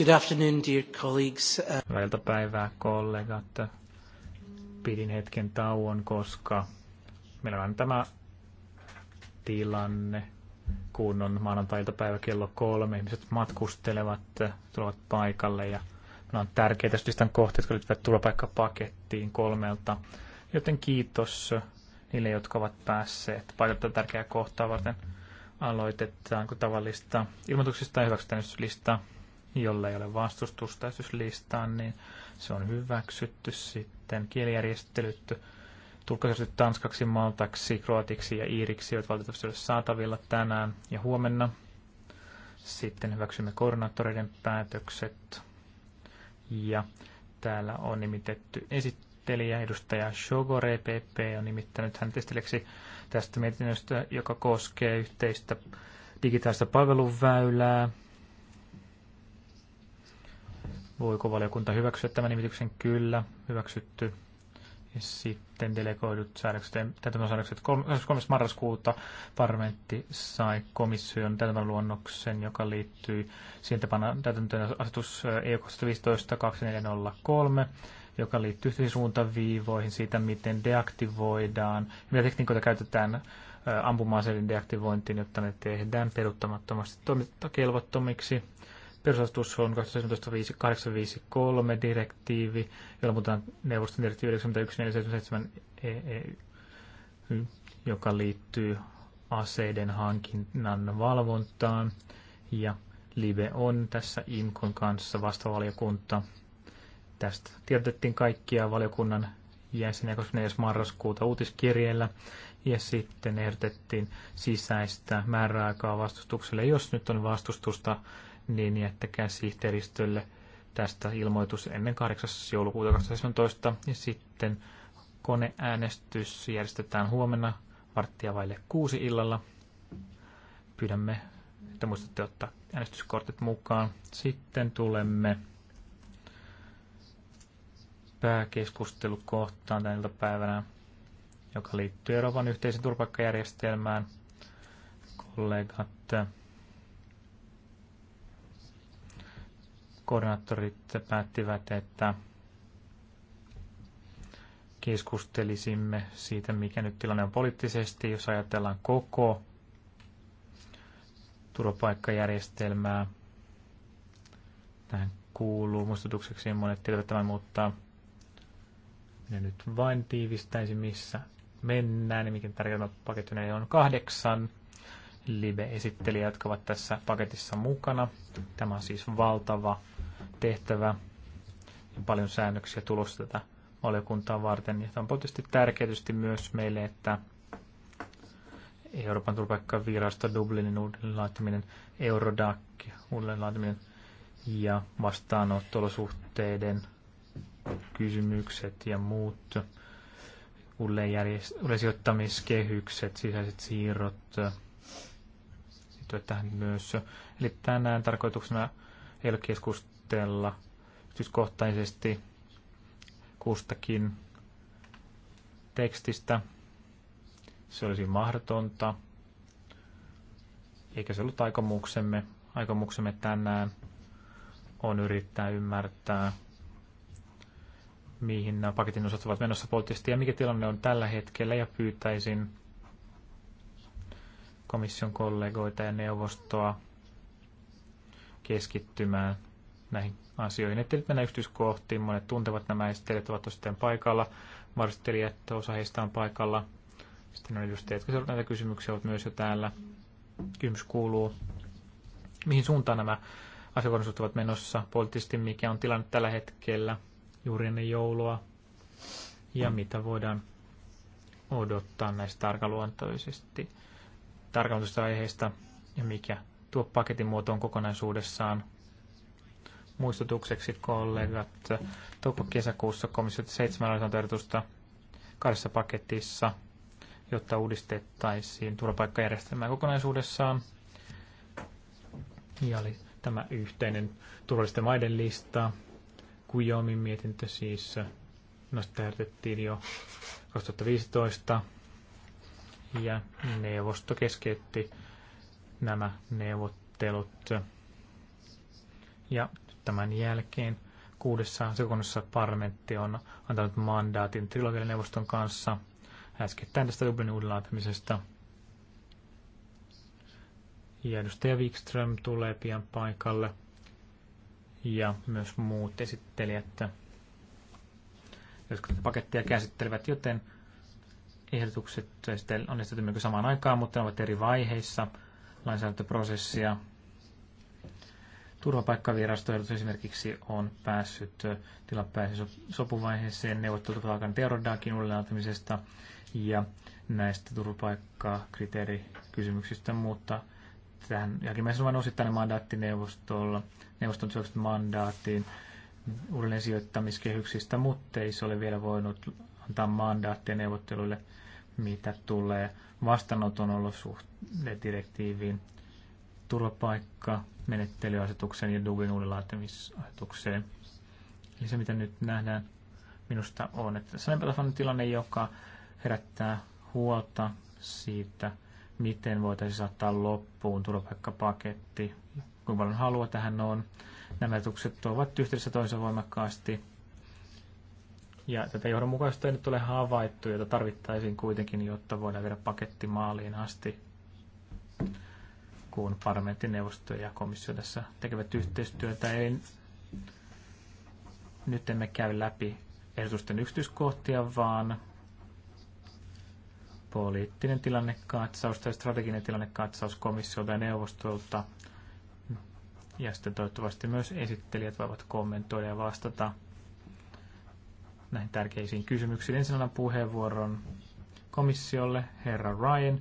Good afternoon, dear colleagues. Uh, Hyvää iltapäivää, kollegat. Pidin hetken tauon, koska meillä on tämä tilanne, kun on maanantai-iltapäivä kello kolme. Ihmiset matkustelevat, tulevat paikalle ja nämä on tärkeitä listan kohteita, jotka liittyvät turvapaikkapakettiin kolmelta. Joten kiitos niille, jotka ovat päässeet paikalle tärkeää kohtaa varten. Aloitetaan tavallista ilmoituksista ja hyväksytään listaa jolle ei ole vastustusta esityslistaan, niin se on hyväksytty sitten kielijärjestelytty, tulkaisesti tanskaksi, maltaksi, kroatiksi ja iiriksi, joita valitettavasti ole saatavilla tänään ja huomenna. Sitten hyväksymme koordinaattoreiden päätökset. Ja täällä on nimitetty esittelijä, edustaja Shogore PP on nimittänyt hänet esittelijäksi tästä mietinnöstä, joka koskee yhteistä digitaalista palveluväylää, Voiko valiokunta hyväksyä tämän nimityksen? Kyllä, hyväksytty. Ja sitten delegoidut säädökset, säädökset 3. marraskuuta parlamentti sai komission luonnoksen joka liittyy siihen tapana täytäntöön asetus EU 2015-2403, joka liittyy siis suuntaviivoihin siitä, miten deaktivoidaan, mitä tekniikoita käytetään ampuma-aseiden deaktivointiin, jotta ne tehdään peruuttamattomasti toimintakelvottomiksi Perusasetus on 2017-853 direktiivi, jolla muutetaan neuvoston direktiivi 91477 EEY, joka liittyy aseiden hankinnan valvontaan. Ja Live on tässä IMKon kanssa vastavaliokunta. Tästä tiedotettiin kaikkia valiokunnan jäseniä 24. marraskuuta uutiskirjeellä ja sitten ehdotettiin sisäistä määräaikaa vastustukselle, jos nyt on vastustusta niin jättäkää sihteeristölle tästä ilmoitus ennen 8. joulukuuta 2017. Ja sitten koneäänestys järjestetään huomenna varttia vaille kuusi illalla. Pyydämme, että muistatte ottaa äänestyskortit mukaan. Sitten tulemme pääkeskustelukohtaan tänä iltapäivänä, joka liittyy Euroopan yhteisen turvapaikkajärjestelmään. Kollegat, koordinaattorit päättivät, että keskustelisimme siitä, mikä nyt tilanne on poliittisesti, jos ajatellaan koko turvapaikkajärjestelmää. Tähän kuuluu muistutukseksi monet tietävät tämän, mutta minä nyt vain tiivistäisin, missä mennään niin mikä tärkeä paketti on kahdeksan live-esittelijä, jotka ovat tässä paketissa mukana. Tämä on siis valtava tehtävä ja paljon säännöksiä tulossa tätä valiokuntaa varten. Ja tämä on tietysti tärkeää myös meille, että Euroopan turvapaikkavirasto Dublinin uudelleen laittaminen, Eurodac uudelleen laittaminen ja vastaanotto-olosuhteiden kysymykset ja muut uudelleensijoittamiskehykset, sisäiset siirrot tähän myös. Eli tänään tarkoituksena ei ole perusteella yksityiskohtaisesti kustakin tekstistä. Se olisi mahdotonta, eikä se ollut aikomuksemme. Aikomuksemme tänään on yrittää ymmärtää, mihin nämä paketin osat ovat menossa poliittisesti ja mikä tilanne on tällä hetkellä ja pyytäisin komission kollegoita ja neuvostoa keskittymään näihin asioihin. Ettei nyt mennä yksityiskohtiin, monet tuntevat nämä esittelijät ovat sitten paikalla, että osa heistä on paikalla. Sitten on edustajat, jotka seuraavat näitä kysymyksiä, ovat myös jo täällä. Kysymys kuuluu, mihin suuntaan nämä asiakokonaisuudet ovat menossa poliittisesti, mikä on tilanne tällä hetkellä juuri ennen joulua ja mitä voidaan odottaa näistä tarkaluontoisesti tarkaluontoisista aiheista ja mikä tuo paketin muoto on kokonaisuudessaan – muistutukseksi kollegat. Toukokesäkuussa kesäkuussa komissio seitsemän oli ehdotusta kahdessa paketissa, jotta uudistettaisiin turvapaikkajärjestelmää kokonaisuudessaan. Ja oli tämä yhteinen turvallisten maiden lista. Kujomin mietintö siis, no jo 2015. Ja neuvosto keskeytti nämä neuvottelut. Ja tämän jälkeen kuudessa sekunnissa parlamentti on antanut mandaatin trilogianeuvoston kanssa äskettäin tästä Dublinin uudelleenlaatimisesta. Ja edustaja Wikström tulee pian paikalle ja myös muut esittelijät, jotka tätä pakettia käsittelevät, joten ehdotukset on esitetty samaan aikaan, mutta ne ovat eri vaiheissa lainsäädäntöprosessia turvapaikkavirasto esimerkiksi on päässyt tilapäisen sopuvaiheeseen neuvottelut alkan uudelleenantamisesta ja näistä turvapaikkakriteerikysymyksistä, mutta tähän jälkimmäisen vain osittainen mandaatti neuvostolla, neuvoston mandaattiin uudelleen sijoittamiskehyksistä, mutta ei se ole vielä voinut antaa mandaattia neuvotteluille, mitä tulee vastaanoton direktiiviin Turvapaikka menettelyasetukseen ja Dublin uudellaatimisasetukseen. Eli se, mitä nyt nähdään minusta on, että sellainen tilanne, joka herättää huolta siitä, miten voitaisiin saattaa loppuun turvapaikkapaketti, kuinka paljon halua tähän on. Nämä ajatukset ovat yhteydessä toisen voimakkaasti. Ja tätä johdonmukaista ei nyt ole havaittu, jota tarvittaisiin kuitenkin, jotta voidaan viedä paketti maaliin asti kun neuvosto ja komissio tässä tekevät yhteistyötä. Eli nyt emme käy läpi ehdotusten yksityiskohtia, vaan poliittinen tilannekatsaus tai strateginen tilannekatsaus komissiolta ja neuvostolta. Ja sitten toivottavasti myös esittelijät voivat kommentoida ja vastata näihin tärkeisiin kysymyksiin. Ensin annan puheenvuoron komissiolle, herra Ryan,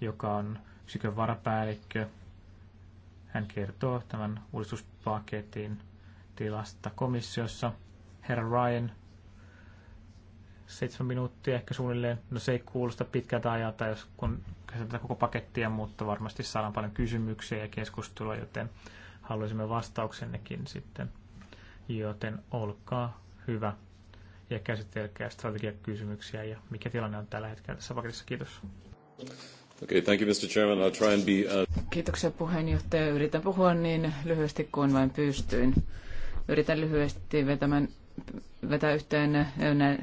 joka on yksikön varapäällikkö. Hän kertoo tämän uudistuspaketin tilasta komissiossa. Herra Ryan, seitsemän minuuttia ehkä suunnilleen. No se ei kuulosta pitkältä ajalta, jos kun käsitellään koko pakettia, mutta varmasti saadaan paljon kysymyksiä ja keskustelua, joten haluaisimme vastauksennekin sitten. Joten olkaa hyvä ja käsitelkää strategiakysymyksiä ja mikä tilanne on tällä hetkellä tässä paketissa. Kiitos. Okay, thank you, Mr. Chairman. I'll try and be, uh... Kiitoksia puheenjohtaja. Yritän puhua niin lyhyesti kuin vain pystyin. Yritän lyhyesti vetämään, vetää yhteen äh, nä,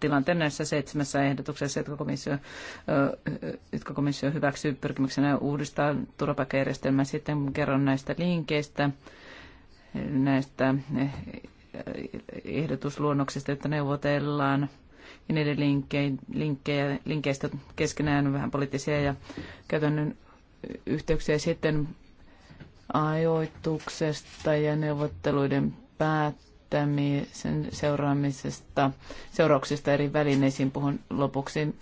tilanteen näissä seitsemässä ehdotuksessa, jotka komissio, äh, jotka komissio hyväksyy pyrkimyksenä uudistaa turvapaikkajärjestelmää. Sitten kerron näistä linkeistä, näistä äh, ehdotusluonnoksista, joita neuvotellaan – ja niiden linkkejä, linkkeistä keskenään vähän poliittisia ja käytännön yhteyksiä sitten ajoituksesta ja neuvotteluiden päättämisen seuraamisesta, seurauksista eri välineisiin puhun lopuksi.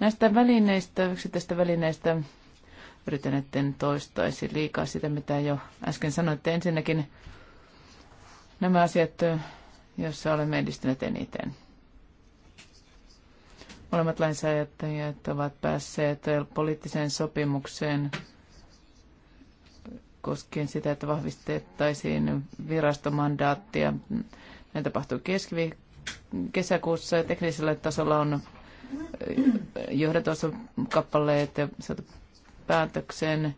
Näistä välineistä, yksittäistä välineistä yritän, en toistaisi liikaa sitä, mitä jo äsken sanoitte. Ensinnäkin nämä asiat, joissa olemme edistyneet eniten. Molemmat lainsäätäjät ovat päässeet poliittiseen sopimukseen koskien sitä, että vahvistettaisiin virastomandaattia. Näin tapahtui keskivi- kesäkuussa. Teknisellä tasolla on johdatossa kappaleet saatu päätökseen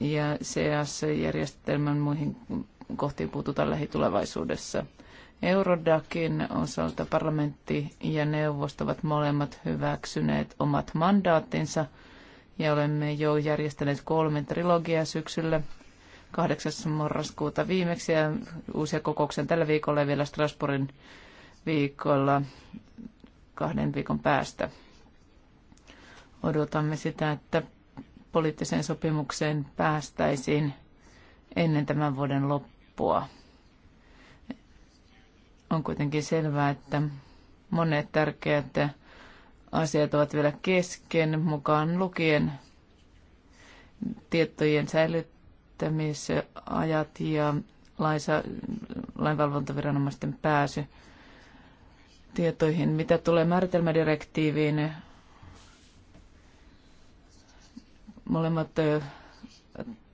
ja CS-järjestelmän muihin kohtiin puututaan lähitulevaisuudessa. Eurodakin osalta parlamentti ja neuvosto ovat molemmat hyväksyneet omat mandaattinsa ja olemme jo järjestäneet kolme trilogiaa syksyllä 8. marraskuuta viimeksi ja uusia kokouksia tällä viikolla ja vielä Strasbourgin viikolla kahden viikon päästä. Odotamme sitä, että poliittiseen sopimukseen päästäisiin ennen tämän vuoden loppua. On kuitenkin selvää, että monet tärkeät asiat ovat vielä kesken, mukaan lukien tietojen säilyttämisajat ja laisa, lainvalvontaviranomaisten pääsy tietoihin. Mitä tulee määritelmädirektiiviin, molemmat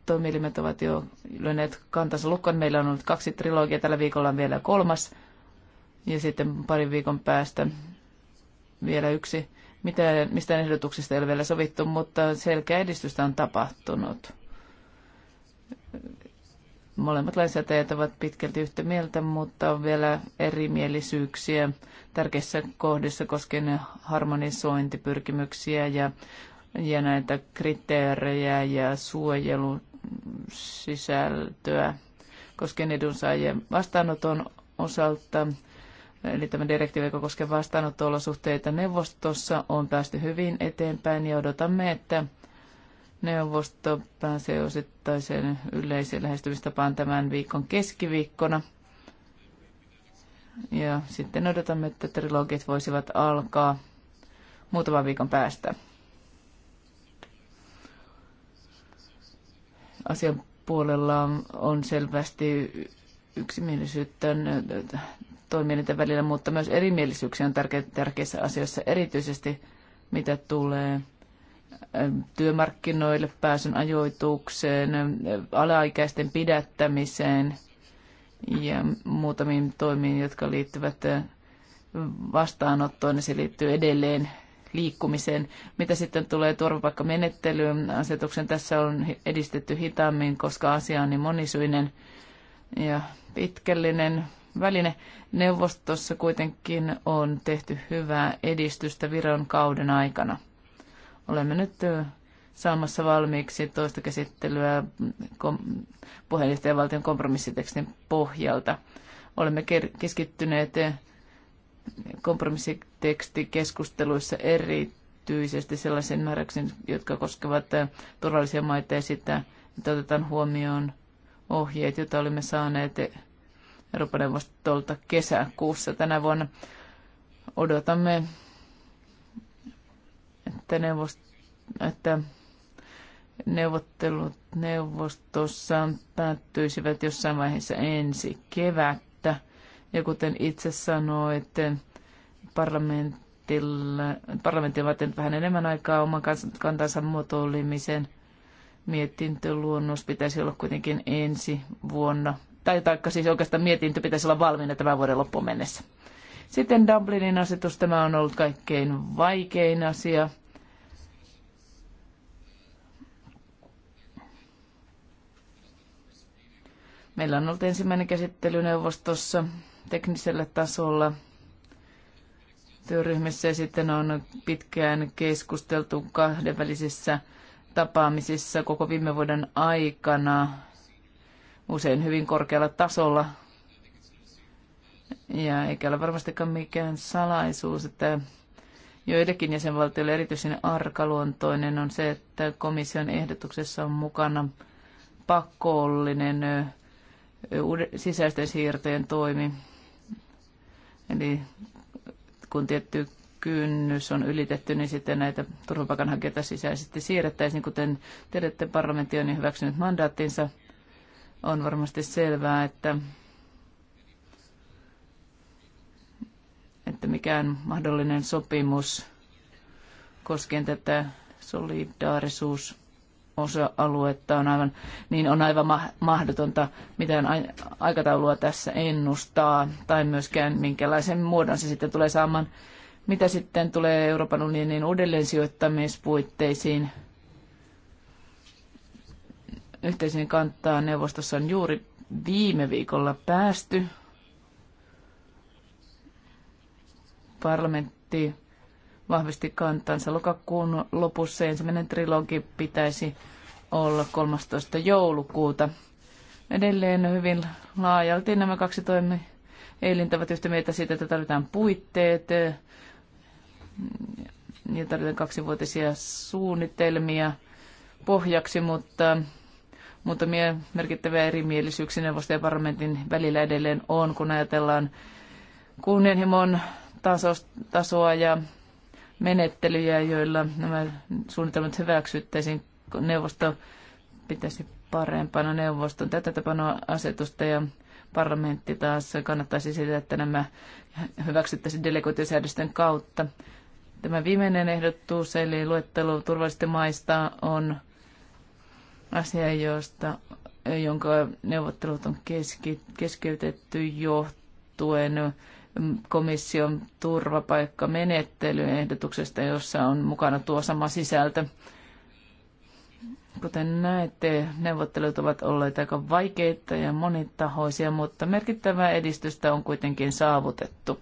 toimielimet ovat jo lyöneet kantansa lukkoon. Meillä on ollut kaksi trilogia tällä viikolla on vielä kolmas ja sitten parin viikon päästä vielä yksi. Mitään, mistään ehdotuksista ei ole vielä sovittu, mutta selkeä edistystä on tapahtunut. Molemmat lainsäätäjät ovat pitkälti yhtä mieltä, mutta on vielä erimielisyyksiä tärkeissä kohdissa koskien harmonisointipyrkimyksiä ja, ja näitä kriteerejä ja suojelun sisältöä koskien edunsaajien vastaanoton osalta eli tämä direktiivi, joka koskee vastaanotto-olosuhteita neuvostossa, on päästy hyvin eteenpäin ja odotamme, että neuvosto pääsee osittaiseen yleiseen lähestymistapaan tämän viikon keskiviikkona. Ja sitten odotamme, että trilogit voisivat alkaa muutaman viikon päästä. Asian puolella on selvästi yksimielisyyttä toimielinten välillä, mutta myös erimielisyyksiä on tärke- tärkeissä asioissa, erityisesti mitä tulee työmarkkinoille pääsyn ajoitukseen, alaikäisten pidättämiseen ja muutamiin toimiin, jotka liittyvät vastaanottoon, ja se liittyy edelleen liikkumiseen. Mitä sitten tulee turvapaikkamenettelyyn, asetuksen tässä on edistetty hitaammin, koska asia on niin monisyinen ja pitkällinen väline. Neuvostossa kuitenkin on tehty hyvää edistystä Viron kauden aikana. Olemme nyt saamassa valmiiksi toista käsittelyä kom- valtion kompromissitekstin pohjalta. Olemme keskittyneet kompromissitekstikeskusteluissa erityisesti sellaisiin määräyksiin, jotka koskevat turvallisia maita ja sitä, että otetaan huomioon ohjeet, joita olemme saaneet Euroopan neuvostolta kesäkuussa tänä vuonna. Odotamme, että, neuvost, että neuvottelut neuvostossa päättyisivät jossain vaiheessa ensi kevättä. Ja kuten itse sanoit, parlamentti on vähän enemmän aikaa oman kantansa muotoilemiseen. Mietintöluonnos pitäisi olla kuitenkin ensi vuonna – tai taikka siis oikeastaan mietintö pitäisi olla valmiina tämän vuoden loppuun mennessä. Sitten Dublinin asetus, tämä on ollut kaikkein vaikein asia. Meillä on ollut ensimmäinen käsittely neuvostossa teknisellä tasolla työryhmissä ja sitten on pitkään keskusteltu kahdenvälisissä tapaamisissa koko viime vuoden aikana usein hyvin korkealla tasolla. Ja eikä ole varmastikaan mikään salaisuus, että joillekin jäsenvaltioille erityisen arkaluontoinen on se, että komission ehdotuksessa on mukana pakollinen sisäisten siirtojen toimi. Eli kun tietty kynnys on ylitetty, niin sitten näitä turvapaikanhakijoita sisäisesti siirrettäisiin. Kuten tiedätte, parlamentti on hyväksynyt mandaattinsa on varmasti selvää, että, että mikään mahdollinen sopimus koskien tätä solidaarisuus osa-aluetta on aivan, niin on aivan mahdotonta mitään aikataulua tässä ennustaa tai myöskään minkälaisen muodon se sitten tulee saamaan. Mitä sitten tulee Euroopan unionin uudelleensijoittamispuitteisiin, Yhteiseen kantaan neuvostossa on juuri viime viikolla päästy. Parlamentti vahvisti kantansa lokakuun lopussa. Ensimmäinen trilogi pitäisi olla 13. joulukuuta. Edelleen hyvin laajalti nämä kaksi toimi eilintävät yhtä mieltä siitä, että tarvitaan puitteet ja tarvitaan kaksivuotisia suunnitelmia pohjaksi, mutta Muutamia merkittäviä erimielisyyksiä neuvoston ja parlamentin välillä edelleen on, kun ajatellaan kunnianhimon tasoa ja menettelyjä, joilla nämä suunnitelmat hyväksyttäisiin. Neuvosto pitäisi parempana neuvoston tätä tapanoa asetusta ja parlamentti taas kannattaisi sitä, että nämä hyväksyttäisiin delegointisäädösten kautta. Tämä viimeinen ehdotus, eli luettelo turvallisista maista, on asia, josta, jonka neuvottelut on keski, keskeytetty johtuen komission ehdotuksesta, jossa on mukana tuo sama sisältö. Kuten näette, neuvottelut ovat olleet aika vaikeita ja monitahoisia, mutta merkittävää edistystä on kuitenkin saavutettu.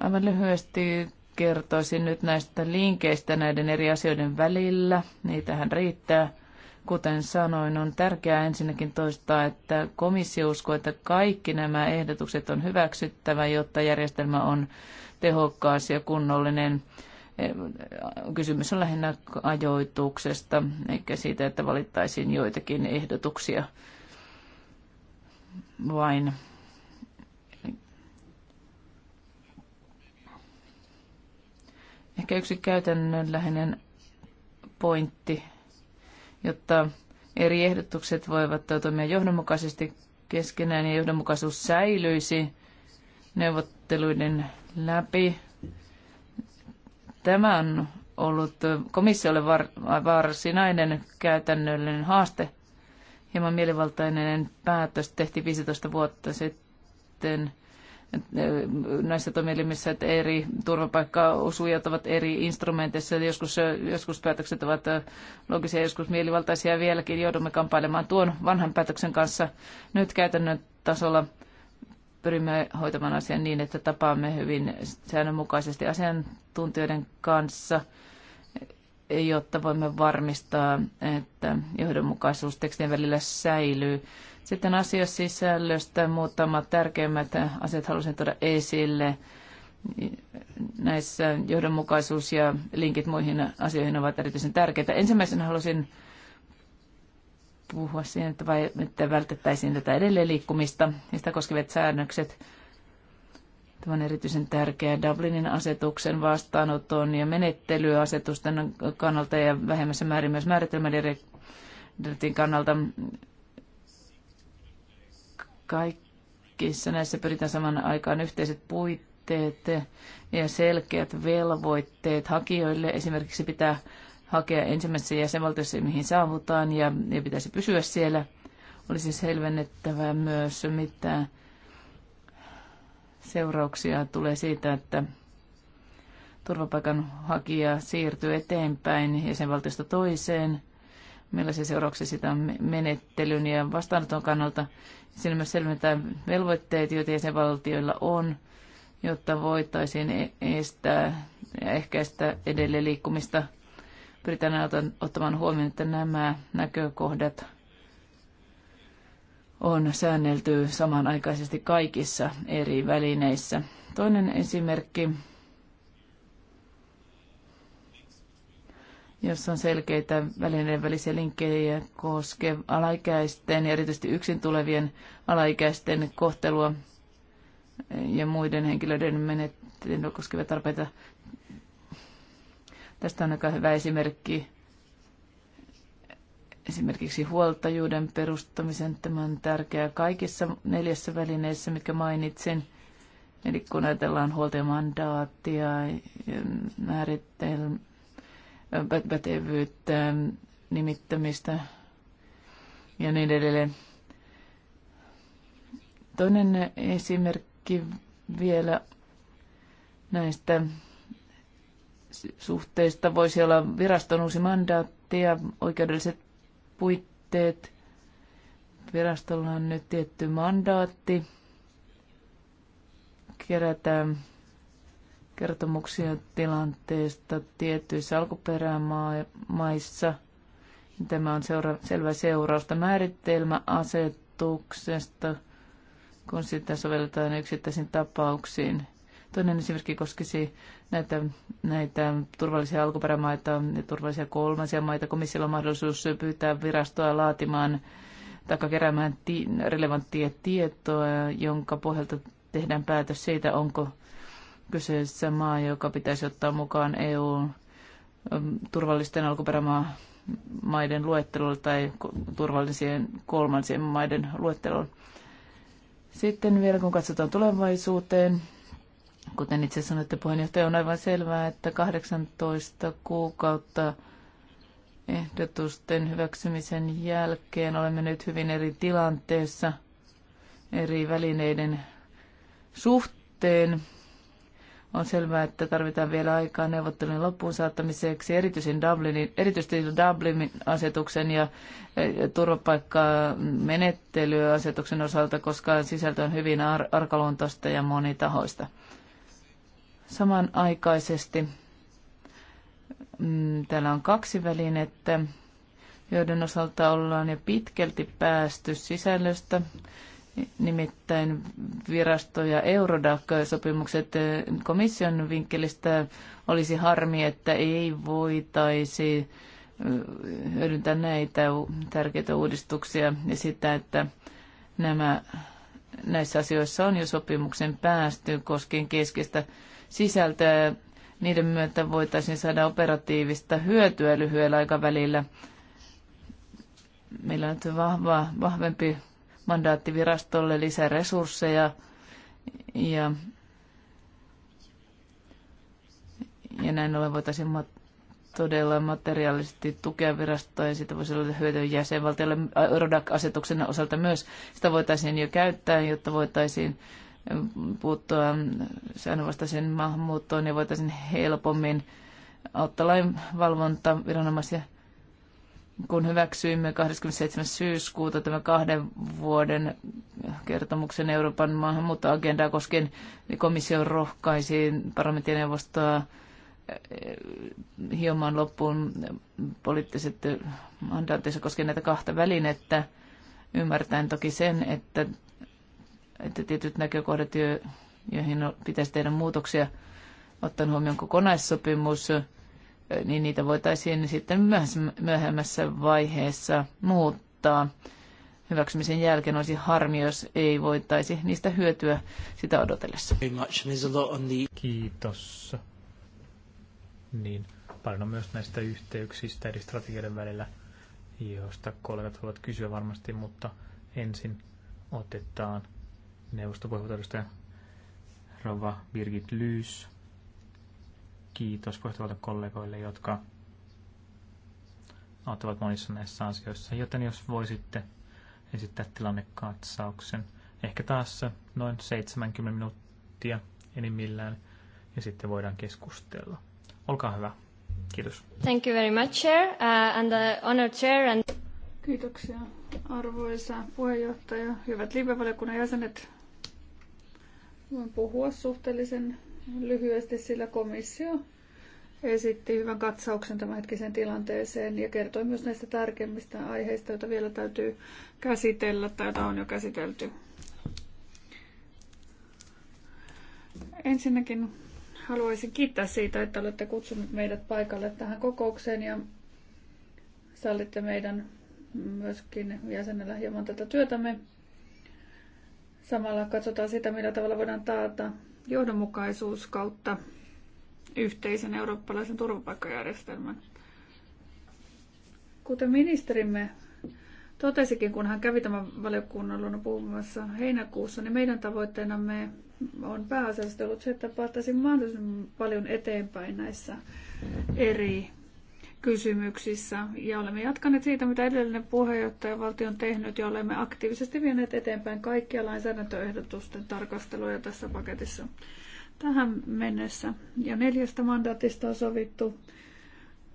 Aivan lyhyesti kertoisin nyt näistä linkeistä näiden eri asioiden välillä. Niitähän riittää. Kuten sanoin, on tärkeää ensinnäkin toistaa, että komissio uskoo, että kaikki nämä ehdotukset on hyväksyttävä, jotta järjestelmä on tehokkaas ja kunnollinen. E, kysymys on lähinnä ajoituksesta, eikä siitä, että valittaisiin joitakin ehdotuksia vain. Ehkä yksi käytännönläheinen pointti jotta eri ehdotukset voivat toimia johdonmukaisesti keskenään ja johdonmukaisuus säilyisi neuvotteluiden läpi. Tämä on ollut komissiolle varsinainen käytännöllinen haaste. Hieman mielivaltainen päätös tehtiin 15 vuotta sitten näissä toimielimissä, että eri turvapaikkaosuja ovat eri instrumenteissa. Joskus, joskus päätökset ovat logisia, joskus mielivaltaisia. Vieläkin joudumme kamppailemaan tuon vanhan päätöksen kanssa. Nyt käytännön tasolla pyrimme hoitamaan asian niin, että tapaamme hyvin säännönmukaisesti asiantuntijoiden kanssa jotta voimme varmistaa, että johdonmukaisuus tekstien välillä säilyy. Sitten asiasisällöstä muutamat tärkeimmät asiat halusin tuoda esille. Näissä johdonmukaisuus ja linkit muihin asioihin ovat erityisen tärkeitä. Ensimmäisenä halusin puhua siihen, että, vai, että vältettäisiin tätä edelleen liikkumista ja sitä koskevat säännökset. Tämä on erityisen tärkeä Dublinin asetuksen vastaanoton ja menettelyasetusten kannalta ja vähemmässä määrin myös määritelmädirektiivin kannalta Kaikissa näissä pyritään saman aikaan yhteiset puitteet ja selkeät velvoitteet hakijoille. Esimerkiksi pitää hakea ensimmäisessä jäsenvaltiossa, mihin saavutaan, ja, ja pitäisi pysyä siellä. Olisi siis selvennettävä myös, mitä seurauksia tulee siitä, että turvapaikanhakija siirtyy eteenpäin jäsenvaltiosta toiseen – millaisia seurauksia sitä on menettelyn ja vastaanoton kannalta. Siinä myös selvitetään velvoitteet, joita jäsenvaltioilla on, jotta voitaisiin e- estää ja ehkäistä edelleen liikkumista. Pyritään ottamaan huomioon, että nämä näkökohdat on säännelty samanaikaisesti kaikissa eri välineissä. Toinen esimerkki jossa on selkeitä välineiden välisiä linkkejä koske alaikäisten ja erityisesti yksin tulevien alaikäisten kohtelua ja muiden henkilöiden menettelyä koskevia tarpeita. Tästä on aika hyvä esimerkki esimerkiksi huoltajuuden perustamisen. Tämä on tärkeää kaikissa neljässä välineessä, mitkä mainitsin. Eli kun ajatellaan huoltajamandaattia, määritelmää, pätevyyttä, nimittämistä ja niin edelleen. Toinen esimerkki vielä näistä suhteista voisi olla viraston uusi mandaatti ja oikeudelliset puitteet. Virastolla on nyt tietty mandaatti kerätään kertomuksia tilanteesta tietyissä alkuperämaissa. Tämä on seura- selvä seurausta määritelmäasetuksesta, kun sitä sovelletaan yksittäisiin tapauksiin. Toinen esimerkki koskisi näitä, näitä turvallisia alkuperämaita ja turvallisia kolmansia maita. Komissiolla on mahdollisuus pyytää virastoa laatimaan tai keräämään ti- relevanttia tietoa, jonka pohjalta tehdään päätös siitä, onko kyseessä maa, joka pitäisi ottaa mukaan EUn turvallisten alkuperämaa maiden luettelolle tai turvallisien kolmansien maiden luetteloon. Sitten vielä kun katsotaan tulevaisuuteen, kuten itse sanoitte puheenjohtaja, on aivan selvää, että 18 kuukautta ehdotusten hyväksymisen jälkeen olemme nyt hyvin eri tilanteessa eri välineiden suhteen. On selvää, että tarvitaan vielä aikaa neuvottelujen loppuun saattamiseksi, erityisen Dublinin, erityisesti Dublinin asetuksen ja turvapaikkamenettelyasetuksen osalta, koska sisältö on hyvin ar- arkaluontoista ja monitahoista. Samanaikaisesti mm, täällä on kaksi välinettä, joiden osalta ollaan jo pitkälti päästy sisällöstä nimittäin virasto- ja Eurodac-sopimukset eh, komission vinkkelistä olisi harmi, että ei voitaisi eh, hyödyntää näitä tärkeitä uudistuksia ja sitä, että nämä, näissä asioissa on jo sopimuksen päästy koskien keskeistä sisältöä. Niiden myötä voitaisiin saada operatiivista hyötyä lyhyellä aikavälillä. Meillä on vahva, vahvempi mandaattivirastolle lisää resursseja ja, ja näin ollen voitaisiin todella materiaalisesti tukea virastoa ja sitä voisi olla hyötyä jäsenvaltiolle äh, RODAC-asetuksen osalta myös. Sitä voitaisiin jo käyttää, jotta voitaisiin äh, puuttua äh, säännövastaisen maahanmuuttoon ja voitaisiin helpommin auttaa lainvalvontaviranomaisia. viranomaisia kun hyväksyimme 27. syyskuuta tämän kahden vuoden kertomuksen Euroopan maahanmuuttoagendaa koskien, niin komissio rohkaisi parlamenttineuvostoa eh, hiomaan loppuun poliittiset mandaattinsa koskien näitä kahta välinettä, ymmärtäen toki sen, että, että tietyt näkökohdat, joihin pitäisi tehdä muutoksia, ottaen huomioon kokonaissopimus, niin niitä voitaisiin sitten myöhemmässä vaiheessa muuttaa. Hyväksymisen jälkeen olisi harmi, jos ei voitaisi niistä hyötyä sitä odotellessa. Kiitos. Niin, paljon on myös näistä yhteyksistä eri strategioiden välillä, joista kollegat voivat kysyä varmasti, mutta ensin otetaan neuvostopuheenjohtajan Rova Birgit Lyys kiitos puheenjohtajalta kollegoille, jotka auttavat monissa näissä asioissa. Joten jos voisitte esittää tilannekatsauksen, ehkä taas noin 70 minuuttia enimmillään, ja sitten voidaan keskustella. Olkaa hyvä. Kiitos. Thank you very much, Chair, uh, and the honored Chair. And... Kiitoksia, arvoisa puheenjohtaja. Hyvät liivevaliokunnan jäsenet, voin puhua suhteellisen lyhyesti, sillä komissio esitti hyvän katsauksen tämänhetkiseen tilanteeseen ja kertoi myös näistä tärkeimmistä aiheista, joita vielä täytyy käsitellä tai joita on jo käsitelty. Ensinnäkin haluaisin kiittää siitä, että olette kutsunut meidät paikalle tähän kokoukseen ja sallitte meidän myöskin jäsenellä hieman tätä työtämme. Samalla katsotaan sitä, millä tavalla voidaan taata johdonmukaisuus kautta yhteisen eurooppalaisen turvapaikkajärjestelmän. Kuten ministerimme totesikin, kun hän kävi tämän valiokunnan luona puhumassa heinäkuussa, niin meidän tavoitteenamme on pääasiassa ollut se, että päästäisiin mahdollisimman paljon eteenpäin näissä eri kysymyksissä ja olemme jatkaneet siitä, mitä edellinen valtio on tehnyt ja olemme aktiivisesti vieneet eteenpäin kaikkia lainsäädäntöehdotusten tarkasteluja tässä paketissa tähän mennessä. Ja neljästä mandaatista on sovittu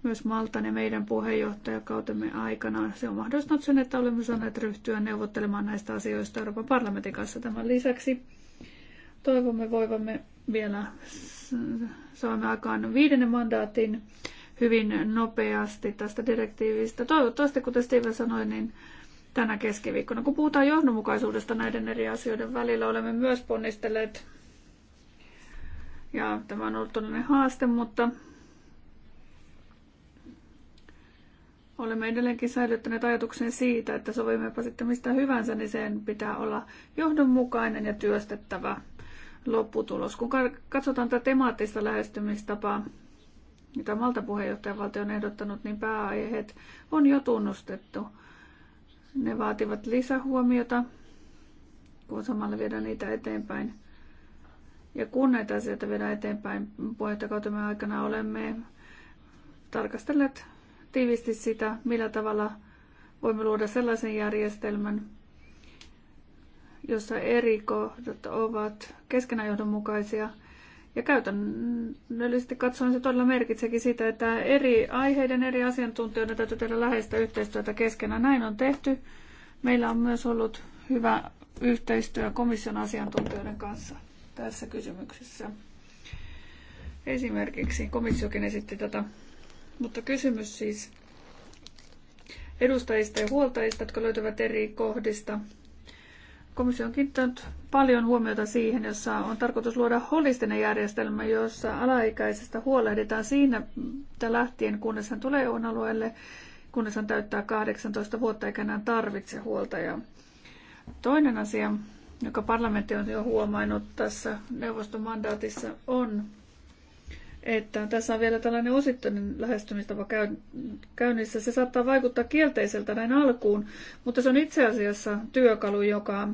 myös Maltan ja meidän puheenjohtajakautemme aikana. Se on mahdollistanut sen, että olemme saaneet ryhtyä neuvottelemaan näistä asioista Euroopan parlamentin kanssa. Tämän lisäksi toivomme voivamme vielä saamme aikaan viidennen mandaatin hyvin nopeasti tästä direktiivistä. Toivottavasti, kuten Steven sanoi, niin tänä keskiviikkona. Kun puhutaan johdonmukaisuudesta näiden eri asioiden välillä, olemme myös ponnistelleet, ja tämä on ollut todellinen haaste, mutta olemme edelleenkin säilyttäneet ajatuksen siitä, että sovimmepa sitten mistä hyvänsä, niin sen pitää olla johdonmukainen ja työstettävä lopputulos. Kun katsotaan tätä temaattista lähestymistapaa, mitä Malta puheenjohtajavaltio on ehdottanut, niin pääaiheet on jo tunnustettu. Ne vaativat lisähuomiota, kun samalla viedään niitä eteenpäin. Ja kun näitä asioita viedään eteenpäin puheenjohtajakautemme aikana, olemme tarkastelleet tiivisti sitä, millä tavalla voimme luoda sellaisen järjestelmän, jossa eri kohdat ovat keskenään johdonmukaisia – ja käytännöllisesti katsoen se todella merkitsekin sitä, että eri aiheiden, eri asiantuntijoiden täytyy tehdä läheistä yhteistyötä keskenään. Näin on tehty. Meillä on myös ollut hyvä yhteistyö komission asiantuntijoiden kanssa tässä kysymyksessä. Esimerkiksi komissiokin esitti tätä. Mutta kysymys siis edustajista ja huoltajista, jotka löytyvät eri kohdista Komissio on kiinnittänyt paljon huomiota siihen, jossa on tarkoitus luoda holistinen järjestelmä, jossa alaikäisestä huolehditaan siinä lähtien, kunnes hän tulee EUn alueelle, kunnes hän täyttää 18 vuotta eikä enää tarvitse huoltajaa. Toinen asia, joka parlamentti on jo huomannut tässä neuvoston mandaatissa, on, että tässä on vielä tällainen osittainen lähestymistapa käynnissä. Se saattaa vaikuttaa kielteiseltä näin alkuun, mutta se on itse asiassa työkalu, joka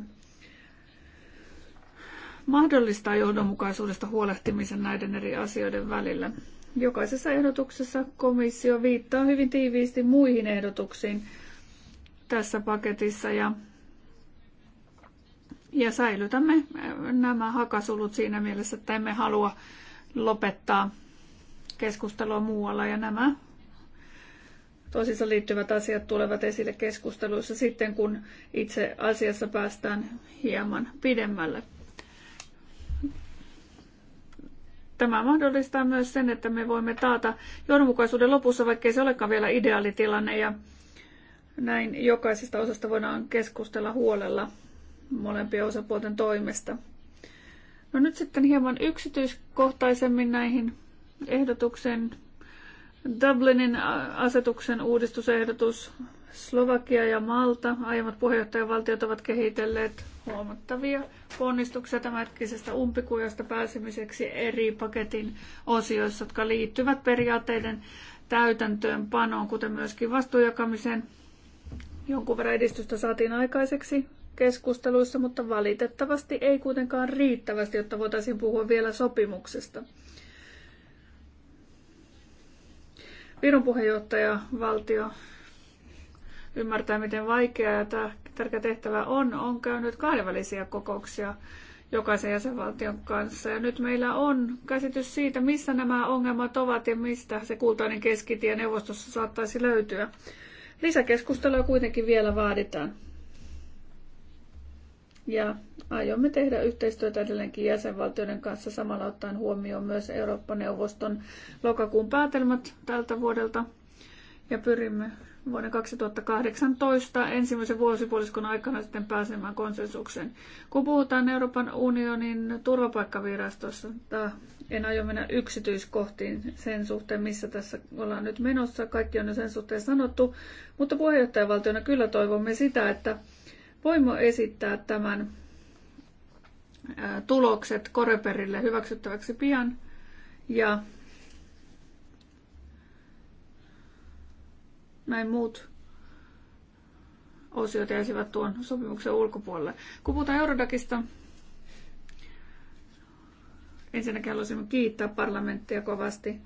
mahdollistaa johdonmukaisuudesta huolehtimisen näiden eri asioiden välillä. Jokaisessa ehdotuksessa komissio viittaa hyvin tiiviisti muihin ehdotuksiin tässä paketissa ja, ja säilytämme eh, nämä hakasulut siinä mielessä, että emme halua lopettaa keskustelua muualla ja nämä toisiinsa liittyvät asiat tulevat esille keskusteluissa sitten, kun itse asiassa päästään hieman pidemmälle. Tämä mahdollistaa myös sen, että me voimme taata johdonmukaisuuden lopussa, vaikkei se olekaan vielä ideaalitilanne ja näin jokaisesta osasta voidaan keskustella huolella molempien osapuolten toimesta. No nyt sitten hieman yksityiskohtaisemmin näihin ehdotuksen Dublinin asetuksen uudistusehdotus. Slovakia ja Malta, aiemmat puheenjohtajavaltiot ovat kehitelleet huomattavia ponnistuksia tämänhetkisestä umpikujasta pääsemiseksi eri paketin osioissa, jotka liittyvät periaatteiden täytäntöönpanoon, kuten myöskin vastuunjakamiseen. Jonkun verran edistystä saatiin aikaiseksi keskusteluissa, mutta valitettavasti ei kuitenkaan riittävästi, jotta voitaisiin puhua vielä sopimuksesta. Viron puheenjohtaja valtio ymmärtää, miten vaikeaa ja tärkeä tehtävä on, on käynyt kahdenvälisiä kokouksia jokaisen jäsenvaltion kanssa. Ja nyt meillä on käsitys siitä, missä nämä ongelmat ovat ja mistä se kultainen keskitie neuvostossa saattaisi löytyä. Lisäkeskustelua kuitenkin vielä vaaditaan. Ja aiomme tehdä yhteistyötä edelleenkin jäsenvaltioiden kanssa samalla ottaen huomioon myös Eurooppa-neuvoston lokakuun päätelmät tältä vuodelta. Ja pyrimme vuoden 2018 ensimmäisen vuosipuoliskon aikana sitten pääsemään konsensukseen. Kun puhutaan Euroopan unionin turvapaikkavirastossa, en aio mennä yksityiskohtiin sen suhteen, missä tässä ollaan nyt menossa. Kaikki on jo sen suhteen sanottu, mutta puheenjohtajavaltiona kyllä toivomme sitä, että voimme esittää tämän tulokset Koreperille hyväksyttäväksi pian ja näin muut osiot jäisivät tuon sopimuksen ulkopuolelle. Kun puhutaan Eurodakista, ensinnäkin haluaisimme kiittää parlamenttia kovasti.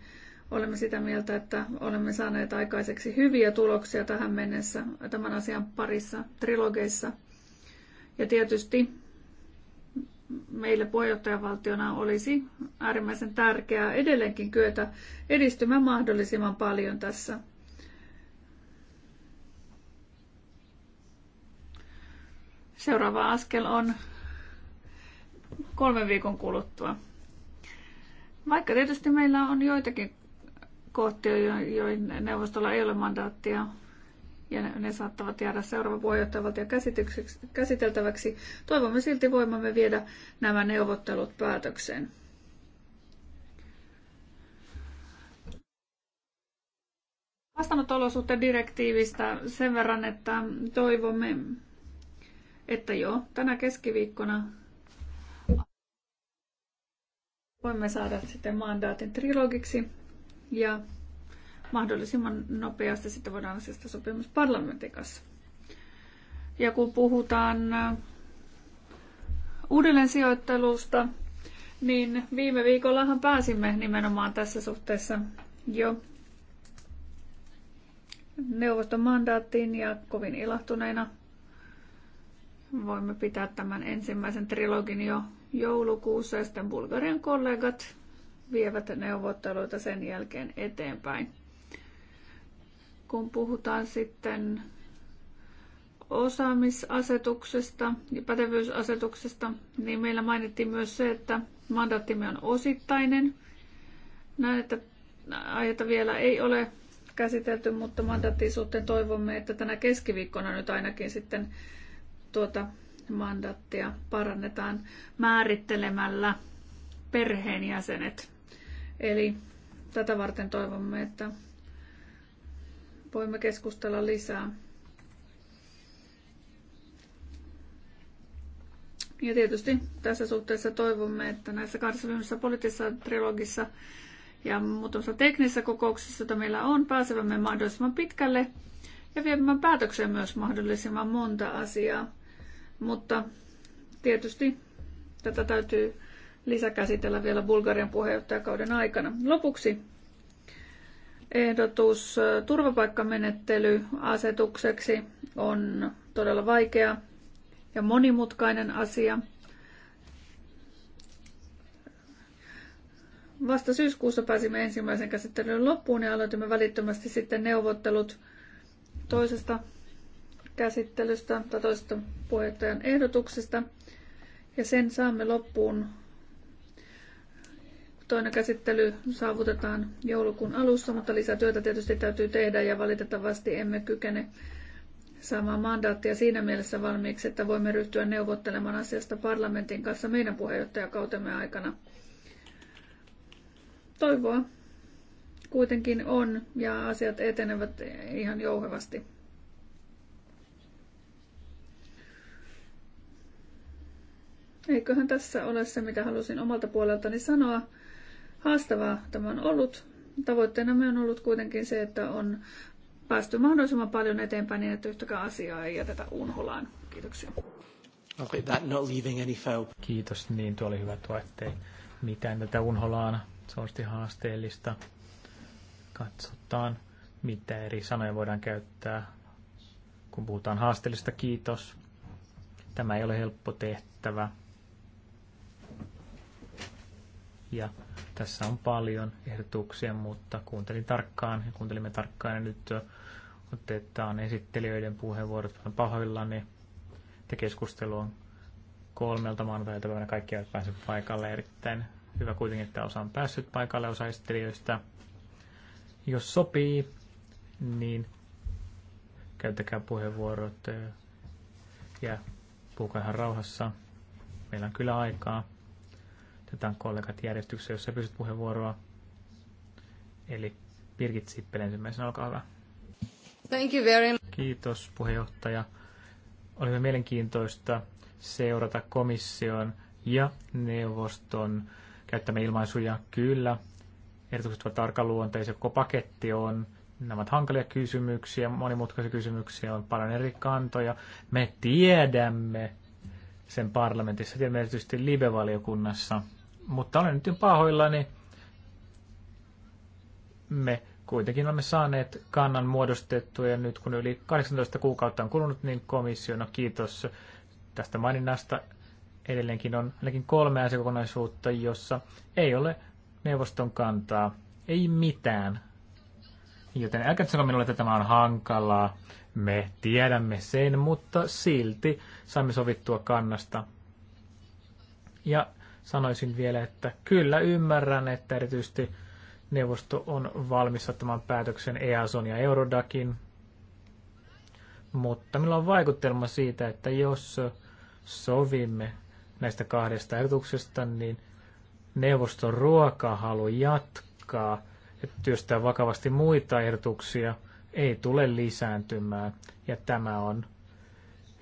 Olemme sitä mieltä, että olemme saaneet aikaiseksi hyviä tuloksia tähän mennessä tämän asian parissa trilogeissa. Ja tietysti meille puheenjohtajavaltiona olisi äärimmäisen tärkeää edelleenkin kyetä edistymään mahdollisimman paljon tässä – Seuraava askel on kolmen viikon kuluttua. Vaikka tietysti meillä on joitakin kohtia, joihin neuvostolla ei ole mandaattia, ja ne saattavat jäädä seuraavan puheenjohtajavaltion käsiteltäväksi. Toivomme silti voimamme viedä nämä neuvottelut päätökseen. Vastaanotto-olosuhteen direktiivistä sen verran, että toivomme että joo, tänä keskiviikkona voimme saada sitten mandaatin trilogiksi ja mahdollisimman nopeasti sitten voidaan asiasta sopimus parlamentin kanssa. Ja kun puhutaan äh, uudelleen sijoittelusta, niin viime viikollahan pääsimme nimenomaan tässä suhteessa jo neuvoston mandaattiin ja kovin ilahtuneena Voimme pitää tämän ensimmäisen trilogin jo joulukuussa ja sitten Bulgarian kollegat vievät neuvotteluita sen jälkeen eteenpäin. Kun puhutaan sitten osaamisasetuksesta ja pätevyysasetuksesta, niin meillä mainittiin myös se, että mandaattimme on osittainen. Näin, että aiheita vielä ei ole käsitelty, mutta mandaattiin suhteen toivomme, että tänä keskiviikkona nyt ainakin sitten tuota mandaattia parannetaan määrittelemällä perheenjäsenet. Eli tätä varten toivomme, että voimme keskustella lisää. Ja tietysti tässä suhteessa toivomme, että näissä kahdessa viimeisessä poliittisessa trilogissa ja muutamassa teknisessä kokouksissa, joita meillä on, pääsevämme mahdollisimman pitkälle ja viemään päätökseen myös mahdollisimman monta asiaa mutta tietysti tätä täytyy lisäkäsitellä vielä Bulgarian puheenjohtajakauden aikana. Lopuksi ehdotus turvapaikkamenettelyasetukseksi on todella vaikea ja monimutkainen asia. Vasta syyskuussa pääsimme ensimmäisen käsittelyn loppuun ja aloitimme välittömästi sitten neuvottelut toisesta käsittelystä tai toisesta puheenjohtajan ehdotuksesta. Ja sen saamme loppuun. Toinen käsittely saavutetaan joulukuun alussa, mutta lisätyötä tietysti täytyy tehdä ja valitettavasti emme kykene saamaan mandaattia siinä mielessä valmiiksi, että voimme ryhtyä neuvottelemaan asiasta parlamentin kanssa meidän puheenjohtajakautemme aikana. Toivoa kuitenkin on ja asiat etenevät ihan jouhevasti. Eiköhän tässä ole se, mitä halusin omalta puoleltani sanoa. Haastavaa tämä on ollut. me on ollut kuitenkin se, että on päästy mahdollisimman paljon eteenpäin niin, että yhtäkään asiaa ei jätetä unholaan. Kiitoksia. Okay, that not leaving any foul. Kiitos, niin tuo oli hyvä tuo, ettei mitään tätä unholaan. Se on haasteellista. Katsotaan, mitä eri sanoja voidaan käyttää, kun puhutaan haasteellista. Kiitos. Tämä ei ole helppo tehtävä. Ja tässä on paljon ehdotuksia, mutta kuuntelin tarkkaan ja kuuntelimme tarkkaan ja nyt otetaan esittelijöiden puheenvuorot vähän pahoillani. Ja keskustelu on kolmelta maanantai-iltapäivänä kaikki eivät pääse paikalle. Erittäin hyvä kuitenkin, että osa on päässyt paikalle osa esittelijöistä. Jos sopii, niin käyttäkää puheenvuorot ja puhukaa ihan rauhassa. Meillä on kyllä aikaa. Otetaan kollegat järjestyksessä, jos sä pystyt puheenvuoroa. Eli Birgit Sippel ensimmäisenä, olkaa hyvä. Thank you very much. Kiitos puheenjohtaja. Oli mielenkiintoista seurata komission ja neuvoston käyttämiä ilmaisuja. Kyllä, ehdotukset ovat tarkaluonteisia, koko paketti on. Nämä ovat hankalia kysymyksiä, monimutkaisia kysymyksiä, on paljon eri kantoja. Me tiedämme sen parlamentissa, tiedämme erityisesti live-valiokunnassa, mutta olen nyt jo pahoillani. Me kuitenkin olemme saaneet kannan muodostettua ja nyt kun yli 18 kuukautta on kulunut, niin komissio, no kiitos tästä maininnasta. Edelleenkin on ainakin kolme asiakokonaisuutta, jossa ei ole neuvoston kantaa, ei mitään. Joten älkää sanoko minulle, että tämä on hankalaa. Me tiedämme sen, mutta silti saimme sovittua kannasta. Ja sanoisin vielä, että kyllä ymmärrän, että erityisesti neuvosto on valmis ottamaan päätöksen EASON ja Eurodakin, mutta minulla on vaikutelma siitä, että jos sovimme näistä kahdesta ehdotuksesta, niin neuvoston ruokahalu jatkaa ja työstää vakavasti muita ehdotuksia ei tule lisääntymään. Ja tämä on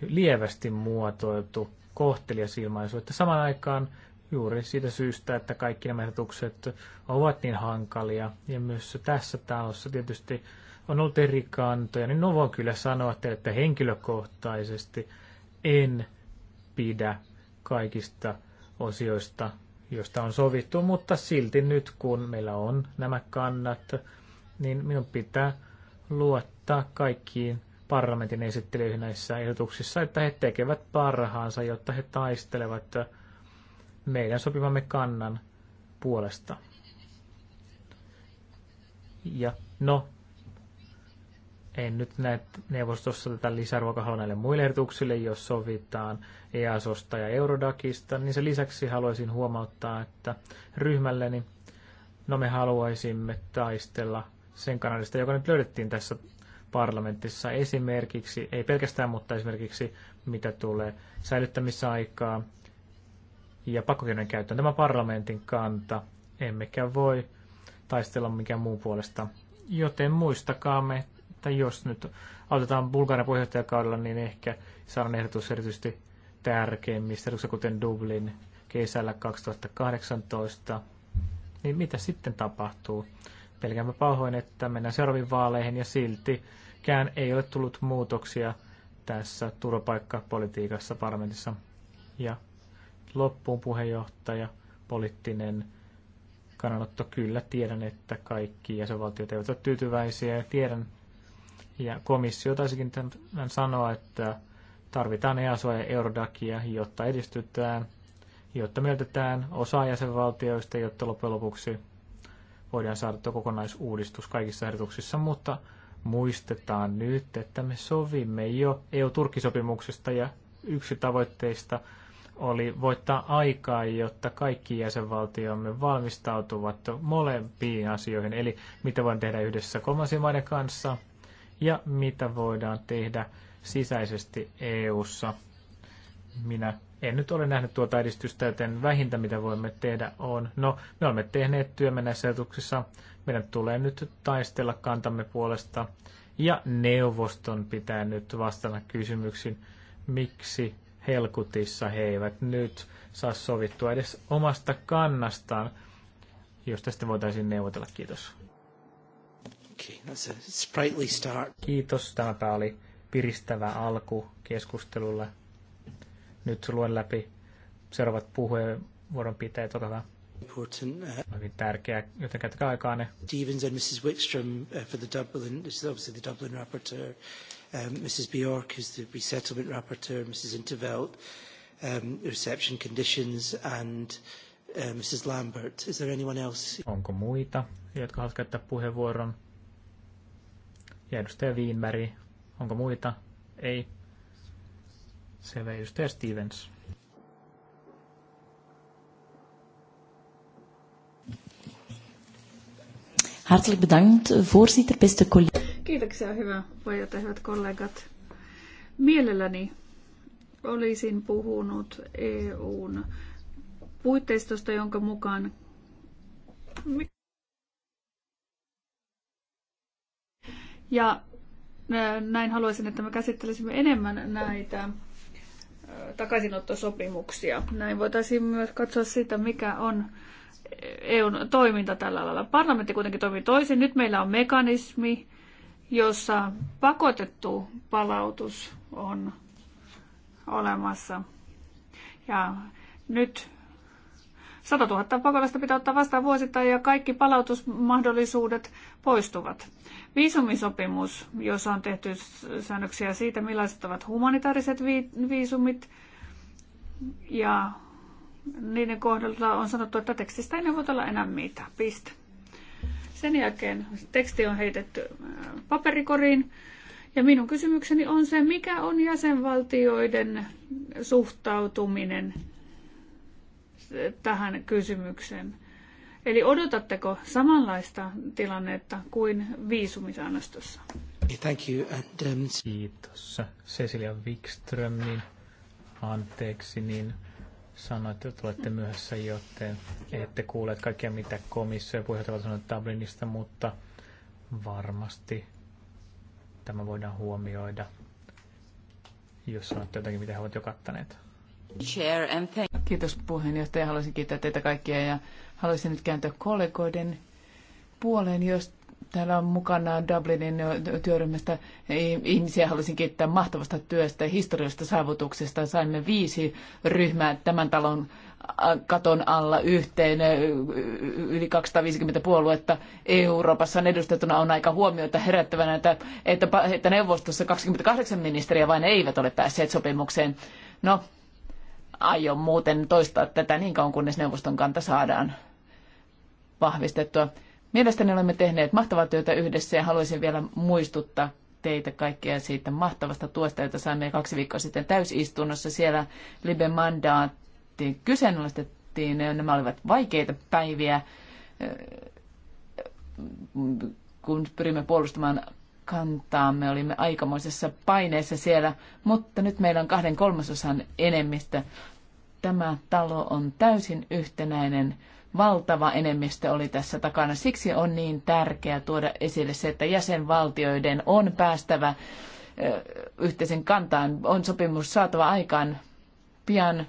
lievästi muotoiltu kohtelias ilmaisu, että samaan aikaan juuri siitä syystä, että kaikki nämä ehdotukset ovat niin hankalia. Ja myös tässä talossa tietysti on ollut eri kantoja, niin no voin kyllä sanoa teille, että henkilökohtaisesti en pidä kaikista osioista, joista on sovittu, mutta silti nyt kun meillä on nämä kannat, niin minun pitää luottaa kaikkiin parlamentin esittelyihin näissä ehdotuksissa, että he tekevät parhaansa, jotta he taistelevat meidän sopivamme kannan puolesta. Ja no, en nyt näe neuvostossa tätä lisäruokahalua näille muille ehdotuksille, jos sovitaan EASosta ja Eurodakista, niin sen lisäksi haluaisin huomauttaa, että ryhmälleni, no me haluaisimme taistella sen kanadista, joka nyt löydettiin tässä parlamentissa esimerkiksi, ei pelkästään, mutta esimerkiksi mitä tulee säilyttämisaikaa, ja pakkokeinojen käyttö on tämä parlamentin kanta. Emmekä voi taistella mikään muun puolesta. Joten muistakaamme, että jos nyt autetaan Bulgarian puheenjohtajakaudella, niin ehkä saadaan ehdotus erityisesti tärkeimmistä, kuten Dublin kesällä 2018. Niin mitä sitten tapahtuu? Pelkäämme pahoin, että mennään seuraaviin vaaleihin ja siltikään ei ole tullut muutoksia tässä turvapaikkapolitiikassa parlamentissa. Ja loppuun puheenjohtaja, poliittinen kannanotto. Kyllä tiedän, että kaikki jäsenvaltiot eivät ole tyytyväisiä ja tiedän, ja komissio taisikin tämän sanoa, että tarvitaan EASOa ja Eurodakia, jotta edistytään, jotta mieltetään osa jäsenvaltioista, jotta loppujen lopuksi voidaan saada tuo kokonaisuudistus kaikissa ehdotuksissa, mutta muistetaan nyt, että me sovimme jo EU-Turkkisopimuksesta ja yksi tavoitteista oli voittaa aikaa, jotta kaikki jäsenvaltiomme valmistautuvat molempiin asioihin, eli mitä voidaan tehdä yhdessä kolmansien maiden kanssa ja mitä voidaan tehdä sisäisesti EU:ssa. Minä en nyt ole nähnyt tuota edistystä, joten vähintä mitä voimme tehdä on, no me olemme tehneet työmme näissä ajatuksissa, meidän tulee nyt taistella kantamme puolesta ja neuvoston pitää nyt vastata kysymyksiin, miksi helkutissa. He eivät nyt saa sovittua edes omasta kannastaan, jos tästä voitaisiin neuvotella. Kiitos. Okay, that's a start. Kiitos. Tämä oli piristävä alku keskustelulle. Nyt luen läpi seuraavat puheenvuoron pitäjät. Olkaa hyvä important. Uh, Hyvin tärkeää, joten käyttäkää ne. Stevens and Mrs. Wickstrom uh, for the Dublin, this is obviously the Dublin rapporteur, um, Mrs Bjork, who's the resettlement rapporteur, Mrs Intervelt, um, reception conditions and uh, Mrs Lambert. Is there anyone else? Onko muita, jotka haluaisivat käyttää puheenvuoron? Ja edustaja Wienberg, onko muita? Ei. Se vei edustaja Stevens. Hartelijk bedankt, voorzitter, beste collega's. Kiitoksia, hyvä puheenjohtaja, hyvät kollegat. Mielelläni olisin puhunut EUn puitteistosta, jonka mukaan ja näin haluaisin, että me käsittelisimme enemmän näitä takaisinottosopimuksia. Näin voitaisiin myös katsoa sitä, mikä on EUn toiminta tällä lailla. Parlamentti kuitenkin toimii toisin. Nyt meillä on mekanismi, jossa pakotettu palautus on olemassa. Ja nyt 100 000 pakolaista pitää ottaa vastaan vuosittain ja kaikki palautusmahdollisuudet poistuvat. Viisumisopimus, jossa on tehty säännöksiä siitä, millaiset ovat humanitaariset viisumit ja niiden kohdalta on sanottu, että tekstistä ei neuvotella enää mitään. Piste. Sen jälkeen teksti on heitetty äh, paperikoriin. Ja minun kysymykseni on se, mikä on jäsenvaltioiden suhtautuminen tähän kysymykseen. Eli odotatteko samanlaista tilannetta kuin viisumisäännöstössä? Thank you, um, Kiitos. Cecilia Wikström, anteeksi, niin sanoitte, että olette myöhässä, joten ette kuulleet kaikkea, mitä komissio ja puheenjohtaja sanoi Dublinista, mutta varmasti tämä voidaan huomioida, jos sanotte jotakin, mitä he ovat jo kattaneet. Kiitos puheenjohtaja. Haluaisin kiittää teitä kaikkia ja haluaisin nyt kääntyä kollegoiden puoleen, jos Täällä on mukana Dublinin työryhmästä ihmisiä. Haluaisin kiittää mahtavasta työstä ja historiallisesta saavutuksesta. Saimme viisi ryhmää tämän talon katon alla yhteen yli 250 puoluetta Euroopassa on edustettuna on aika huomiota herättävänä, että, että, että neuvostossa 28 ministeriä vain eivät ole päässeet sopimukseen. No, aion muuten toistaa tätä niin kauan, kunnes neuvoston kanta saadaan vahvistettua. Mielestäni olemme tehneet mahtavaa työtä yhdessä ja haluaisin vielä muistuttaa teitä kaikkia siitä mahtavasta tuosta, jota saimme kaksi viikkoa sitten täysistunnossa. Siellä Liben mandaatti kyseenalaistettiin. Nämä olivat vaikeita päiviä, kun pyrimme puolustamaan kantaa. Me olimme aikamoisessa paineessa siellä, mutta nyt meillä on kahden kolmasosan enemmistö. Tämä talo on täysin yhtenäinen valtava enemmistö oli tässä takana. Siksi on niin tärkeää tuoda esille se, että jäsenvaltioiden on päästävä yhteisen kantaan. On sopimus saatava aikaan pian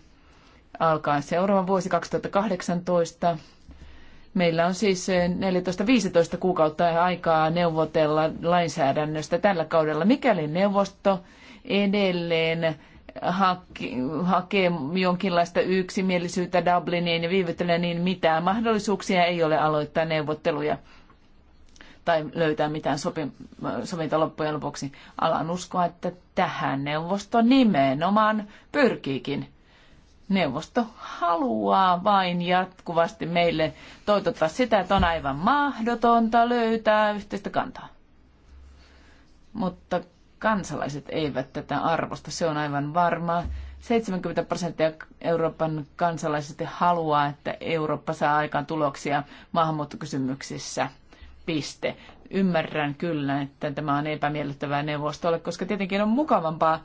alkaa seuraava vuosi 2018. Meillä on siis 14-15 kuukautta aikaa neuvotella lainsäädännöstä tällä kaudella, mikäli neuvosto edelleen hakki, hakee jonkinlaista yksimielisyyttä Dubliniin ja viivyttelee niin mitään. Mahdollisuuksia ei ole aloittaa neuvotteluja tai löytää mitään sopi, sovinta loppujen lopuksi. Alan uskoa, että tähän neuvosto nimenomaan pyrkiikin. Neuvosto haluaa vain jatkuvasti meille toitottaa sitä, että on aivan mahdotonta löytää yhteistä kantaa. Mutta kansalaiset eivät tätä arvosta. Se on aivan varmaa. 70 prosenttia Euroopan kansalaisista haluaa, että Eurooppa saa aikaan tuloksia maahanmuuttokysymyksissä. Piste. Ymmärrän kyllä, että tämä on epämiellyttävää neuvostolle, koska tietenkin on mukavampaa,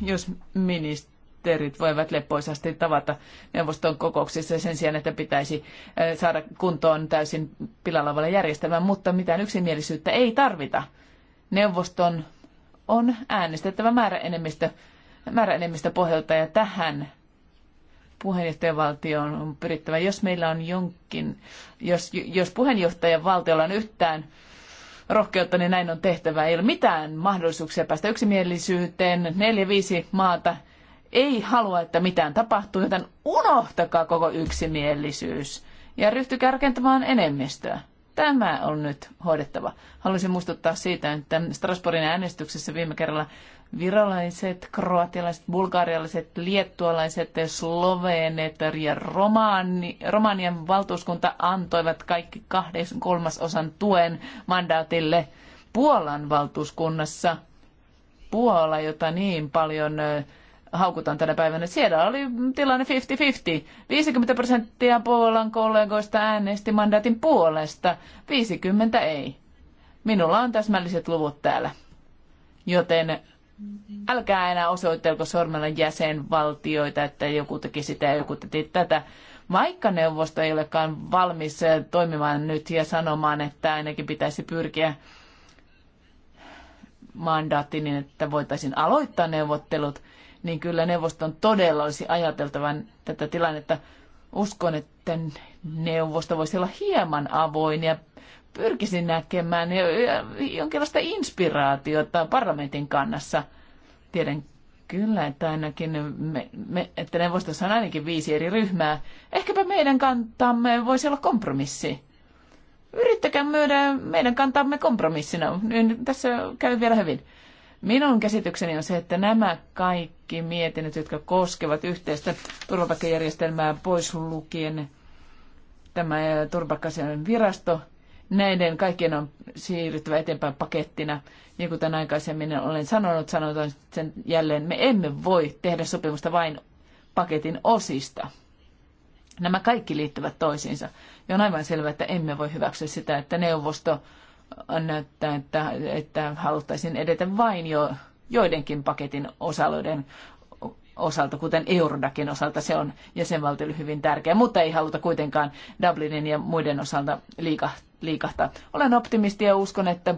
jos ministerit voivat lepoisasti tavata neuvoston kokouksissa sen sijaan, että pitäisi saada kuntoon täysin pilalla järjestelmän, mutta mitään yksimielisyyttä ei tarvita neuvoston on äänestettävä määräenemmistö, määräenemmistö pohjalta ja tähän puheenjohtajavaltioon on pyrittävä. Jos meillä on jonkin, jos, jos puheenjohtajan valtiolla on yhtään rohkeutta, niin näin on tehtävä. Ei ole mitään mahdollisuuksia päästä yksimielisyyteen. Neljä, viisi maata ei halua, että mitään tapahtuu, joten unohtakaa koko yksimielisyys ja ryhtykää rakentamaan enemmistöä. Tämä on nyt hoidettava. Haluaisin muistuttaa siitä, että Strasbourgin äänestyksessä viime kerralla virolaiset, kroatialaiset, bulgarialaiset, liettualaiset, sloveenet ja romaani, romanian valtuuskunta antoivat kaikki kahden kolmasosan tuen mandaatille Puolan valtuuskunnassa. Puola, jota niin paljon haukutaan tänä päivänä. Siellä oli tilanne 50-50. 50 prosenttia Puolan kollegoista äänesti mandaatin puolesta, 50 ei. Minulla on täsmälliset luvut täällä. Joten älkää enää osoittelko sormella jäsenvaltioita, että joku teki sitä ja joku teki tätä. Vaikka neuvosto ei olekaan valmis toimimaan nyt ja sanomaan, että ainakin pitäisi pyrkiä mandaatti niin, että voitaisiin aloittaa neuvottelut – niin kyllä neuvoston todella olisi ajateltavan tätä tilannetta. Uskon, että neuvosto voisi olla hieman avoin ja pyrkisi näkemään jonkinlaista inspiraatiota parlamentin kannassa. Tiedän kyllä, että ainakin me, me, että neuvostossa on ainakin viisi eri ryhmää. Ehkäpä meidän kantamme voisi olla kompromissi. Yrittäkää myydä meidän kantamme kompromissina. Nyt niin tässä käy vielä hyvin. Minun käsitykseni on se, että nämä kaikki mietinnöt, jotka koskevat yhteistä turvapaikkajärjestelmää pois lukien tämä turvapaikkaisen virasto, näiden kaikkien on siirryttävä eteenpäin pakettina. Niin kuten aikaisemmin olen sanonut, sanotaan sen jälleen, me emme voi tehdä sopimusta vain paketin osista. Nämä kaikki liittyvät toisiinsa. Ja on aivan selvää, että emme voi hyväksyä sitä, että neuvosto näyttää, että, että haluttaisiin edetä vain jo joidenkin paketin osaloiden osalta, kuten Eurodakin osalta, se on jäsenvaltiolle hyvin tärkeä, mutta ei haluta kuitenkaan Dublinin ja muiden osalta liikahtaa. Olen optimisti ja uskon, että,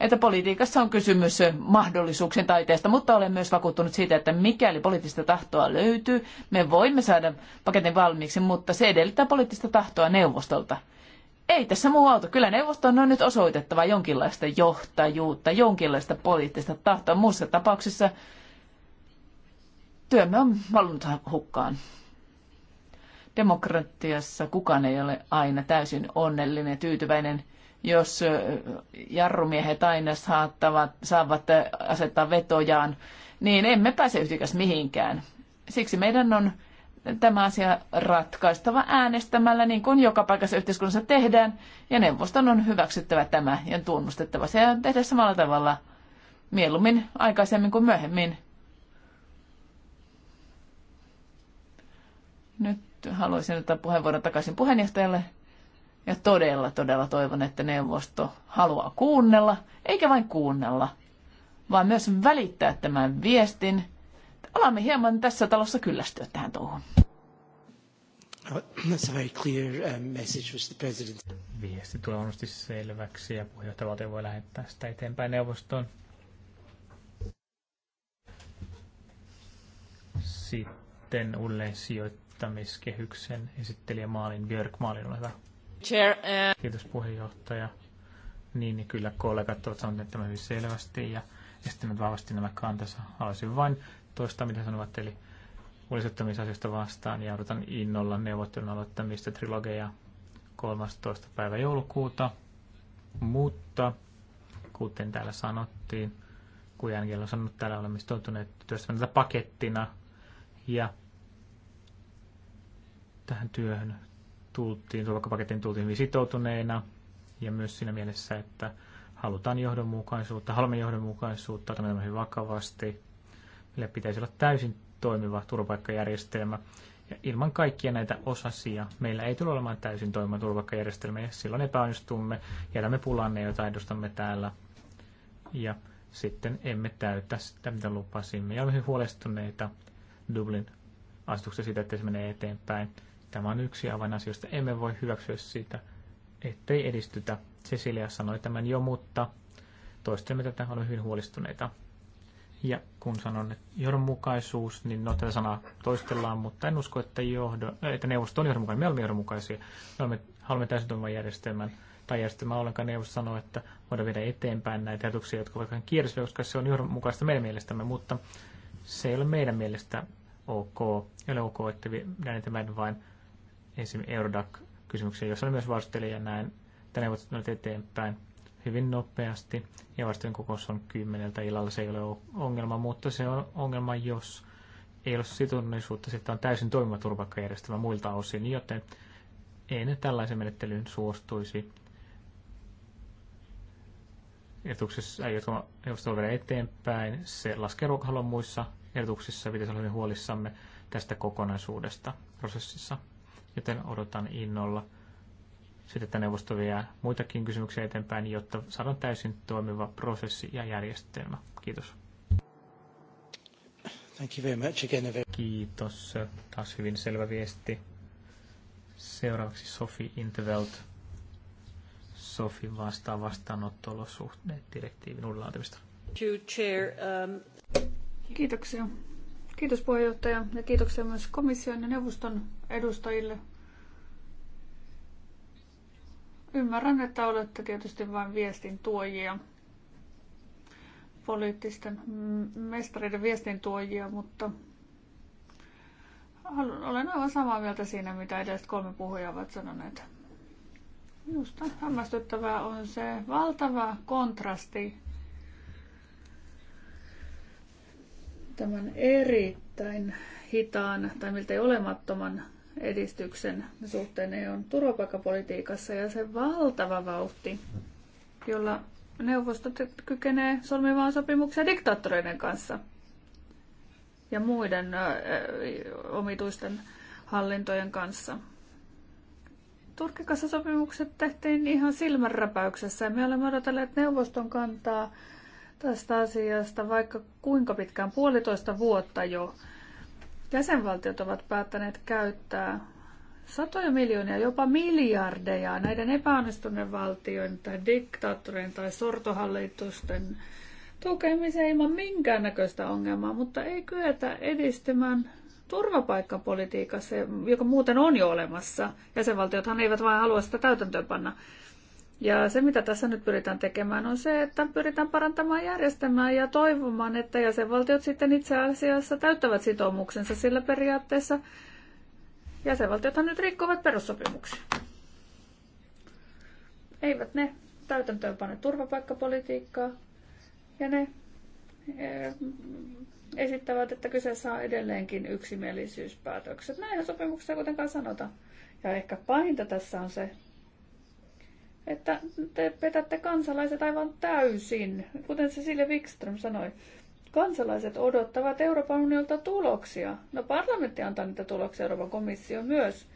että politiikassa on kysymys mahdollisuuksien taiteesta, mutta olen myös vakuuttunut siitä, että mikäli poliittista tahtoa löytyy, me voimme saada paketin valmiiksi, mutta se edellyttää poliittista tahtoa neuvostolta ei tässä muu auta. Kyllä neuvoston on nyt osoitettava jonkinlaista johtajuutta, jonkinlaista poliittista tahtoa. Muussa tapauksessa työmme on valunut hukkaan. Demokratiassa kukaan ei ole aina täysin onnellinen ja tyytyväinen, jos jarrumiehet aina saattavat, saavat asettaa vetojaan, niin emme pääse yhtikäs mihinkään. Siksi meidän on tämä asia ratkaistava äänestämällä, niin kuin joka paikassa yhteiskunnassa tehdään, ja neuvoston on hyväksyttävä tämä ja tunnustettava se ja tehdä samalla tavalla mieluummin aikaisemmin kuin myöhemmin. Nyt haluaisin ottaa puheenvuoron takaisin puheenjohtajalle. Ja todella, todella toivon, että neuvosto haluaa kuunnella, eikä vain kuunnella, vaan myös välittää tämän viestin – alamme hieman tässä talossa kyllästyä tähän touhuun. Oh, that's a very clear um, message which the president. Viesti tulee varmasti selväksi ja puheenjohtajavaltio voi lähettää sitä eteenpäin neuvostoon. Sitten uudelleen sijoittamiskehyksen esittelijä Maalin Björk. Maalin, ole hyvä. Chair, uh... Kiitos puheenjohtaja. Niin, niin kyllä kollegat ovat sanoneet tämän hyvin selvästi ja esittäneet vahvasti nämä kantansa. Haluaisin vain toista, mitä sanovat, eli ulisettamisasioista vastaan ja odotan innolla neuvottelun aloittamista trilogeja 13. päivä joulukuuta. Mutta, kuten täällä sanottiin, kun Angel on sanonut, täällä olemme sitoutuneet työstämään pakettina ja tähän työhön tultiin, turvapaikkapaketin tultiin hyvin sitoutuneina ja myös siinä mielessä, että halutaan johdonmukaisuutta, haluamme johdonmukaisuutta, otamme tämän hyvin vakavasti – Sille pitäisi olla täysin toimiva turvapaikkajärjestelmä. Ja ilman kaikkia näitä osasia meillä ei tule olemaan täysin toimiva turvapaikkajärjestelmä, ja silloin epäonnistumme, jätämme pulanne, jota edustamme täällä, ja sitten emme täytä sitä, mitä lupasimme. Ja olemme huolestuneita Dublin asetuksesta siitä, että se menee eteenpäin. Tämä on yksi avainasioista. Emme voi hyväksyä sitä, ettei edistytä. Cecilia sanoi tämän jo, mutta toistemme tätä, olemme hyvin huolestuneita. Ja kun sanon johdonmukaisuus, niin no tätä sanaa toistellaan, mutta en usko, että, johdo, että neuvosto on johdonmukainen. Me olemme johdonmukaisia. Me olemme, haluamme täysin järjestelmän tai järjestelmä ollenkaan neuvosto sanoo, että voidaan viedä eteenpäin näitä ajatuksia, jotka ovat vähän kiireisiä, koska se on johdonmukaista meidän mielestämme, mutta se ei ole meidän mielestä ok. Ei ole ok, että näin tämän vain esimerkiksi Eurodac-kysymyksiä, jossa on myös vastustelija näin, että neuvottelut eteenpäin hyvin nopeasti. Ja vasten kokous on kymmeneltä illalla, se ei ole ongelma, mutta se on ongelma, jos ei ole sitoneisuutta, sitten on täysin toimiva turvakkajärjestelmä muilta osin, joten ei ne tällaisen menettelyyn suostuisi. Ehdotuksessa, äh, jotka neuvostolla vielä eteenpäin, se laskee ruokahallon muissa ehdotuksissa, pitäisi olla hyvin huolissamme tästä kokonaisuudesta prosessissa, joten odotan innolla sitten että neuvosto vie muitakin kysymyksiä eteenpäin, jotta saadaan täysin toimiva prosessi ja järjestelmä. Kiitos. Thank you very much again. Kiitos. Taas hyvin selvä viesti. Seuraavaksi Sofi Intervelt. Sofi vastaa vastaanotto-olosuhteet direktiivin uudenlaatimista. Um, kiitoksia. Kiitos puheenjohtaja ja kiitoksia myös komission ja neuvoston edustajille Ymmärrän, että olette tietysti vain viestin tuojia, poliittisten mestareiden viestin tuojia, mutta olen aivan samaa mieltä siinä, mitä edelliset kolme puhujaa ovat sanoneet. Minusta hämmästyttävää on se valtava kontrasti tämän erittäin hitaan tai miltei olemattoman edistyksen suhteen EUn niin turvapaikkapolitiikassa ja se valtava vauhti, jolla neuvosto kykenee solmimaan sopimuksia diktaattoreiden kanssa ja muiden omituisten hallintojen kanssa. Turkin kanssa sopimukset tehtiin ihan silmänräpäyksessä ja me olemme odotelleet neuvoston kantaa tästä asiasta vaikka kuinka pitkään, puolitoista vuotta jo. Jäsenvaltiot ovat päättäneet käyttää satoja miljoonia, jopa miljardeja näiden epäonnistuneiden valtioiden tai diktaattorien tai sortohallitusten tukemiseen ilman minkäännäköistä ongelmaa, mutta ei kyetä edistymään turvapaikkapolitiikassa, joka muuten on jo olemassa. Jäsenvaltiothan eivät vain halua sitä täytäntöönpanna. panna ja se, mitä tässä nyt pyritään tekemään, on se, että pyritään parantamaan järjestelmää ja toivomaan, että jäsenvaltiot sitten itse asiassa täyttävät sitoumuksensa sillä periaatteessa. Jäsenvaltiothan nyt rikkovat perussopimuksia. Eivät ne täytäntöönpane turvapaikkapolitiikkaa ja ne eh, esittävät, että kyseessä on edelleenkin yksimielisyyspäätökset. Näinhän sopimuksessa kuitenkaan sanota. Ja ehkä pahinta tässä on se, että te petätte kansalaiset aivan täysin. Kuten Cecilia Wikström sanoi, kansalaiset odottavat Euroopan unionilta tuloksia. No parlamentti antaa niitä tuloksia, Euroopan komissio myös.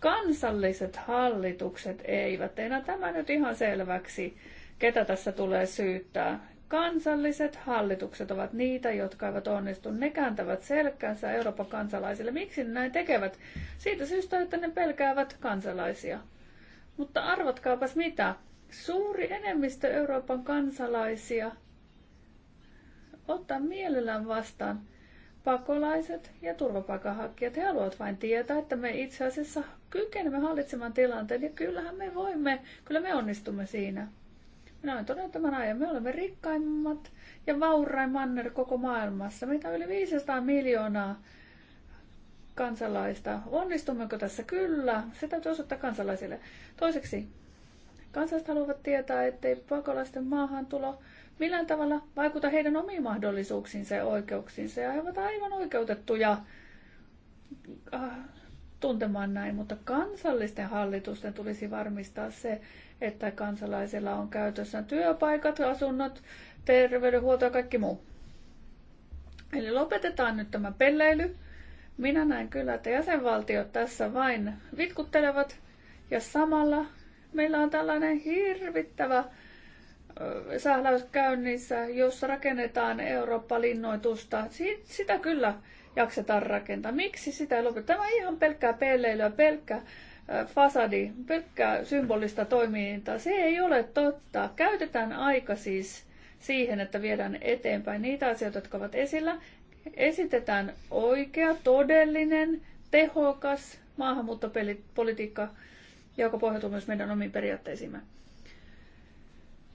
Kansalliset hallitukset eivät. Enää no, tämä nyt ihan selväksi, ketä tässä tulee syyttää. Kansalliset hallitukset ovat niitä, jotka eivät onnistu. Ne kääntävät selkänsä Euroopan kansalaisille. Miksi ne näin tekevät? Siitä syystä, että ne pelkäävät kansalaisia. Mutta arvatkaapas mitä? Suuri enemmistö Euroopan kansalaisia ottaa mielellään vastaan pakolaiset ja turvapaikanhakijat. He haluavat vain tietää, että me itse asiassa kykenemme hallitsemaan tilanteen ja kyllähän me voimme, kyllä me onnistumme siinä. Minä olen todennut tämän ajan. Me olemme rikkaimmat ja vaurain manner koko maailmassa. Meitä on yli 500 miljoonaa kansalaista. Onnistummeko tässä? Kyllä. Se täytyy osoittaa kansalaisille. Toiseksi, kansalaiset haluavat tietää, ettei pakolaisten maahantulo millään tavalla vaikuta heidän omiin mahdollisuuksiinsa ja oikeuksiinsa. Ja he ovat aivan oikeutettuja äh, tuntemaan näin, mutta kansallisten hallitusten tulisi varmistaa se, että kansalaisilla on käytössään työpaikat, asunnot, terveydenhuolto ja kaikki muu. Eli lopetetaan nyt tämä pelleily minä näen kyllä, että jäsenvaltiot tässä vain vitkuttelevat ja samalla meillä on tällainen hirvittävä sähläys käynnissä, jossa rakennetaan Eurooppa-linnoitusta. Sitä kyllä jaksetaan rakentaa. Miksi sitä ei lopu? Tämä on ihan pelkkää pelleilyä, pelkkä fasadi, pelkkää symbolista toimintaa. Se ei ole totta. Käytetään aika siis siihen, että viedään eteenpäin niitä asioita, jotka ovat esillä, esitetään oikea, todellinen, tehokas maahanmuuttopolitiikka, joka pohjautuu myös meidän omiin periaatteisiimme.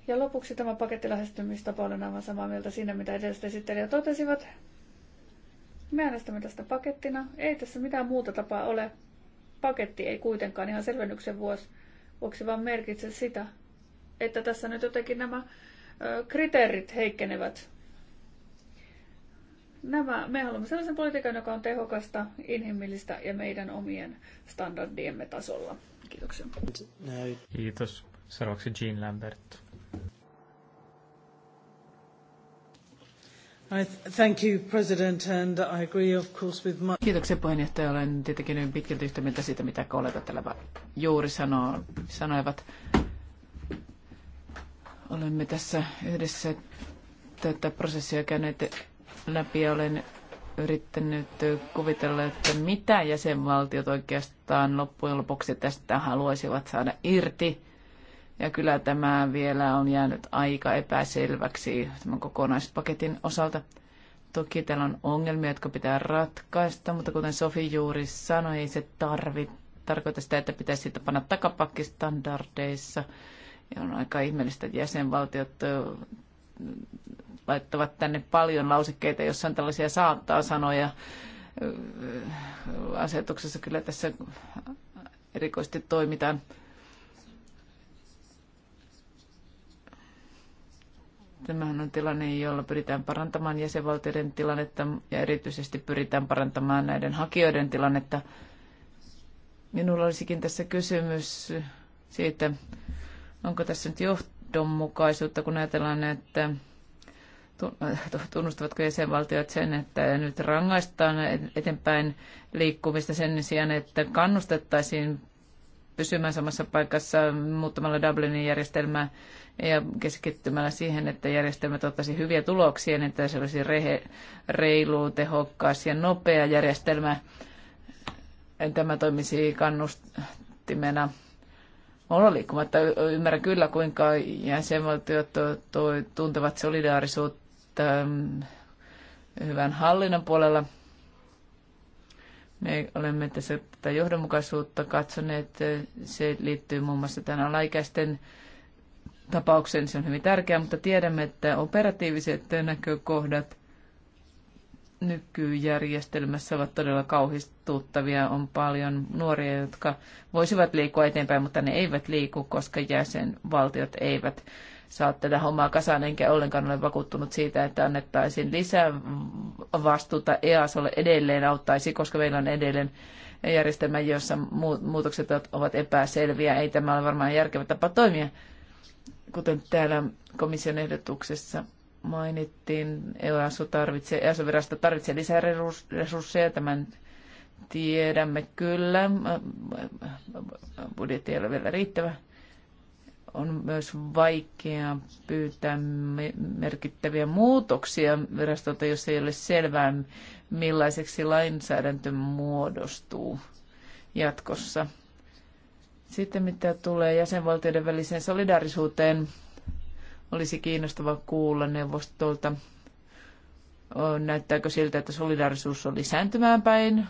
Ja lopuksi tämä pakettilähestymistapa olen aivan samaa mieltä siinä, mitä edelliset esittelijät totesivat. Me äänestämme tästä pakettina. Ei tässä mitään muuta tapaa ole. Paketti ei kuitenkaan ihan selvennyksen vuosi, vuoksi vaan merkitse sitä, että tässä nyt jotenkin nämä kriteerit heikkenevät Nämä, me haluamme sellaisen politiikan, joka on tehokasta, inhimillistä ja meidän omien standardiemme tasolla. Kiitoksia. Kiitos. Seuraavaksi Jean Lambert. Thank you, President, and I agree, of course, with my... Kiitoksia puheenjohtaja. Olen tietenkin hyvin pitkälti yhtä mieltä siitä, mitä kollegat täällä juuri sanoo, sanoivat. Olemme tässä yhdessä tätä prosessia käyneet läpi ja olen yrittänyt kuvitella, että mitä jäsenvaltiot oikeastaan loppujen lopuksi tästä haluaisivat saada irti. Ja kyllä tämä vielä on jäänyt aika epäselväksi tämän kokonaispaketin osalta. Toki täällä on ongelmia, jotka pitää ratkaista, mutta kuten Sofi juuri sanoi, ei se tarvi, tarkoita sitä, että pitäisi siitä panna takapakki standardeissa. Ja on aika ihmeellistä, että jäsenvaltiot laittavat tänne paljon lausekkeita, jossa on tällaisia saattaa sanoja. Asetuksessa kyllä tässä erikoisesti toimitaan. Tämähän on tilanne, jolla pyritään parantamaan jäsenvaltioiden tilannetta ja erityisesti pyritään parantamaan näiden hakijoiden tilannetta. Minulla olisikin tässä kysymys siitä, onko tässä nyt johdonmukaisuutta, kun ajatellaan, että Äh, tunnustavatko jäsenvaltiot sen, että nyt rangaistaan eteenpäin liikkumista sen sijaan, että kannustettaisiin pysymään samassa paikassa muuttamalla Dublinin järjestelmää ja keskittymällä siihen, että järjestelmä tuottaisi hyviä tuloksia, niin että se olisi rehe, reilu, tehokkaas ja nopea järjestelmä. Tämä toimisi kannustimena olla liikkumatta. Ymmärrän kyllä, kuinka jäsenvaltiot tuntevat solidaarisuutta Mm, hyvän hallinnon puolella. Me olemme tässä tätä johdonmukaisuutta katsoneet. Se liittyy muun muassa tämän alaikäisten tapauksen. Se on hyvin tärkeää, mutta tiedämme, että operatiiviset näkökohdat nykyjärjestelmässä ovat todella kauhistuttavia. On paljon nuoria, jotka voisivat liikkua eteenpäin, mutta ne eivät liiku, koska jäsenvaltiot eivät saa tätä hommaa kasaan, enkä ollenkaan ole vakuuttunut siitä, että annettaisiin lisää vastuuta EASOlle edelleen auttaisi, koska meillä on edelleen järjestelmä, jossa muutokset ovat epäselviä. Ei tämä ole varmaan järkevä tapa toimia, kuten täällä komission ehdotuksessa mainittiin. EASO tarvitsee, EASO-virasto tarvitsee lisää resursseja tämän tiedämme kyllä. Budjetti ei ole vielä riittävä on myös vaikea pyytää merkittäviä muutoksia virastolta, jos ei ole selvää, millaiseksi lainsäädäntö muodostuu jatkossa. Sitten mitä tulee jäsenvaltioiden väliseen solidaarisuuteen, olisi kiinnostava kuulla neuvostolta. Näyttääkö siltä, että solidaarisuus on lisääntymään päin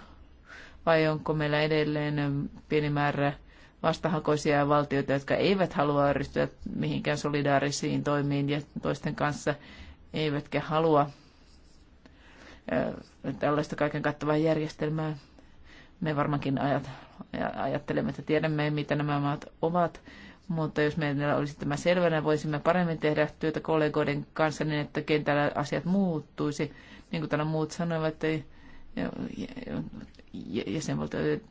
vai onko meillä edelleen pieni määrä vastahakoisia valtioita, jotka eivät halua ryhtyä mihinkään solidaarisiin toimiin ja toisten kanssa eivätkä halua tällaista kaiken kattavaa järjestelmää. Me varmaankin ajat, ajattelemme, että tiedämme, mitä nämä maat ovat, mutta jos meillä olisi tämä selvänä, voisimme paremmin tehdä työtä kollegoiden kanssa niin, että kentällä asiat muuttuisi. Niin kuin täällä muut sanoivat, että jäsenvaltioiden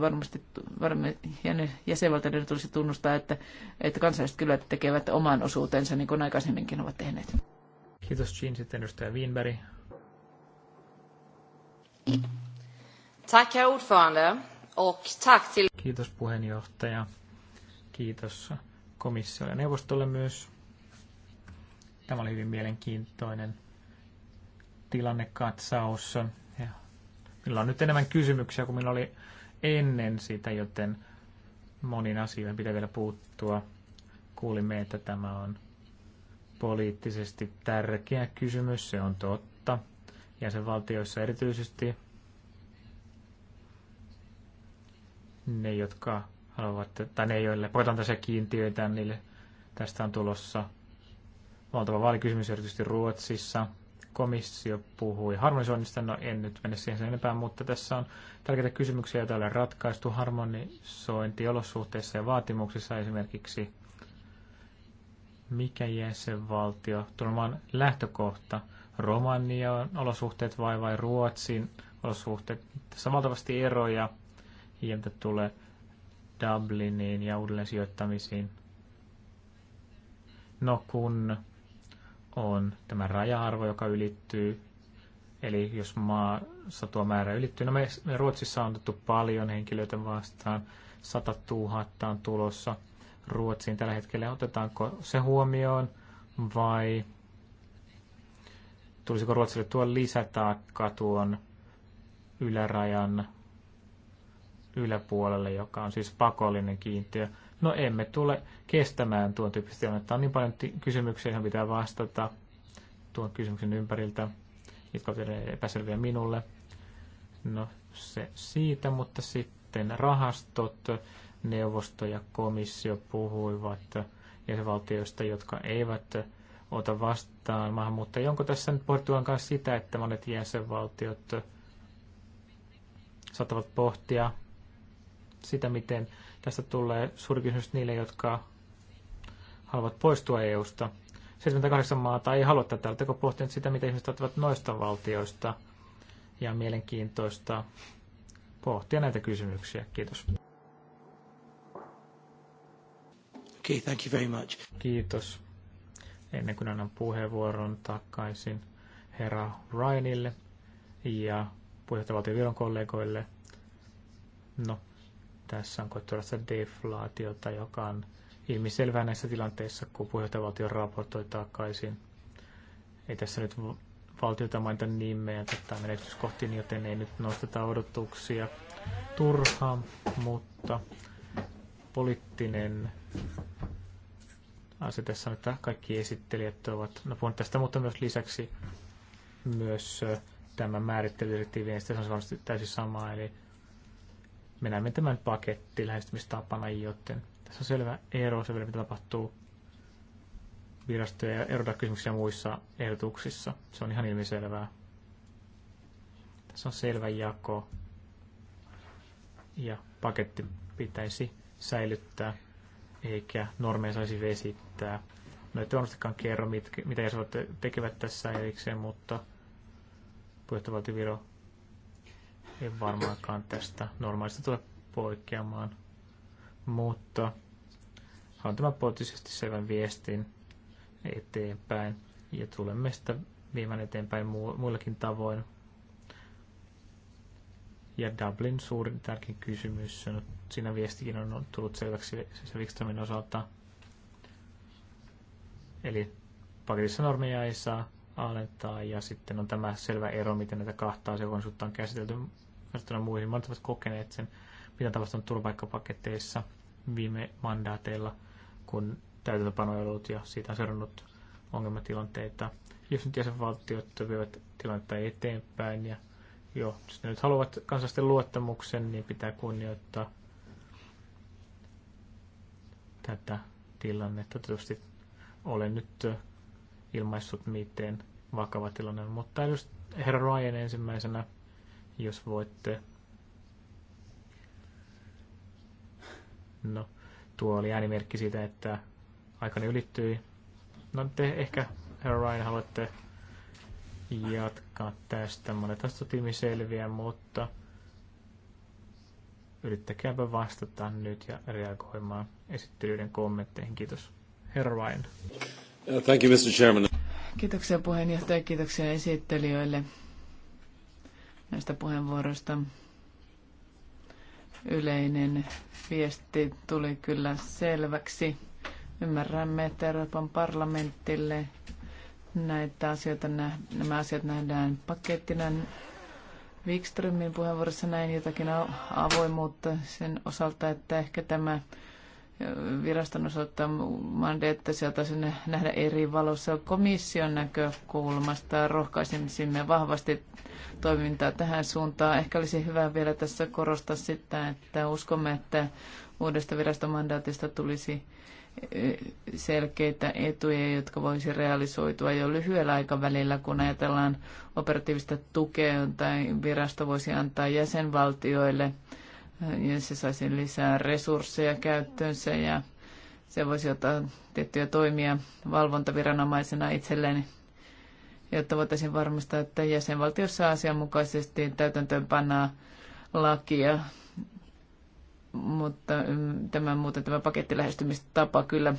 varmasti varmi, jäsenvaltioiden tulisi tunnustaa, että, että kansalaiset kyllä tekevät oman osuutensa, niin kuin aikaisemminkin ovat tehneet. Kiitos Jean, sitten edustaja Wienberg. Tack ordförande och tack till... Kiitos puheenjohtaja. Kiitos komissio ja neuvostolle myös. Tämä oli hyvin mielenkiintoinen tilannekatsaus. Ja minulla on nyt enemmän kysymyksiä kuin minulla oli ennen sitä, joten moniin asioihin pitää vielä puuttua. Kuulimme, että tämä on poliittisesti tärkeä kysymys, se on totta. Jäsenvaltioissa erityisesti ne, jotka haluavat, tai ne, joille poitan tässä kiintiöitä, niille tästä on tulossa valtava vaalikysymys erityisesti Ruotsissa – komissio puhui harmonisoinnista, no en nyt mene siihen sen enempää, mutta tässä on tärkeitä kysymyksiä, joita on ratkaistu harmonisointi olosuhteissa ja vaatimuksissa esimerkiksi mikä jäsenvaltio, tulemaan lähtökohta, Romanian olosuhteet vai, vai Ruotsin olosuhteet. Tässä on valtavasti eroja, ja mitä tulee Dubliniin ja uudelleen sijoittamisiin. No kun on tämä raja-arvo, joka ylittyy. Eli jos maassa tuo määrä ylittyy, no me, me Ruotsissa on otettu paljon henkilöitä vastaan, 100 000 on tulossa Ruotsiin tällä hetkellä. Otetaanko se huomioon vai tulisiko Ruotsille tuo lisätaakka tuon ylärajan yläpuolelle, joka on siis pakollinen kiintiö. No emme tule kestämään tuon tyyppistä tilannetta. On niin paljon kysymyksiä, joihin pitää vastata tuon kysymyksen ympäriltä, jotka ovat epäselviä minulle. No se siitä, mutta sitten rahastot, neuvosto ja komissio puhuivat jäsenvaltioista, jotka eivät ota vastaan maahanmuuttajia. Onko tässä nyt Portugan kanssa sitä, että monet jäsenvaltiot saattavat pohtia sitä, miten Tästä tulee suuri kysymys niille, jotka haluavat poistua EUsta. 78 maata ei halua tätä. Oletteko pohtineet sitä, mitä ihmiset ottavat noista valtioista? Ja mielenkiintoista pohtia näitä kysymyksiä. Kiitos. Okay, thank you very much. Kiitos. Ennen kuin annan puheenvuoron takaisin herra Ryanille ja puheenjohtajavaltion kollegoille. No, tässä on koettu deflaatiota, joka on ilmiselvää näissä tilanteissa, kun puheenjohtajavaltio raportoi takaisin. Ei tässä nyt valtiota mainita nimeä tätä menestyskohtiin, niin joten ei nyt nosteta odotuksia turhaan, mutta poliittinen asia tässä on, että kaikki esittelijät ovat, no puhun tästä, mutta myös lisäksi myös tämä määrittelydirektiivi, ja niin se on varmasti täysin sama, eli me näemme tämän paketti lähestymistapana, joten tässä on selvä ero se vielä, mitä tapahtuu virastoja ja erota kysymyksiä muissa ehdotuksissa. Se on ihan ilmiselvää. Tässä on selvä jako ja paketti pitäisi säilyttää eikä normeja saisi vesittää. No ette varmastikaan kerro, mit, mitä jäsenvaltiot tekevät tässä erikseen, mutta puheenjohtajavaltio ei varmaankaan tästä normaalista tule poikkeamaan, mutta haluan tämän poliittisesti selvän viestin eteenpäin ja tulemme sitä viemään eteenpäin mu- muillakin tavoin. Ja Dublin suurin tärkein kysymys, no, siinä viestikin on tullut selväksi se siis Wikströmin osalta. Eli paketissa normeja ei saa alentaa ja sitten on tämä selvä ero, miten näitä kahta asiakokonaisuutta on käsitelty verrattuna muihin. Monet ovat kokeneet sen, mitä tapahtunut turvapaikkapaketeissa viime mandaateilla, kun täytäntöpano on ollut ja siitä on seurannut ongelmatilanteita. Jos nyt jäsenvaltiot vievät tilannetta eteenpäin ja jo, jos ne nyt haluavat kansallisten luottamuksen, niin pitää kunnioittaa tätä tilannetta. Tietysti olen nyt ilmaissut, miten vakava tilanne on, mutta herra Ryan ensimmäisenä jos voitte. No, tuo oli äänimerkki siitä, että aikani ylittyi. No te ehkä, herra Ryan, haluatte jatkaa tästä. Monet astutiimi selviää, mutta yrittäkääpä vastata nyt ja reagoimaan esittelyiden kommentteihin. Kiitos. Herra Ryan. Thank you, Mr. Chairman. Kiitoksia puheenjohtaja, kiitoksia esittelijöille näistä puheenvuoroista. Yleinen viesti tuli kyllä selväksi. Ymmärrämme, että Euroopan parlamentille näitä asioita, nämä asiat nähdään pakettina. Wikströmin puheenvuorossa näin jotakin avoimuutta sen osalta, että ehkä tämä viraston osoittaa mandeetta sieltä sinne nähdä eri valossa komission näkökulmasta. Rohkaisisimme vahvasti toimintaa tähän suuntaan. Ehkä olisi hyvä vielä tässä korostaa sitä, että uskomme, että uudesta virastomandaatista tulisi e, selkeitä etuja, jotka voisi realisoitua jo lyhyellä aikavälillä, kun ajatellaan operatiivista tukea, tai virasto voisi antaa jäsenvaltioille – ja se saisi lisää resursseja käyttöönsä ja se voisi ottaa tiettyjä toimia valvontaviranomaisena itselleen, jotta voitaisiin varmistaa, että jäsenvaltiossa asianmukaisesti täytäntöön pannaan lakia. Mutta mm, tämä muuten tämä pakettilähestymistapa kyllä,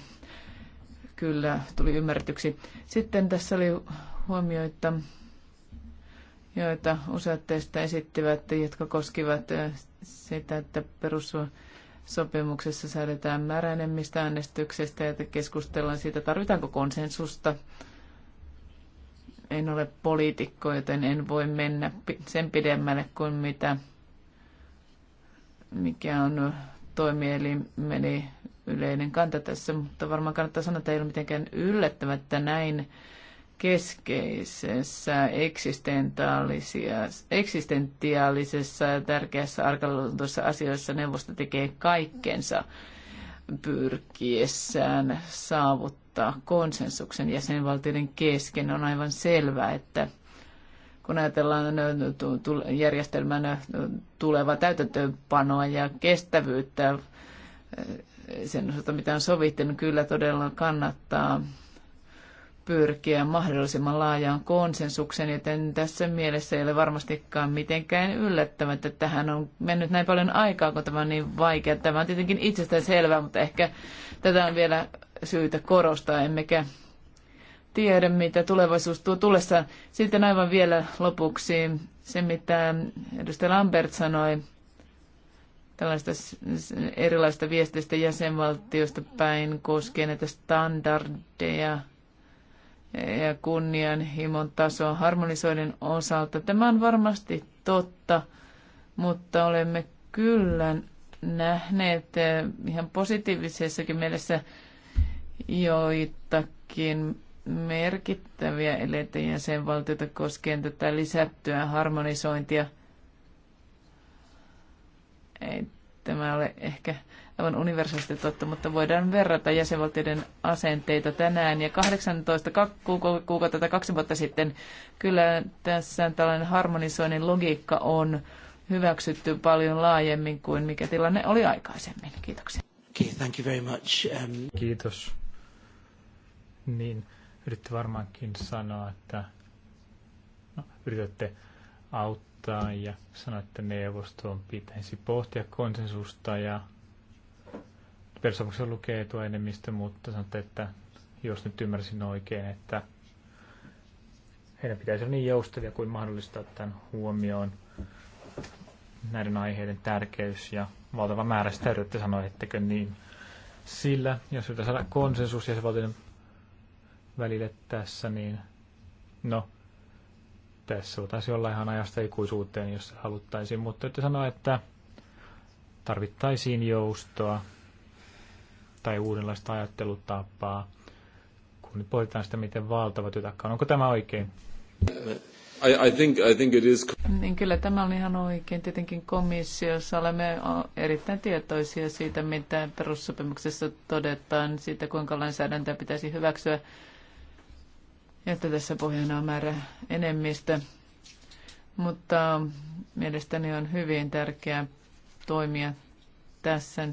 kyllä tuli ymmärretyksi. Sitten tässä oli huomioita, joita useat teistä esittivät, jotka koskivat sitä, että perussopimuksessa säädetään määräenemmistä äänestyksestä ja keskustellaan siitä, tarvitaanko konsensusta. En ole poliitikko, joten en voi mennä sen pidemmälle kuin mitä, mikä on toimielimeni yleinen kanta tässä, mutta varmaan kannattaa sanoa, että ei ole mitenkään yllättävää, että näin keskeisessä eksistentiaalisessa ja tärkeässä arkaluontoisessa asioissa neuvosto tekee kaikkensa pyrkiessään saavuttaa konsensuksen jäsenvaltioiden kesken. On aivan selvää, että kun ajatellaan järjestelmän tulevaa täytäntöönpanoa ja kestävyyttä sen osalta, mitä on sovittu, niin kyllä todella kannattaa pyrkiä mahdollisimman laajaan konsensukseen, joten tässä mielessä ei ole varmastikaan mitenkään yllättävää, että tähän on mennyt näin paljon aikaa, kun tämä on niin vaikea. Tämä on tietenkin itsestään selvää, mutta ehkä tätä on vielä syytä korostaa, emmekä tiedä, mitä tulevaisuus tuo tullessaan. Sitten aivan vielä lopuksi se, mitä edustaja Lambert sanoi tällaista erilaista viestistä jäsenvaltiosta päin koskien näitä standardeja – ja kunnianhimon tasoa harmonisoiden osalta. Tämä on varmasti totta, mutta olemme kyllä nähneet eh, ihan positiivisessakin mielessä joitakin merkittäviä eleitä jäsenvaltioita koskien tätä lisättyä harmonisointia. Ei tämä ole ehkä aivan universaalisti totta, mutta voidaan verrata jäsenvaltioiden asenteita tänään. Ja 18 kuukautta tai kaksi vuotta sitten kyllä tässä tällainen harmonisoinnin logiikka on hyväksytty paljon laajemmin kuin mikä tilanne oli aikaisemmin. Kiitoksia. Okay, thank you very much. Um... Kiitos. Niin, yritti varmaankin sanoa, että no, yritätte auttaa ja sanoa, että neuvostoon pitäisi pohtia konsensusta ja persoonuksessa lukee etuenemmistö, mutta sanotte, että jos nyt ymmärsin oikein, että heidän pitäisi olla niin joustavia kuin mahdollista tämän huomioon näiden aiheiden tärkeys ja valtava määrä sitä yritätte sanoa, ettekö niin. Sillä, jos yritetään saada konsensus jäsenvaltioiden välille tässä, niin no, tässä voitaisiin olla ihan ajasta ikuisuuteen, jos haluttaisiin, mutta että sanoa, että tarvittaisiin joustoa tai uudenlaista ajattelutapaa, kun nyt pohditaan sitä, miten valtava työtaakka on. Onko tämä oikein? I, I think, I think it is... Niin kyllä tämä on ihan oikein. Tietenkin komissiossa olemme erittäin tietoisia siitä, mitä perussopimuksessa todetaan, siitä kuinka lainsäädäntöä pitäisi hyväksyä, että tässä pohjana on määrä enemmistö. Mutta mielestäni on hyvin tärkeää toimia tässä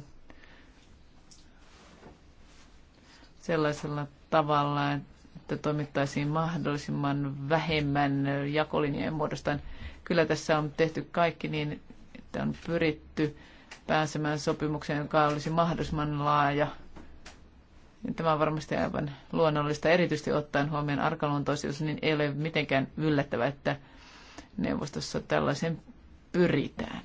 sellaisella tavalla, että toimittaisiin mahdollisimman vähemmän jakolinjojen muodostaan. Kyllä tässä on tehty kaikki niin, että on pyritty pääsemään sopimukseen, joka olisi mahdollisimman laaja. Tämä on varmasti aivan luonnollista, erityisesti ottaen huomioon arkaluontoisuus, niin ei ole mitenkään yllättävää, että neuvostossa tällaisen pyritään.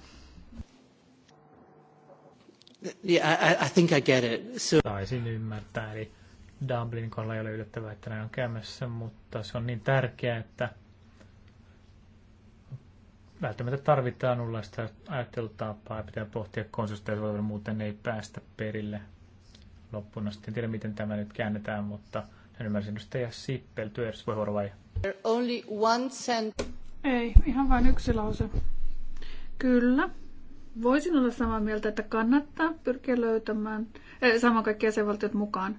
Yeah, I, I think I get it. So... Taisin ymmärtää, eli Dublinin kohdalla ei ole yllättävää, että näin on käymässä, mutta se on niin tärkeää, että välttämättä tarvitaan ullaista ajattelutapaa ja pitää pohtia konsultaatioita, muuten ei päästä perille loppuun asti. En tiedä, miten tämä nyt käännetään, mutta en ymmärsin ja Sippel, työjärjestyspuheenvuoro vai? Only one cent. Ei, ihan vain yksi lause. Kyllä, voisin olla samaa mieltä, että kannattaa pyrkiä löytämään, eh, saman kaikki jäsenvaltiot mukaan.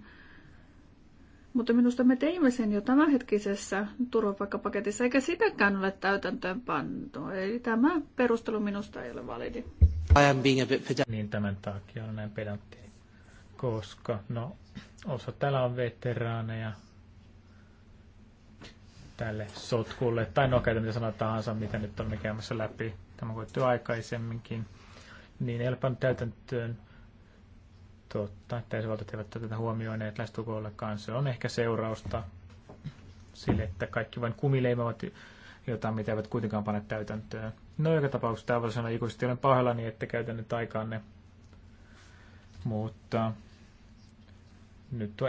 Mutta minusta me teimme sen jo tämänhetkisessä turvapaikkapaketissa, eikä sitäkään ole täytäntöön pantu. Eli tämä perustelu minusta ei ole validi. I am being a bit pedant. Niin tämän takia on näin pedantti, koska no, osa täällä on veteraaneja tälle sotkulle, tai no käytä mitä sanaa tahansa, mitä nyt on käymässä läpi, tämä koettu aikaisemminkin, niin ei ole täytäntöön totta, että esivaltat eivät tätä huomioineet lähestulkoon ollenkaan. Se on ehkä seurausta sille, että kaikki vain kumileimavat jotain, mitä eivät kuitenkaan pane täytäntöön. No joka tapauksessa tämä sanoa ikuisesti olen pahoillani, niin että käytän nyt aikaanne. Mutta nyt tuo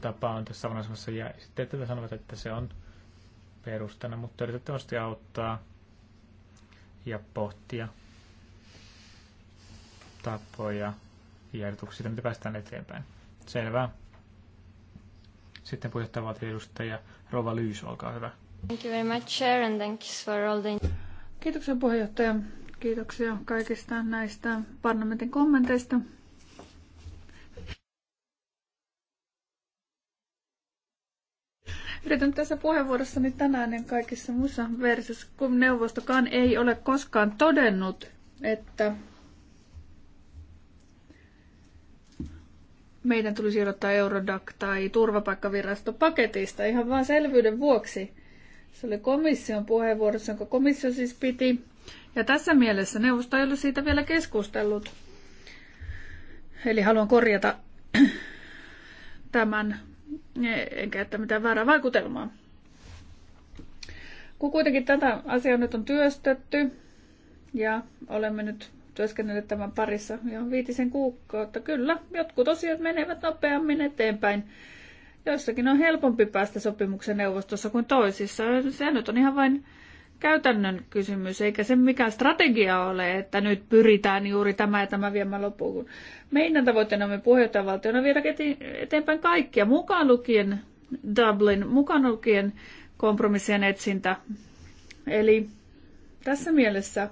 tapa on tässä samanlaisemmassa ja sitten tätä sanovat, että se on perustana, mutta yritettävästi auttaa ja pohtia tapoja ja ehdotuksia siitä, miten päästään eteenpäin. Selvä. Sitten puheenjohtaja vaatii edustaja Rova Lyys, olkaa hyvä. Thank you very much, Chair, and thanks for all the... Kiitoksia puheenjohtaja. Kiitoksia kaikista näistä parlamentin kommenteista. Yritän tässä puheenvuorossani tänään ja kaikissa muissa versioissa, kun neuvostokaan ei ole koskaan todennut, että meidän tulisi odottaa Eurodac tai turvapaikkavirasto paketista ihan vain selvyyden vuoksi. Se oli komission puheenvuorossa, jonka komissio siis piti. Ja tässä mielessä neuvosto ei ollut siitä vielä keskustellut. Eli haluan korjata tämän, enkä että mitään väärää vaikutelmaa. Kun kuitenkin tätä asiaa nyt on työstetty ja olemme nyt työskennellyt tämän parissa jo viitisen kuukautta. Kyllä, jotkut osiot menevät nopeammin eteenpäin. Joissakin on helpompi päästä sopimuksen neuvostossa kuin toisissa. Se nyt on ihan vain käytännön kysymys, eikä se mikään strategia ole, että nyt pyritään juuri tämä ja tämä viemään loppuun. Meidän me puheenjohtajavaltiona viedä eteenpäin kaikkia, mukaan lukien Dublin, mukaan lukien kompromissien etsintä. Eli tässä mielessä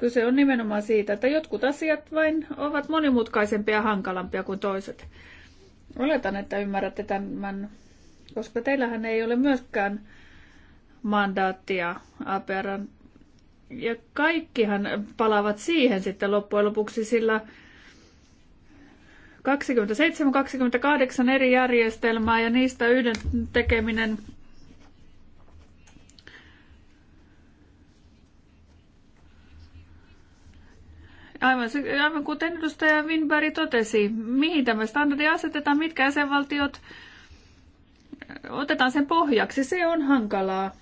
Kyse on nimenomaan siitä, että jotkut asiat vain ovat monimutkaisempia ja hankalampia kuin toiset. Oletan, että ymmärrätte tämän, koska teillähän ei ole myöskään mandaattia APR. Ja kaikkihan palaavat siihen sitten loppujen lopuksi, sillä 27-28 eri järjestelmää ja niistä yhden tekeminen Aivan, aivan kuten edustaja Winberg totesi, mihin tämä standardi asetetaan, mitkä jäsenvaltiot otetaan sen pohjaksi, se on hankalaa.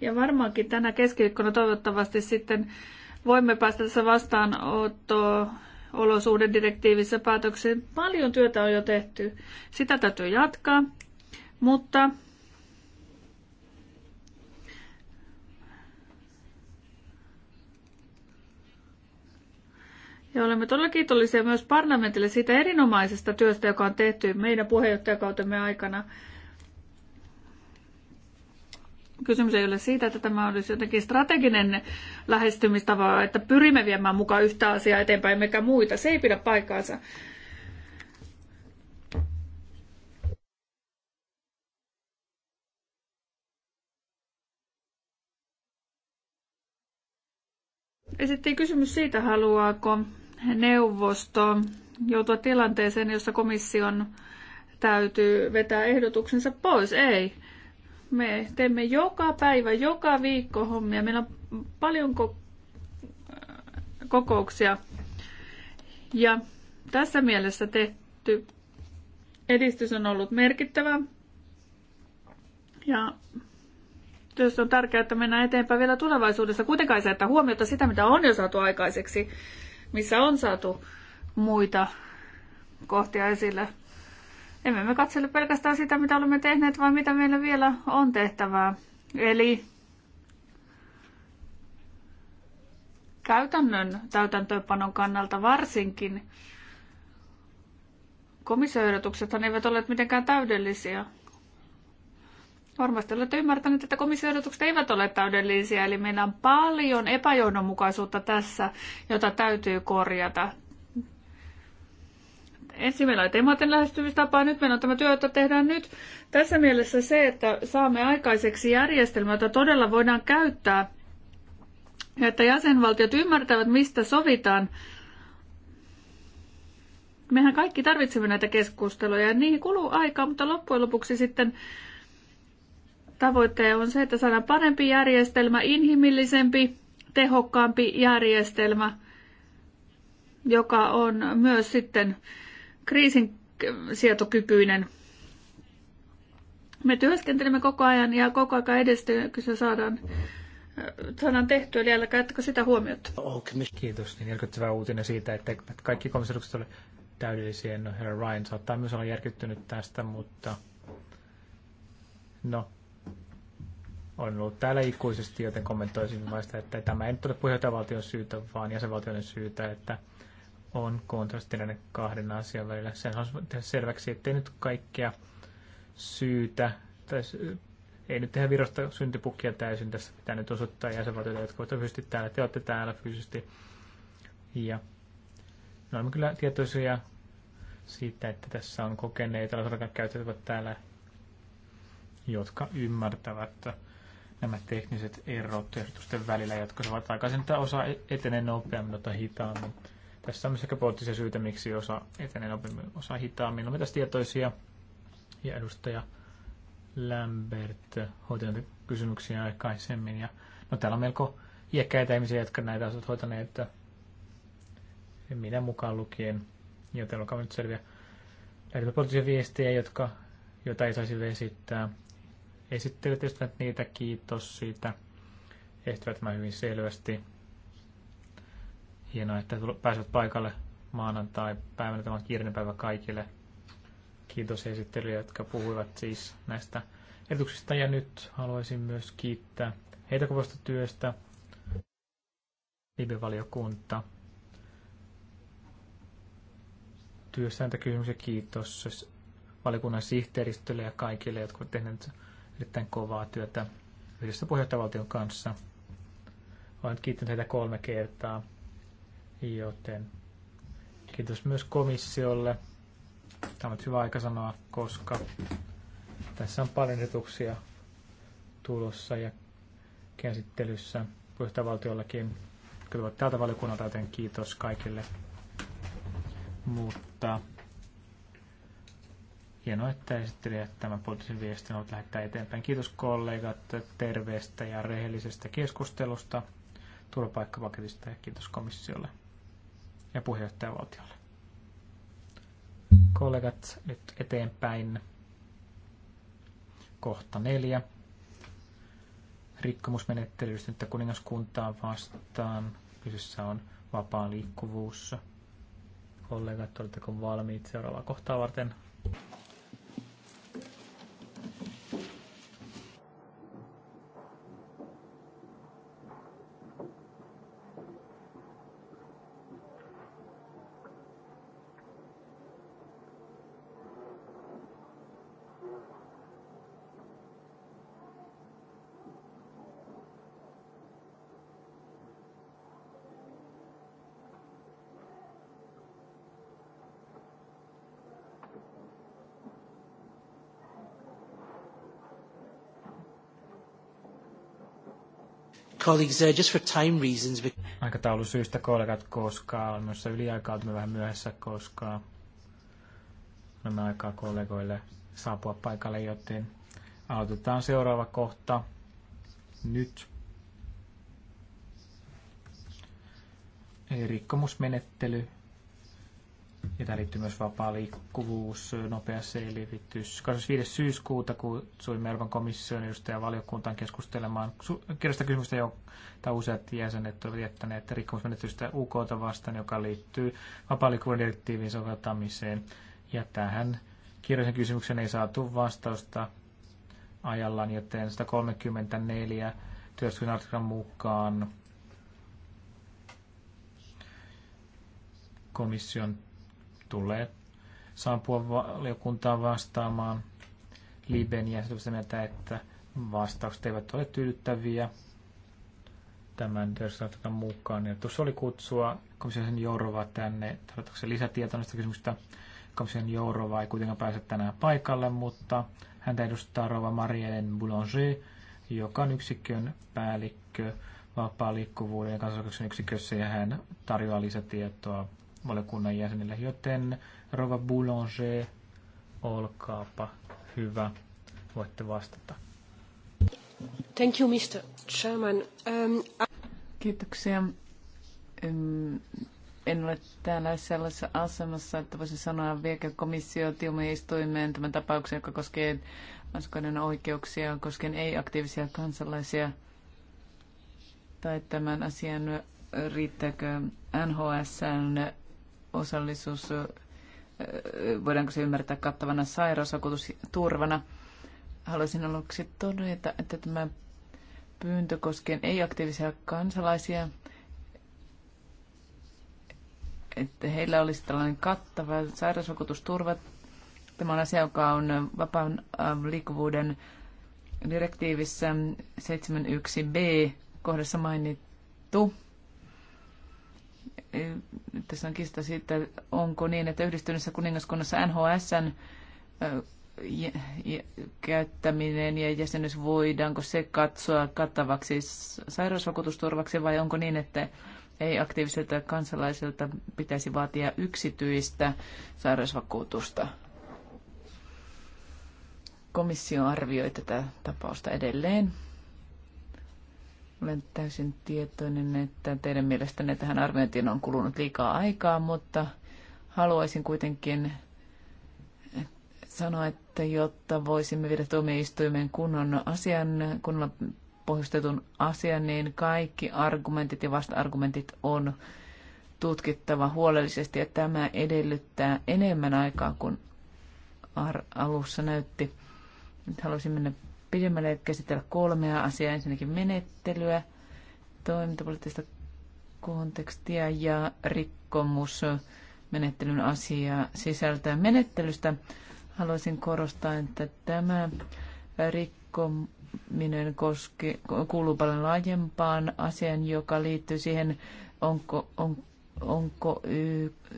Ja varmaankin tänä keskiviikkona toivottavasti sitten voimme päästä tässä vastaanotto olosuhdedirektiivissä päätökseen. Paljon työtä on jo tehty, sitä täytyy jatkaa, mutta Ja olemme todella kiitollisia myös parlamentille siitä erinomaisesta työstä, joka on tehty meidän puheenjohtajakautemme aikana. Kysymys ei ole siitä, että tämä olisi jotenkin strateginen lähestymistapa, että pyrimme viemään mukaan yhtä asiaa eteenpäin, mikä muita. Se ei pidä paikkaansa. Esittiin kysymys siitä, haluaako neuvosto joutua tilanteeseen, jossa komission täytyy vetää ehdotuksensa pois. Ei. Me teemme joka päivä, joka viikko hommia. Meillä on paljon ko- kokouksia. Ja tässä mielessä tehty edistys on ollut merkittävä. Ja tietysti on tärkeää, että mennään eteenpäin vielä tulevaisuudessa. Kuitenkaan se, että huomiota sitä, mitä on jo saatu aikaiseksi, missä on saatu muita kohtia esille. Emme me katsele pelkästään sitä, mitä olemme tehneet, vaan mitä meillä vielä on tehtävää. Eli käytännön täytäntöönpanon kannalta varsinkin komissioehdotuksethan eivät ole mitenkään täydellisiä. Varmasti olette ymmärtäneet, että komissioehdotukset eivät ole täydellisiä, eli meillä on paljon epäjohdonmukaisuutta tässä, jota täytyy korjata. Ensin meillä on temaatin lähestymistapa, nyt meillä on tämä työ, jota tehdään nyt. Tässä mielessä se, että saamme aikaiseksi järjestelmää, jota todella voidaan käyttää, ja että jäsenvaltiot ymmärtävät, mistä sovitaan, mehän kaikki tarvitsemme näitä keskusteluja ja niihin kuluu aikaa, mutta loppujen lopuksi sitten Tavoitteena on se, että saadaan parempi järjestelmä, inhimillisempi, tehokkaampi järjestelmä, joka on myös sitten kriisin sietokykyinen. Me työskentelemme koko ajan ja koko ajan se saadaan, saadaan tehtyä, eli älkää sitä huomiota. Kiitos, niin järkyttävä uutinen siitä, että kaikki komissatukset ole täydellisiä. No, herra Ryan saattaa myös olla järkyttynyt tästä, mutta no, on ollut täällä ikuisesti, joten kommentoisin vain sitä, että tämä ei nyt ole puheenjohtajavaltion syytä, vaan jäsenvaltioiden syytä, että on kontrasti näiden kahden asian välillä. Sen on tehdä selväksi, ettei nyt kaikkea syytä, tai ei nyt tehdä virosta syntipukkia täysin. Tässä pitää nyt osoittaa jäsenvaltioita, jotka ovat fyysisesti täällä, te olette täällä fyysisesti. Ja me olemme kyllä tietoisia siitä, että tässä on kokeneita, jotka käyttävät täällä, jotka ymmärtävät nämä tekniset erot ehdotusten välillä, jotka ovat aikaisemmin, että osa etenee nopeammin tai hitaammin. Tässä on myös ehkä poliittisia syytä miksi osa etenee nopeammin, osa hitaammin. Olemme tässä tietoisia. Ja edustaja Lambert hoiti kysymyksiä aikaisemmin. Ja, no täällä on melko iäkkäitä ihmisiä, jotka näitä ovat hoitaneet, että minä mukaan lukien. Joten olkaa nyt selviä. Lähetämme poliittisia viestejä, jotka, joita ei saisi vesittää esittelyt ystävät niitä, kiitos siitä. Ehtivät mä hyvin selvästi. Hienoa, että pääsivät paikalle maanantai päivänä. tämän kiireinen päivä kaikille. Kiitos esittelyjä, jotka puhuivat siis näistä etuksista. Ja nyt haluaisin myös kiittää heitä kovasta työstä. Libivaliokunta. valiokunta ja Kiitos valiokunnan sihteeristölle ja kaikille, jotka ovat tehneet erittäin kovaa työtä yhdessä puheenjohtajavaltion kanssa. Olen kiittänyt heitä kolme kertaa, joten kiitos myös komissiolle. Tämä on hyvä aika sanoa, koska tässä on paljon etuksia tulossa ja käsittelyssä puheenjohtajavaltiollakin. Kyllä tältä valiokunnalta, joten kiitos kaikille. Mutta Hienoa, että esittelijät tämän poliittisen viestin ovat lähettää eteenpäin. Kiitos kollegat terveestä ja rehellisestä keskustelusta turvapaikkapaketista ja kiitos komissiolle ja puheenjohtajavaltiolle. Kollegat, nyt eteenpäin. Kohta neljä. Rikkomusmenettelystä nyt kuningaskuntaa vastaan. Kyseessä on vapaa liikkuvuus. Kollegat, oletteko valmiit seuraavaa kohtaa varten? Colleagues, uh, just for time reasons. Aikataulusyistä kollegat, koska on myös yliaikaa, olemme vähän myöhässä, koska annamme aikaa kollegoille saapua paikalle, joten aloitetaan seuraava kohta nyt. Eli rikkomusmenettely ja tähän liittyy myös vapaa liikkuvuus, nopea selvitys. 25. syyskuuta kutsuimme Euroopan komission edustaja valiokuntaan keskustelemaan kirjasta kysymystä, jota useat jäsenet ovat jättäneet rikkomusmenetystä UK vastaan, joka liittyy vapaa direktiivin soveltamiseen. Ja tähän kirjallisen kysymykseen ei saatu vastausta ajallaan, joten 134 työskentelyn artiklan mukaan komission tulee saapua valiokuntaan vastaamaan Liben ja mieltä, että vastaukset eivät ole tyydyttäviä tämän Dersaftan mukaan. Ja tuossa oli kutsua komission Jourova tänne, tarvitaanko lisätietoa näistä kysymyksistä. Komission Jourova ei kuitenkaan pääse tänään paikalle, mutta häntä edustaa Rova Marielle Boulanger, joka on yksikön päällikkö vapaa liikkuvuuden ja kansainvälisen yksikössä ja hän tarjoaa lisätietoa valiokunnan jäsenille, joten Rova Boulanger, olkaapa hyvä, voitte vastata. Thank you, Mr. Chairman. Um, I... Kiitoksia. en ole täällä sellaisessa asemassa, että voisin sanoa viekö komissio tuomioistuimeen tämän tapauksen, joka koskee asukkaiden oikeuksia, koskien ei-aktiivisia kansalaisia, tai tämän asian riittääkö NHSn osallisuus, voidaanko se ymmärtää kattavana sairausvakuutusturvana. Haluaisin aluksi todeta, että tämä pyyntö koskee ei-aktiivisia kansalaisia, että heillä olisi tällainen kattava sairausvakuutusturva. Tämä on asia, joka on vapaan liikkuvuuden direktiivissä 71b kohdassa mainittu tässä on kista siitä, onko niin, että yhdistyneessä kuningaskunnassa NHSn käyttäminen ja jäsenyys, voidaanko se katsoa kattavaksi sairausvakuutusturvaksi vai onko niin, että ei aktiiviselta kansalaiselta pitäisi vaatia yksityistä sairausvakuutusta? Komissio arvioi tätä tapausta edelleen. Olen täysin tietoinen, että teidän mielestänne tähän arviointiin on kulunut liikaa aikaa, mutta haluaisin kuitenkin sanoa, että jotta voisimme viedä tuomioistuimen kunnon asian, kunnolla pohjustetun asian, niin kaikki argumentit ja vasta-argumentit on tutkittava huolellisesti ja tämä edellyttää enemmän aikaa kuin alussa näytti. Nyt haluaisin mennä pidemmälle käsitellä kolmea asiaa. Ensinnäkin menettelyä, toimintapoliittista kontekstia ja rikkomusmenettelyn asia sisältää menettelystä. Haluaisin korostaa, että tämä rikkominen koske, kuuluu paljon laajempaan asiaan, joka liittyy siihen, onko, on, onko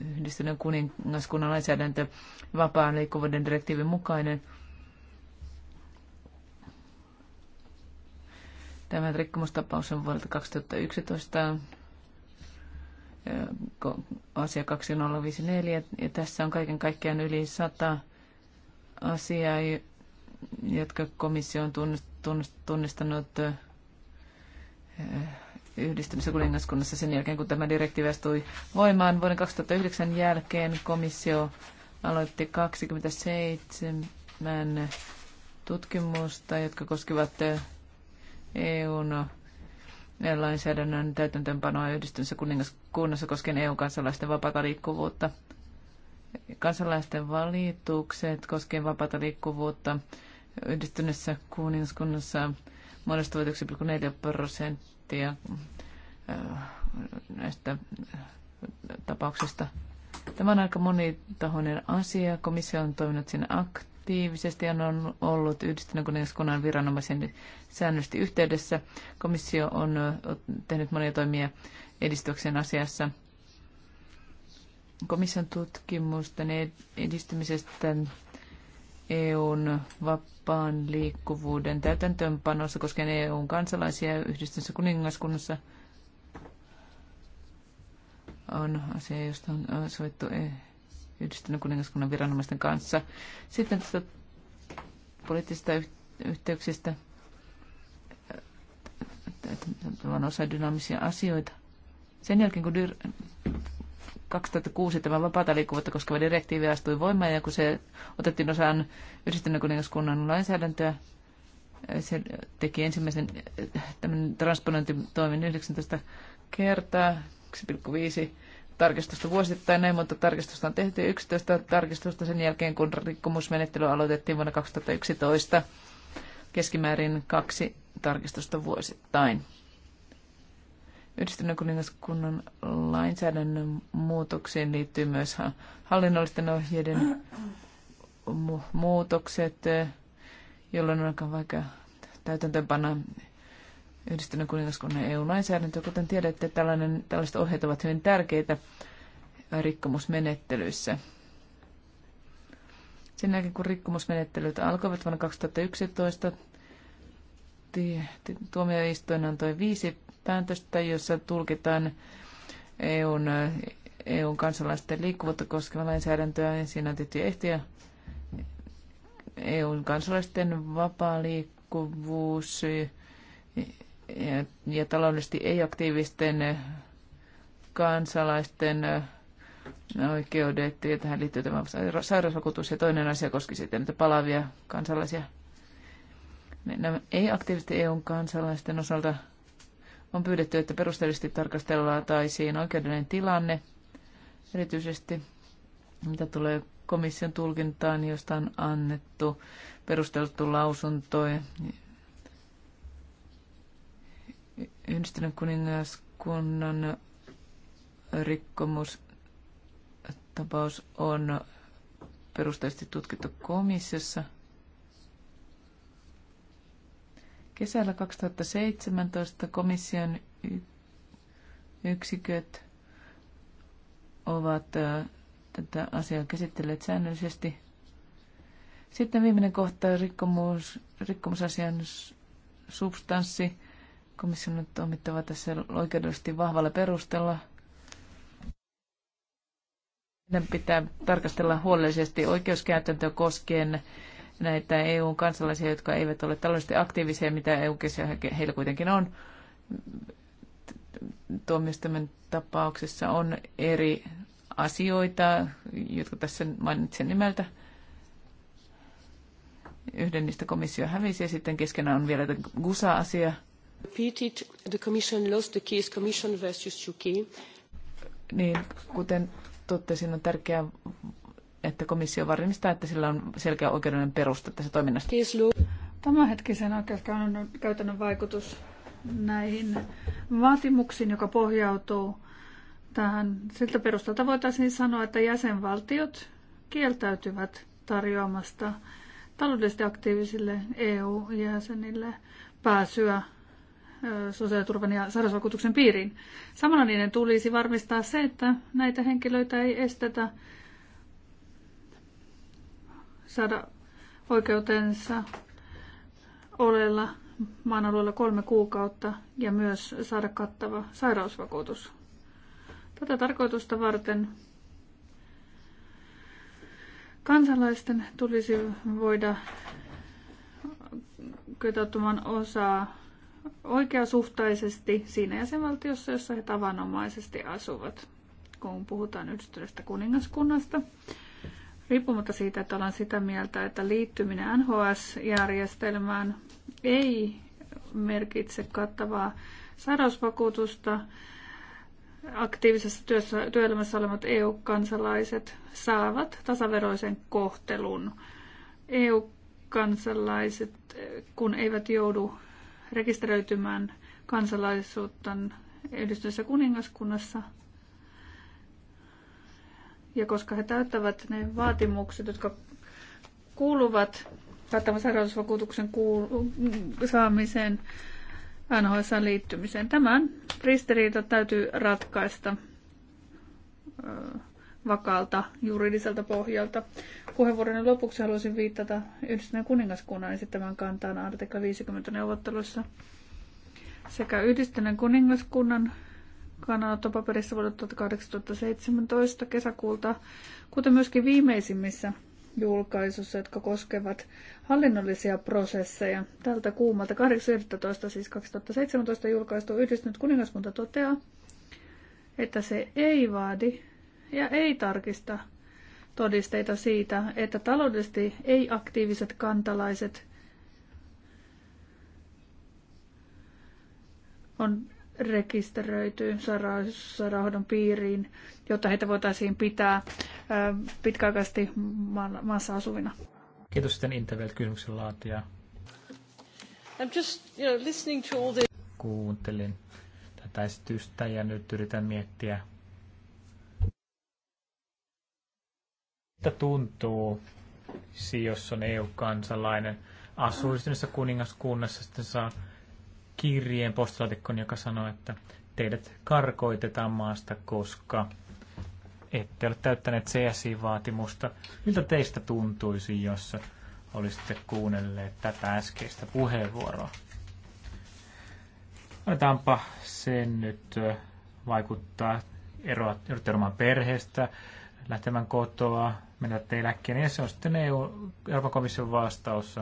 yhdistyneen kuningaskunnan lainsäädäntö vapaan liikkuvuuden direktiivin mukainen – Tämä rikkomustapaus on vuodelta 2011 asia 2054 ja tässä on kaiken kaikkiaan yli 100 asiaa, jotka komissio on tunnistanut yhdistyneessä kuningaskunnassa sen jälkeen, kun tämä direktiivi astui voimaan. Vuoden 2009 jälkeen komissio aloitti 27 tutkimusta, jotka koskivat. EUn lainsäädännön täytäntöönpanoa yhdistyneessä kuningaskunnassa koskien EU kansalaisten vapaata liikkuvuutta. Kansalaisten valitukset koskien vapaata liikkuvuutta yhdistyneessä kuningaskunnassa muodostuvat 1,4 prosenttia äh, näistä äh, tapauksista. Tämä on aika monitahoinen asia. Komissio on toiminut siinä aktiivisesti tiivisesti on ollut yhdistyneen kuningaskunnan viranomaisen säännöllisesti yhteydessä. Komissio on tehnyt monia toimia edistyksen asiassa. Komission tutkimusten edistymisestä EUn vapaan liikkuvuuden täytäntöönpanossa koskien EUn kansalaisia yhdistyneessä kuningaskunnassa on asia, josta on sovittu eh, yhdistyneen kuningaskunnan viranomaisten kanssa. Sitten tästä poliittisista yhteyksistä. Tämä on osa dynaamisia asioita. Sen jälkeen, kun 2006 tämä vapaata liikkuvuutta koskeva direktiivi astui voimaan ja kun se otettiin osaan yhdistyneen kuningaskunnan lainsäädäntöä, se teki ensimmäisen eh, tämän transponointitoimen 19 kertaa, 1,5 tarkistusta vuosittain. Näin monta tarkistusta on tehty, 11 tarkistusta sen jälkeen, kun rikkomusmenettely aloitettiin vuonna 2011. Keskimäärin kaksi tarkistusta vuosittain. Yhdistyneen kuningaskunnan lainsäädännön muutoksiin liittyy myös hallinnollisten ohjeiden muutokset, jolloin on aika vaikea täytäntöönpanna yhdistyneen kuningaskunnan EU-lainsäädäntö. Kuten tiedätte, tällainen, tällaiset ohjeet ovat hyvin tärkeitä rikkomusmenettelyissä. Sen jälkeen, kun rikkomusmenettelyt alkoivat vuonna 2011, tuomioistuin antoi viisi päätöstä, jossa tulkitaan EUn, EUn kansalaisten liikkuvuutta koskevaa lainsäädäntöä. siinä on tiettyjä ehtiä. EUn kansalaisten vapaa liikkuvuus ja, ja taloudellisesti ei-aktiivisten kansalaisten oikeudet, ja tähän liittyy tämä sairausvakuutus, ja toinen asia koski sitten näitä palavia kansalaisia. Nämä ei-aktiivisten EU-kansalaisten osalta on pyydetty, että perusteellisesti tarkastellaan taisiin oikeudellinen tilanne, erityisesti mitä tulee komission tulkintaan, josta on annettu perusteltu lausuntoja Yhdistyneen kuningaskunnan rikkomustapaus on perusteellisesti tutkittu komissiossa. Kesällä 2017 komission yksiköt ovat tätä asiaa käsitelleet säännöllisesti. Sitten viimeinen kohta, rikkomus, rikkomusasian substanssi. Komission on toimittava tässä oikeudellisesti vahvalla perustella. Meidän pitää tarkastella huolellisesti oikeuskäytäntöä koskien näitä EUn kansalaisia, jotka eivät ole taloudellisesti aktiivisia, mitä eu heillä kuitenkin on. Tuomioistuimen tapauksessa on eri asioita, jotka tässä mainitsen nimeltä. Yhden niistä komissio hävisi ja sitten keskenään on vielä tämä GUSA-asia – niin, kuten totesin, on tärkeää, että komissio varmistaa, että sillä on selkeä oikeudellinen peruste tässä toiminnassa. Tämänhetkisen oikeuskäytännön vaikutus näihin vaatimuksiin, joka pohjautuu tähän. Siltä perustalta voitaisiin sanoa, että jäsenvaltiot kieltäytyvät tarjoamasta taloudellisesti aktiivisille EU-jäsenille pääsyä sosiaaliturvan ja sairausvakuutuksen piiriin. Samalla niiden tulisi varmistaa se, että näitä henkilöitä ei estetä saada oikeutensa olella maan alueella kolme kuukautta ja myös saada kattava sairausvakuutus. Tätä tarkoitusta varten kansalaisten tulisi voida kytäyttämään osaa oikeasuhtaisesti siinä jäsenvaltiossa, jossa he tavanomaisesti asuvat, kun puhutaan yhdistyneestä kuningaskunnasta. Riippumatta siitä, että ollaan sitä mieltä, että liittyminen NHS-järjestelmään ei merkitse kattavaa sairausvakuutusta, aktiivisessa työssä, työelämässä olevat EU-kansalaiset saavat tasaveroisen kohtelun. EU-kansalaiset, kun eivät joudu rekisteröitymään kansalaisuutta yhdistyneessä kuningaskunnassa. Ja koska he täyttävät ne vaatimukset, jotka kuuluvat kattavan sairausvakuutuksen kuulu- saamiseen, NHSan liittymiseen. Tämän ristiriita täytyy ratkaista vakaalta juridiselta pohjalta. Puheenvuoroni lopuksi haluaisin viittata Yhdistyneen kuningaskunnan esittämään kantaan artikla 50 neuvotteluissa. Sekä Yhdistyneen kuningaskunnan kannanottopaperissa vuodelta 2017 kesäkuulta, kuten myöskin viimeisimmissä julkaisussa, jotka koskevat hallinnollisia prosesseja. Tältä kuumalta 8.11. siis 2017 julkaistu yhdistynyt kuningaskunta toteaa, että se ei vaadi ja ei tarkista todisteita siitä, että taloudellisesti ei-aktiiviset kantalaiset on rekisteröity sairaanhoidon piiriin, jotta heitä voitaisiin pitää pitkäaikaisesti maassa asuvina. Kiitos sitten Intervelt kysymyksen laatia. I'm just, you know, listening to all the... Kuuntelin tätä esitystä ja nyt yritän miettiä, miltä tuntuu, jos on EU-kansalainen, asuu yhdistyneessä kuningaskunnassa, sitten saa kirjeen postilaatikkoon, joka sanoo, että teidät karkoitetaan maasta, koska ette ole täyttäneet CSI-vaatimusta. Miltä teistä tuntuisi, jos olisitte kuunnelleet tätä äskeistä puheenvuoroa? Otetaanpa sen nyt vaikuttaa eroa, eroa perheestä, lähtemään kotoa, menevät eläkkeen. Ja se on sitten EU, Euroopan komission vastaus.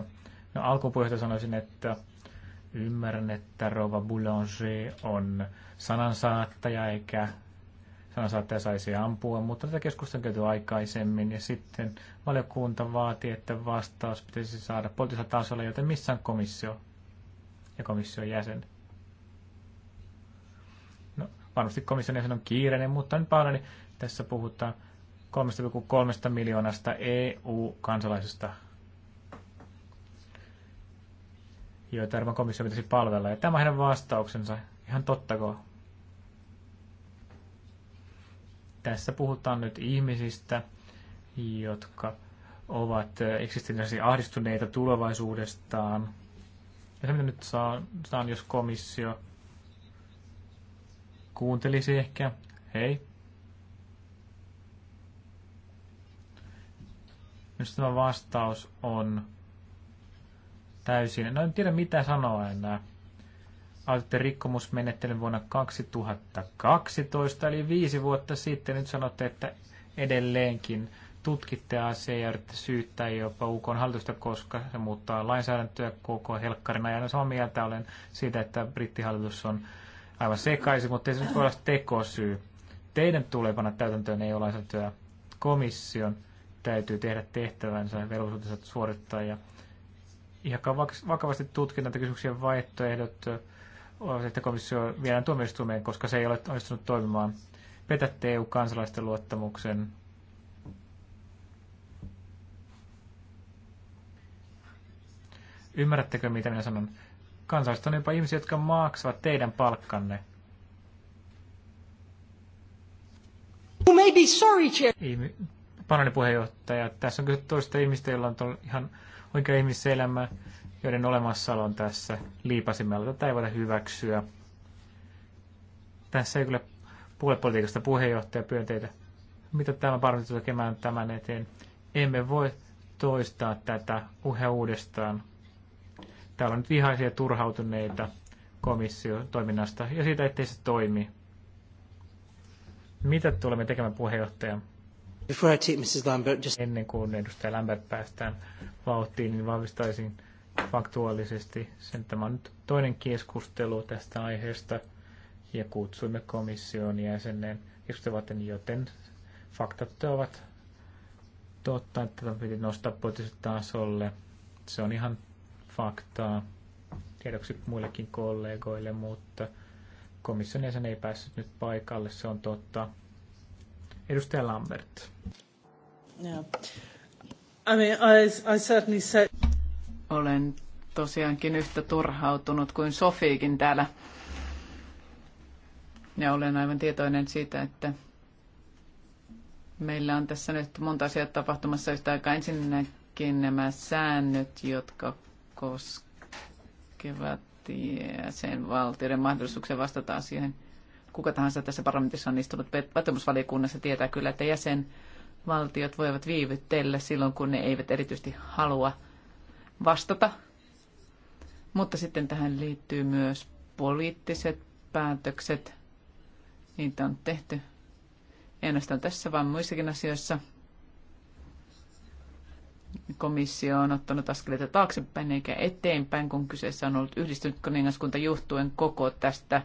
No alkupuheesta sanoisin, että ymmärrän, että Rova Boulanger on sanansaattaja eikä sanansaattaja saisi ampua, mutta tätä on käyty aikaisemmin ja sitten valiokunta vaati, että vastaus pitäisi saada poliittisella tasolla, joten missä on komissio ja komission jäsen? No, varmasti komission jäsen on kiireinen, mutta nyt paljon, niin tässä puhutaan 3,3 miljoonasta EU-kansalaisesta, joita Euroopan komissio pitäisi palvella. Ja tämä hänen vastauksensa, ihan tottako. Tässä puhutaan nyt ihmisistä, jotka ovat eksistensiaalisesti ahdistuneita tulevaisuudestaan. Ja se, mitä nyt saan, saan jos komissio kuuntelisi ehkä, hei, Minusta tämä vastaus on täysin. No en tiedä mitä sanoa enää. Aloitte rikkomusmenettelyn vuonna 2012, eli viisi vuotta sitten. Nyt sanotte, että edelleenkin tutkitte asiaa ja yritätte syyttää jopa UK hallitusta, koska se muuttaa lainsäädäntöä koko helkkarina. Ja no, samaa mieltä olen siitä, että brittihallitus on aivan sekaisin, mutta ei se nyt voi olla tekosyy. Teidän tulevana täytäntöön ei ole lainsäädäntöä komission täytyy tehdä tehtävänsä ja velvollisuutensa suorittaa. Ja ihan vakavasti tutkin näitä kysymyksiä vaihtoehdot, että komissio viedään tuomioistuimeen, koska se ei ole onnistunut toimimaan. Petätte EU-kansalaisten luottamuksen. Ymmärrättekö, mitä minä sanon? Kansalaiset on jopa ihmisiä, jotka maksavat teidän palkkanne. Who may be sorry, Chair parlamentin puheenjohtaja. Tässä on kyse toista ihmistä, jolla on ihan oikea ihmiselämä, joiden olemassaolo on tässä liipasimella. Tätä ei voida hyväksyä. Tässä ei kyllä puoluepolitiikasta puheenjohtaja pyönteitä. mitä tämä parlamentti tekemään tuota tämän eteen. Emme voi toistaa tätä puhe uudestaan. Täällä on nyt vihaisia turhautuneita komissiotoiminnasta toiminnasta ja siitä, ettei se toimi. Mitä tulemme tekemään puheenjohtajan? Before I take Mrs. Lambert, just... Ennen kuin edustaja Lambert päästään vauhtiin, niin vahvistaisin faktuaalisesti sen, tämä on nyt toinen keskustelu tästä aiheesta ja kutsuimme komission jäsenen keskustelvaten, joten faktat ovat totta, että tämä piti nostaa poliittiselle tasolle. Se on ihan faktaa tiedoksi muillekin kollegoille, mutta komission jäsen ei päässyt nyt paikalle, se on totta. Edustaja Lambert. Yeah. I mean, I, I certainly said... Olen tosiaankin yhtä turhautunut kuin Sofiikin täällä. Ja olen aivan tietoinen siitä, että meillä on tässä nyt monta asiaa tapahtumassa yhtä aikaa. Ensinnäkin nämä säännöt, jotka koskevat jäsenvaltioiden mahdollisuuksia vastata asioihin – kuka tahansa tässä parlamentissa on istunut vaatimusvaliokunnassa, tietää kyllä, että jäsenvaltiot voivat viivytellä silloin, kun ne eivät erityisesti halua vastata. Mutta sitten tähän liittyy myös poliittiset päätökset. Niitä on tehty ennastaan tässä, vaan muissakin asioissa. Komissio on ottanut askeleita taaksepäin eikä eteenpäin, kun kyseessä on ollut yhdistynyt kuningaskunta johtuen koko tästä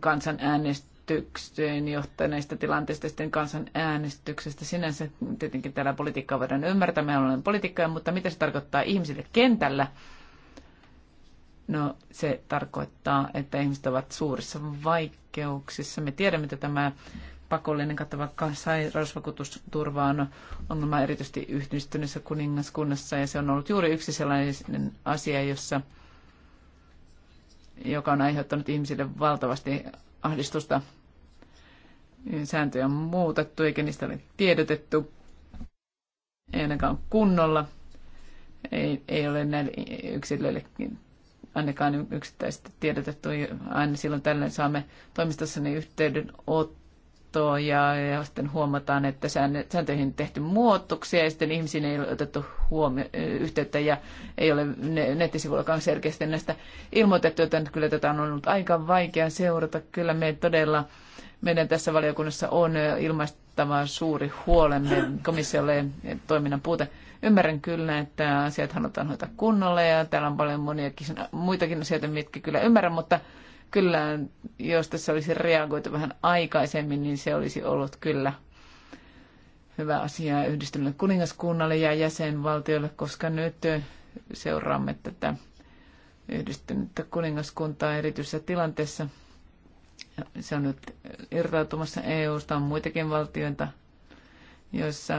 kansanäänestykseen johtaneista tilanteista sitten kansanäänestyksestä. Sinänsä tietenkin täällä politiikkaa voidaan ymmärtää, meillä on politiikkaa, mutta mitä se tarkoittaa ihmisille kentällä? No se tarkoittaa, että ihmiset ovat suurissa vaikeuksissa. Me tiedämme, että tämä pakollinen kattava sairausvakuutusturva on ongelma erityisesti yhdistyneessä kuningaskunnassa ja se on ollut juuri yksi sellainen asia, jossa joka on aiheuttanut ihmisille valtavasti ahdistusta. Sääntöjä on muutettu, eikä niistä ole tiedotettu. Ei ainakaan kunnolla. Ei, ei ole näille yksilöillekin ainakaan yksittäisesti tiedotettu. Aina silloin tällöin saamme toimistossani yhteydenoton kattoa ja, ja sitten huomataan, että sääntöihin on tehty muutoksia ja sitten ihmisiin ei ole otettu huomio- yhteyttä ja ei ole nettisivuillakaan selkeästi näistä ilmoitettu, joten kyllä tätä on ollut aika vaikea seurata. Kyllä me todella, meidän tässä valiokunnassa on ilmaistava suuri huolemme komissiolle toiminnan puute. Ymmärrän kyllä, että asiat halutaan hoitaa kunnolla ja täällä on paljon monia muitakin asioita, mitkä kyllä ymmärrän, mutta Kyllä, jos tässä olisi reagoitu vähän aikaisemmin, niin se olisi ollut kyllä hyvä asia yhdistyneelle kuningaskunnalle ja jäsenvaltiolle, koska nyt seuraamme tätä yhdistynyttä kuningaskuntaa erityisessä tilanteessa. Se on nyt irtautumassa EUsta, on muitakin valtioita, joissa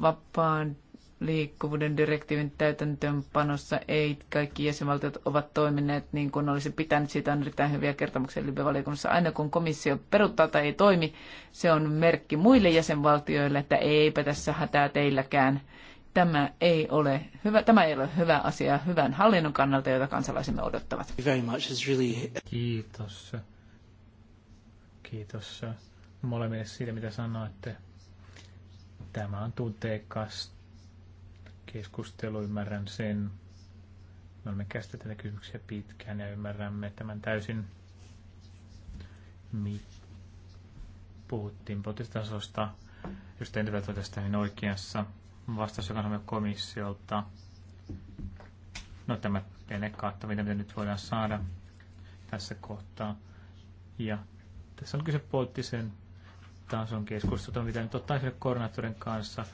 vapaan liikkuvuuden direktiivin täytäntöönpanossa ei kaikki jäsenvaltiot ovat toimineet niin kuin olisi pitänyt. Siitä on erittäin hyviä kertomuksia Libe-valiokunnassa. Aina kun komissio peruuttaa tai ei toimi, se on merkki muille jäsenvaltioille, että eipä tässä hätää teilläkään. Tämä ei ole hyvä, tämä ei ole hyvä asia hyvän hallinnon kannalta, jota kansalaisemme odottavat. Kiitos. Kiitos molemmille siitä, mitä sanoitte. Tämä on tunteikasta keskustelu, ymmärrän sen. Me olemme käsitelleet tätä kysymyksiä pitkään ja ymmärrämme tämän täysin. Mi- Puhuttiin potistasosta, jos entävät tästä niin oikeassa. Vastaus, joka komissiolta. No tämä pienen kautta, mitä me nyt voidaan saada tässä kohtaa. Ja tässä on kyse poliittisen tason keskusteltu, mitä nyt ottaa esille koordinaattorin kanssa.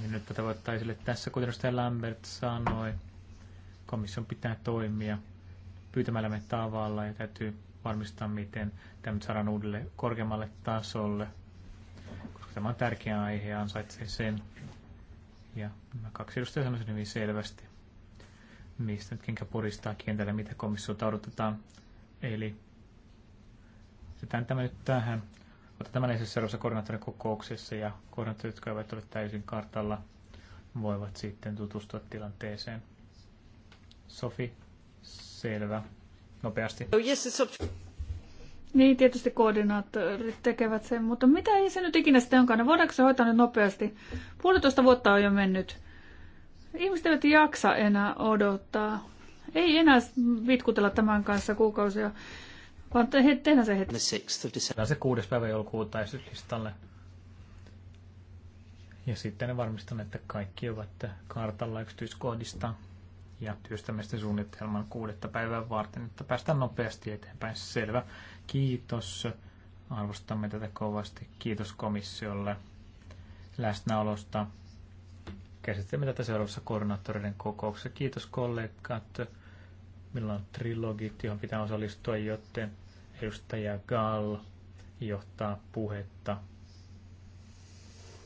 Eli nyt tätä voittaa esille tässä, kuten edustaja Lambert sanoi. Komission pitää toimia pyytämällä me tavalla ja täytyy varmistaa, miten tämä nyt saadaan uudelle korkeammalle tasolle, koska tämä on tärkeä aihe ja ansaitsee sen. Ja nämä kaksi edustajaa sanoivat hyvin selvästi, mistä nyt kenkä puristaa kentällä, mitä komissiota odotetaan. Eli jätetään tämä nyt tähän. Mutta tämän esille seuraavassa koordinaattorin kokouksessa ja koordinaattorit, jotka eivät ole täysin kartalla, voivat sitten tutustua tilanteeseen. Sofi, selvä. Nopeasti. Oh, yes, it's niin, tietysti koordinaattorit tekevät sen, mutta mitä ei se nyt ikinä sitten onkaan? No, voidaanko se hoitaa nyt nopeasti? Puolitoista vuotta on jo mennyt. Ihmiset eivät jaksa enää odottaa. Ei enää vitkutella tämän kanssa kuukausia. Vaan te, tehdään se heti. se kuudes päivä joulukuuta esityslistalle. Ja sitten ne varmistan, että kaikki ovat kartalla yksityiskohdista ja työstämistä suunnitelman kuudetta päivää varten, että päästään nopeasti eteenpäin. Selvä. Kiitos. Arvostamme tätä kovasti. Kiitos komissiolle läsnäolosta. Käsittelemme tätä seuraavassa koordinaattoreiden kokouksessa. Kiitos kollegat. Meillä on trilogit, johon pitää osallistua, joten edustaja Gall johtaa puhetta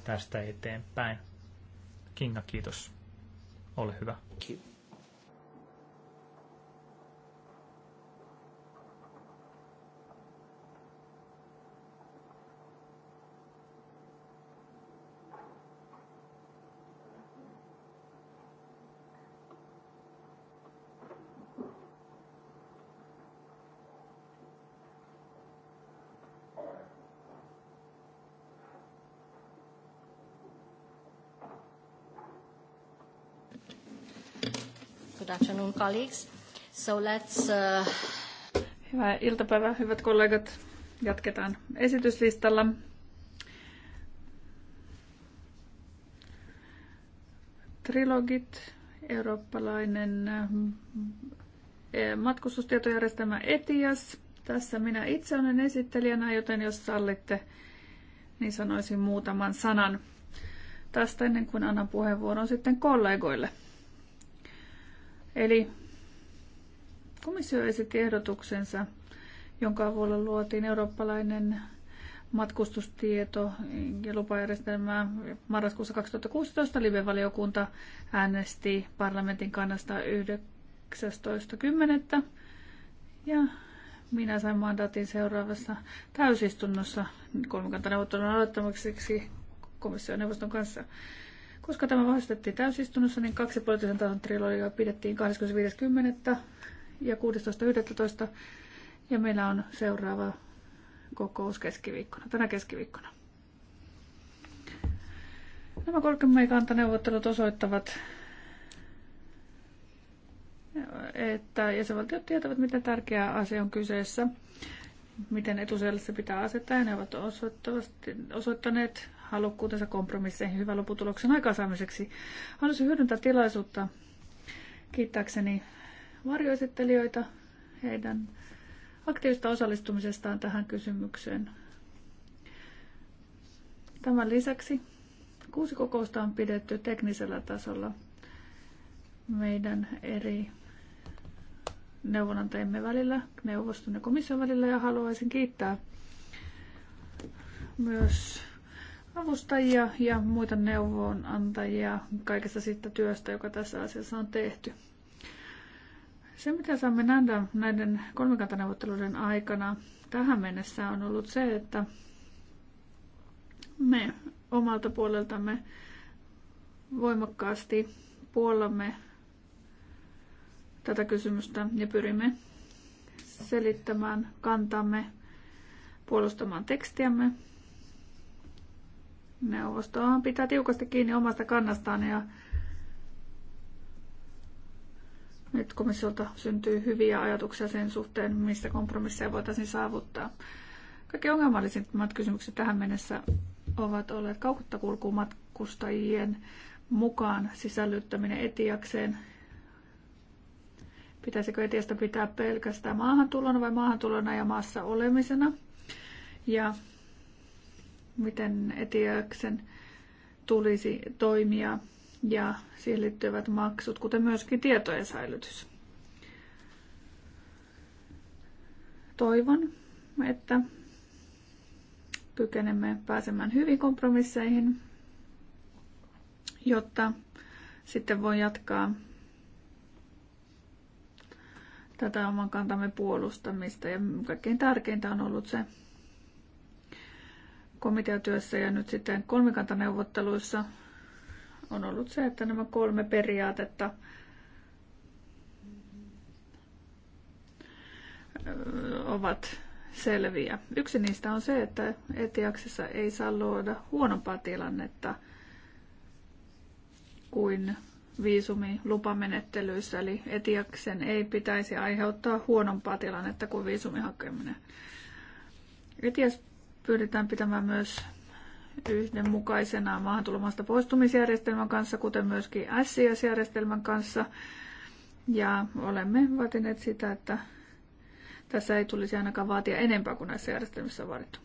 tästä eteenpäin. Kinga, kiitos. Ole hyvä. Kiitos. afternoon, colleagues. So let's, uh... Hyvää iltapäivää, hyvät kollegat. Jatketaan esityslistalla. Trilogit, eurooppalainen eh, matkustustietojärjestelmä ETIAS. Tässä minä itse olen esittelijänä, joten jos sallitte, niin sanoisin muutaman sanan tästä ennen kuin annan puheenvuoron sitten kollegoille. Eli komissio esitti ehdotuksensa, jonka avulla luotiin eurooppalainen matkustustieto ja lupajärjestelmää. Marraskuussa 2016 live-valiokunta äänesti parlamentin kannasta 19.10. Ja minä sain mandaatin seuraavassa täysistunnossa kolmikantaneuvottelun aloittamiseksi komission kanssa. Koska tämä vahvistettiin täysistunnossa, niin kaksi poliittisen tason trilogiaa pidettiin 25.10. ja 16.11. Ja meillä on seuraava kokous keskiviikkona, tänä keskiviikkona. Nämä kolmikanta-neuvottelut osoittavat, että jäsenvaltiot tietävät, miten tärkeä asia on kyseessä, miten etusijalle se pitää asettaa, ja ne ovat osoittaneet halukkuutensa kompromisseihin hyvän lopputuloksen aikaansaamiseksi. Haluaisin hyödyntää tilaisuutta kiittääkseni varjoesittelijöitä heidän aktiivista osallistumisestaan tähän kysymykseen. Tämän lisäksi kuusi kokousta on pidetty teknisellä tasolla meidän eri neuvonantajemme välillä, neuvoston ja komission välillä ja haluaisin kiittää myös avustajia ja muita neuvonantajia kaikesta siitä työstä, joka tässä asiassa on tehty. Se, mitä saamme nähdä näiden kolmikantaneuvotteluiden aikana tähän mennessä, on ollut se, että me omalta puoleltamme voimakkaasti puollamme tätä kysymystä ja pyrimme selittämään kantamme, puolustamaan tekstiämme Neuvostohan pitää tiukasti kiinni omasta kannastaan ja nyt komissiolta syntyy hyviä ajatuksia sen suhteen, mistä kompromisseja voitaisiin saavuttaa. Kaikki ongelmallisimmat kysymykset tähän mennessä ovat olleet matkustajien mukaan sisällyttäminen etiakseen. Pitäisikö etiasta pitää pelkästään maahantulona vai maahantulona ja maassa olemisena? Ja miten etiöksen tulisi toimia ja siihen liittyvät maksut, kuten myöskin tietojen säilytys. Toivon, että kykenemme pääsemään hyvin kompromisseihin, jotta sitten voi jatkaa tätä oman kantamme puolustamista. Ja kaikkein tärkeintä on ollut se, komiteatyössä ja nyt sitten kolmikantaneuvotteluissa on ollut se, että nämä kolme periaatetta ovat selviä. Yksi niistä on se, että Etiaksessa ei saa luoda huonompaa tilannetta kuin viisumilupamenettelyissä, eli Etiaksen ei pitäisi aiheuttaa huonompaa tilannetta kuin viisumihakeminen. Etias pyritään pitämään myös yhdenmukaisena maahantulomasta poistumisjärjestelmän kanssa, kuten myöskin SIS-järjestelmän kanssa. Ja olemme vaatineet sitä, että tässä ei tulisi ainakaan vaatia enempää kuin näissä järjestelmissä on vaadittu.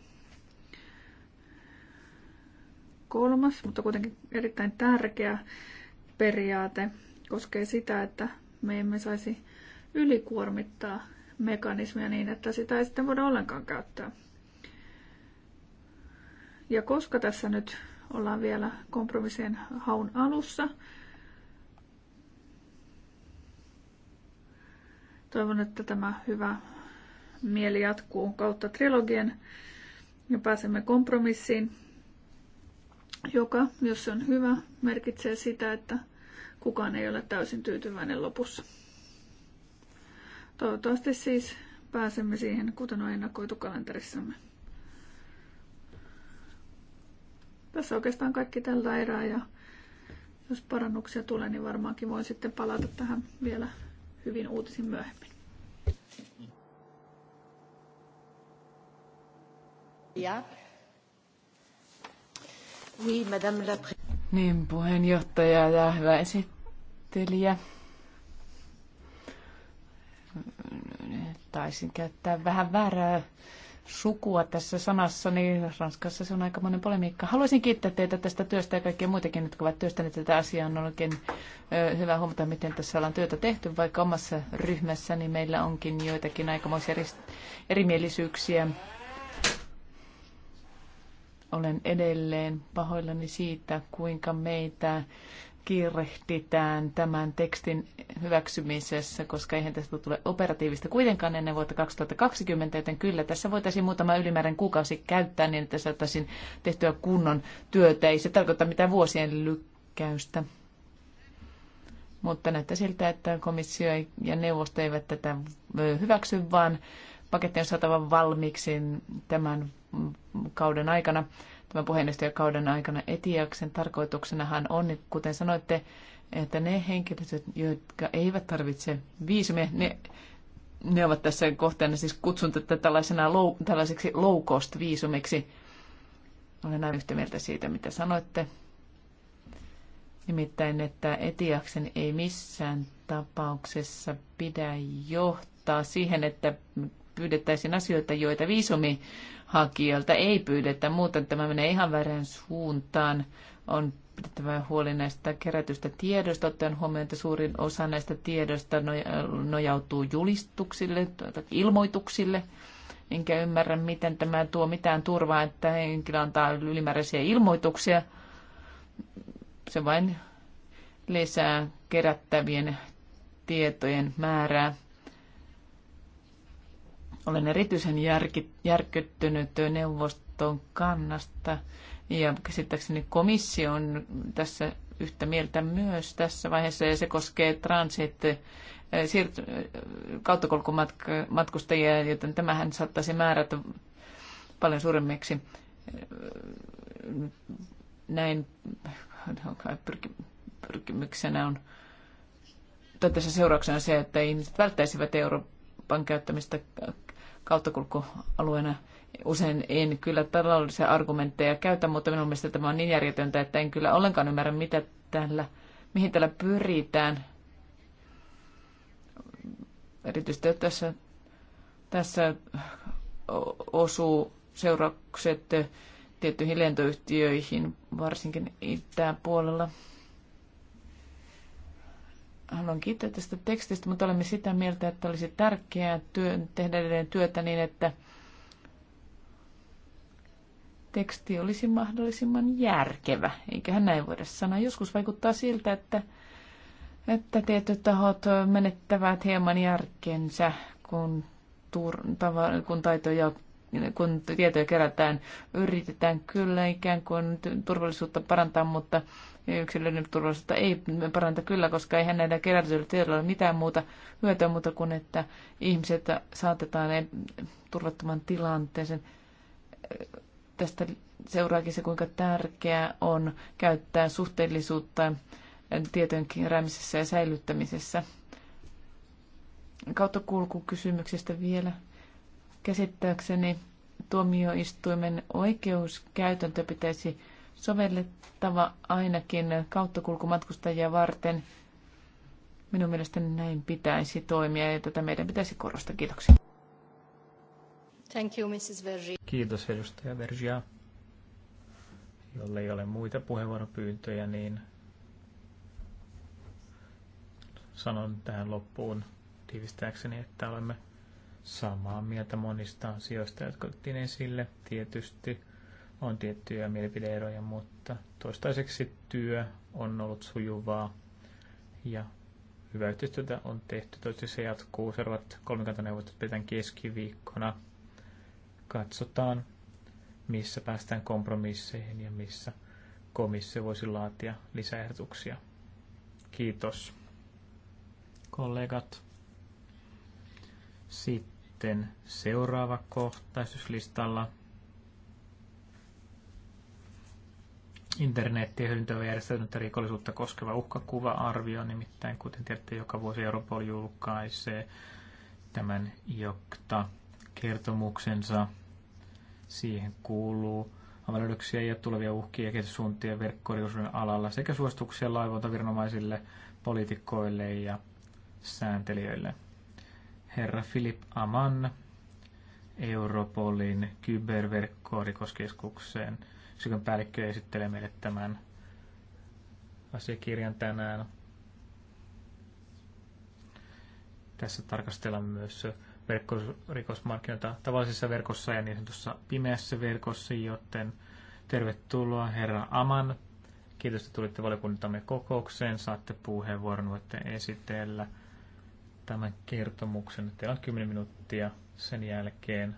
Kolmas, mutta kuitenkin erittäin tärkeä periaate koskee sitä, että me emme saisi ylikuormittaa mekanismia niin, että sitä ei sitten voida ollenkaan käyttää. Ja koska tässä nyt ollaan vielä kompromissien haun alussa, toivon, että tämä hyvä mieli jatkuu kautta trilogien ja pääsemme kompromissiin, joka, jos se on hyvä, merkitsee sitä, että kukaan ei ole täysin tyytyväinen lopussa. Toivottavasti siis pääsemme siihen, kuten on ennakoitu kalenterissamme. Tässä oikeastaan kaikki tällä erää ja jos parannuksia tulee, niin varmaankin voin sitten palata tähän vielä hyvin uutisin myöhemmin. Ja. Oui, madame la niin, puheenjohtaja ja hyvä esittelijä. Taisin käyttää vähän väärää sukua tässä sanassa, niin Ranskassa se on aika monen polemiikka. Haluaisin kiittää teitä tästä työstä ja kaikkia muitakin, jotka ovat työstäneet tätä asiaa. On oikein hyvä huomata, miten tässä ollaan työtä tehty, vaikka omassa ryhmässäni niin meillä onkin joitakin aikamoisia erimielisyyksiä. Olen edelleen pahoillani siitä, kuinka meitä kiirehditään tämän tekstin hyväksymisessä, koska eihän tästä tule operatiivista kuitenkaan ennen vuotta 2020, joten kyllä tässä voitaisiin muutama ylimääräinen kuukausi käyttää niin, että saataisiin tehtyä kunnon työtä. Ei se tarkoita mitään vuosien lykkäystä. Mutta näyttää siltä, että komissio ja neuvosto eivät tätä hyväksy, vaan paketti on saatava valmiiksi tämän kauden aikana tämän puheenjohtajakauden aikana Etiaksen tarkoituksenahan on, niin kuten sanoitte, että ne henkilöt, jotka eivät tarvitse viisumia, ne, ne ovat tässä kohteena, siis kutsun tätä tällaisena low, tällaiseksi low cost viisumiksi. Olen näin yhtä mieltä siitä, mitä sanoitte. Nimittäin, että Etiaksen ei missään tapauksessa pidä johtaa siihen, että pyydettäisiin asioita, joita viisumi hakijoilta ei pyydetä. Muuten tämä menee ihan väärään suuntaan. On pidettävä huoli näistä kerätystä tiedosta, ottaen huomioon, että suurin osa näistä tiedosta nojautuu julistuksille, ilmoituksille. Enkä ymmärrä, miten tämä tuo mitään turvaa, että henkilö antaa ylimääräisiä ilmoituksia. Se vain lisää kerättävien tietojen määrää. Olen erityisen järkyttynyt neuvoston kannasta ja käsittääkseni komissio on tässä yhtä mieltä myös tässä vaiheessa ja se koskee transit äh, siirty- äh, kauttakulkumatkustajia, joten tämähän saattaisi määrätä paljon suuremmiksi äh, näin pyrkimyksenä on, tai tässä seurauksena on se, että ihmiset välttäisivät Euroopan käyttämistä kauttakulkualueena. Usein en kyllä taloudellisia argumentteja käytä, mutta minun mielestä tämä on niin järjetöntä, että en kyllä ollenkaan ymmärrä, mitä tällä, mihin tällä pyritään. Erityisesti tässä, tässä osuu seuraukset tiettyihin lentoyhtiöihin, varsinkin itään puolella haluan kiittää tästä tekstistä, mutta olemme sitä mieltä, että olisi tärkeää työ, tehdä edelleen työtä niin, että teksti olisi mahdollisimman järkevä. Eiköhän näin voida sanoa. Joskus vaikuttaa siltä, että, että tietyt tahot menettävät hieman järkensä, kun, tur, tava, kun taitoja kun tietoja kerätään, yritetään kyllä ikään kuin turvallisuutta parantaa, mutta yksilöiden turvallisuutta ei paranta kyllä, koska eihän näillä kerätyillä tiedoilla ole mitään muuta hyötyä muuta kuin, että ihmiset saatetaan e- turvattoman tilanteeseen. Tästä seuraakin se, kuinka tärkeää on käyttää suhteellisuutta tietojen keräämisessä ja säilyttämisessä. kysymyksestä vielä. Käsittääkseni tuomioistuimen oikeuskäytäntö pitäisi sovellettava ainakin kauttakulkumatkustajia varten. Minun mielestäni näin pitäisi toimia ja tätä meidän pitäisi korostaa. Kiitoksia. Thank you, Mrs. Vergi. Kiitos edustaja Vergia. Jolle ei ole muita puheenvuoropyyntöjä, niin sanon tähän loppuun tiivistääkseni, että olemme samaa mieltä monista asioista, jotka otettiin esille. Tietysti on tiettyjä mielipideeroja, mutta toistaiseksi työ on ollut sujuvaa ja hyvää yhteistyötä on tehty. Toivottavasti se jatkuu. Seuraavat kolmikantaneuvottelut pidetään keskiviikkona. Katsotaan, missä päästään kompromisseihin ja missä komissio voisi laatia lisäehdotuksia. Kiitos, kollegat. Sitten sitten seuraava kohtaistuslistalla. Internetin hyödyntävä järjestäytynyttä rikollisuutta koskeva uhkakuva-arvio, nimittäin kuten tiedätte, joka vuosi Europol julkaisee tämän jokta kertomuksensa. Siihen kuuluu avainlöydöksiä ja tulevia uhkia ja suuntia verkkorikollisuuden alalla sekä suosituksia laivoilta viranomaisille, poliitikoille ja sääntelijöille herra Philip Aman Europolin kyberverkkorikoskeskukseen. Yksikön päällikkö esittelee meille tämän asiakirjan tänään. Tässä tarkastellaan myös verkkorikosmarkkinoita tavallisessa verkossa ja niin sanotussa pimeässä verkossa, joten tervetuloa herra Aman. Kiitos, että tulitte valiokuntamme kokoukseen. Saatte puheenvuoron, voitte esitellä – tämän kertomuksen. Teillä on 10 minuuttia. Sen jälkeen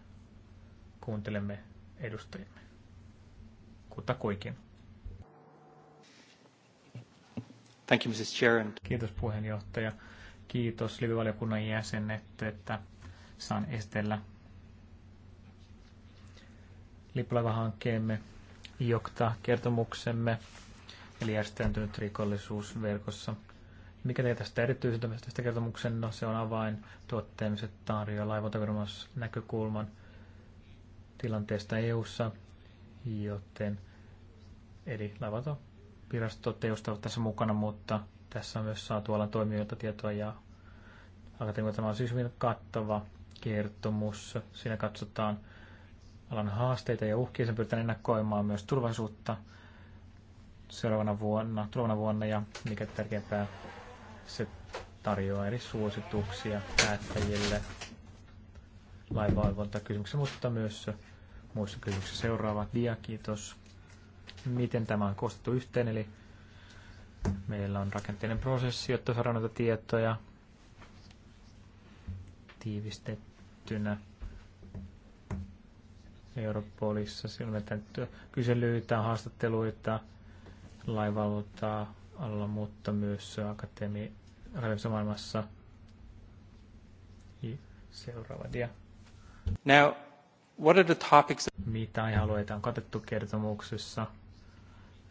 kuuntelemme edustajimme. Kutakuikin. Thank you, Mrs. Chair. Kiitos puheenjohtaja. Kiitos Livivaliokunnan jäsenet, että saan esitellä lippulaivahankkeemme, jokta kertomuksemme, eli järjestäytynyt rikollisuus verkossa – mikä tekee tästä erityiseltä tästä kertomuksen? No se on avain tuotteemiset tarjoaa laivotaviranomaisen näkökulman tilanteesta EU-ssa, joten eli laivotavirastot teostavat tässä mukana, mutta tässä on myös saatu alan toimijoilta tietoa ja akatemioita. Tämä on siis hyvin kattava kertomus. Siinä katsotaan alan haasteita ja uhkia. Sen pyritään ennakoimaan myös turvallisuutta seuraavana vuonna, tulevana vuonna ja mikä tärkeämpää se tarjoaa eri suosituksia päättäjille lainvalvonta mutta myös muissa kysymyksissä. Seuraava dia, kiitos. Miten tämä on koostettu yhteen, eli meillä on rakenteellinen prosessi, jotta saadaan noita tietoja tiivistettynä Europolissa. Silloin kyselyitä, haastatteluita, laivalvontaa, alla mutta myös akatemi, akateemisessa maailmassa. Seuraava dia. Now, what are the topics? Mitä aihealueita on katettu kertomuksessa?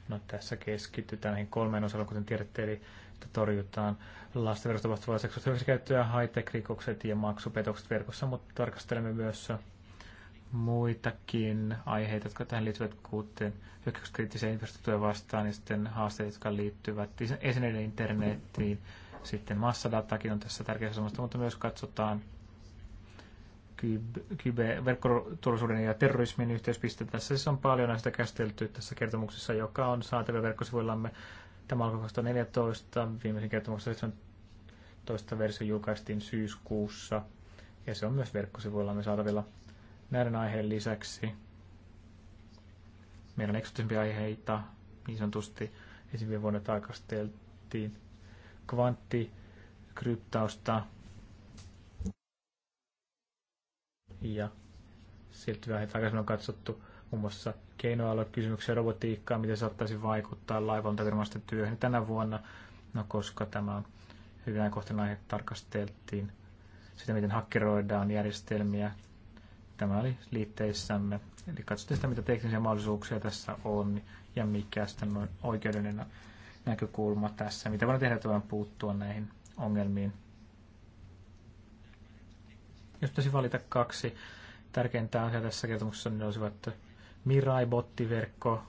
No, tässä keskitytään näihin kolmeen osalla, kuten tiedätte, eli että torjutaan lasten verosta vastaavaa seksuaalista hyväksikäyttöä, high-tech-rikokset ja maksupetokset verkossa, mutta tarkastelemme myös muitakin aiheita, jotka tähän liittyvät, kuten hyökkäyskriittisiä infrastruktuuria vastaan ja sitten haasteet, jotka liittyvät esineiden internettiin. Sitten massadatakin on tässä tärkeässä samasta, mutta myös katsotaan kyberverkkoturvallisuuden ja terrorismin yhteispiste. Tässä siis on paljon näistä käsitelty tässä kertomuksessa, joka on saatavilla verkkosivuillamme. Tämä alkoi 2014, viimeisen kertomuksen 17 versio julkaistiin syyskuussa ja se on myös verkkosivuillamme saatavilla näiden aiheiden lisäksi meillä on eksotisempia aiheita, niin sanotusti esim. viime vuonna tarkasteltiin kvanttikryptausta ja silti vähän aikaisemmin on katsottu muun muassa kysymyksiä robotiikkaa, miten saattaisi vaikuttaa laivaltavirmaisten työhön tänä vuonna, no koska tämä on hyvin ajankohtainen aihe, tarkasteltiin sitä, miten hakkeroidaan järjestelmiä Tämä oli liitteissämme. Eli katsotte sitä, mitä teknisiä mahdollisuuksia tässä on ja mikä sitten on oikeudellinen näkökulma tässä. Mitä voidaan tehdä, että puuttua näihin ongelmiin. Jos pitäisi valita kaksi tärkeintä asiaa tässä kertomuksessa, niin ne olisivat Mirai-bottiverkko.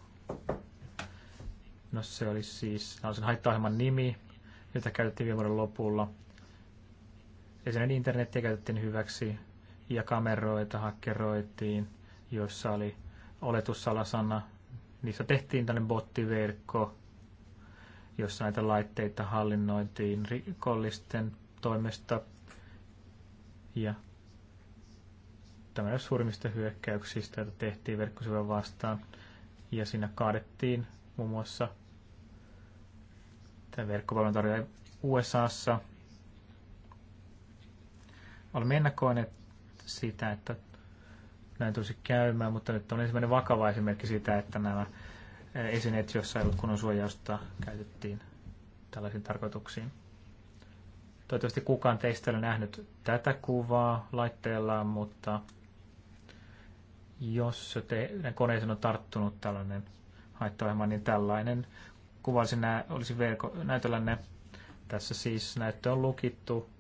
No se oli siis no, sen haittaohjelman nimi, jota käytettiin viime vuoden lopulla. Ja sen internetiä käytettiin hyväksi ja kameroita hakkeroitiin, joissa oli oletussalasana. Niissä tehtiin tällainen bottiverkko, jossa näitä laitteita hallinnoitiin rikollisten toimesta. Ja tämä oli suurimmista hyökkäyksistä, joita tehtiin verkkosivuja vastaan. Ja siinä kaadettiin muun muassa tämä verkkopalvelun tarjoaja USAssa. Olemme ennakoineet sitä, että näin tulisi käymään, mutta nyt on ensimmäinen vakava esimerkki siitä, että nämä esineet, joissa ei ollut kunnon suojausta, käytettiin tällaisiin tarkoituksiin. Toivottavasti kukaan teistä ei ole nähnyt tätä kuvaa laitteellaan, mutta jos te, koneeseen on tarttunut tällainen haittaohjelma, niin tällainen kuva olisi, nä- olisi verko- näytöllänne. Tässä siis näyttö on lukittu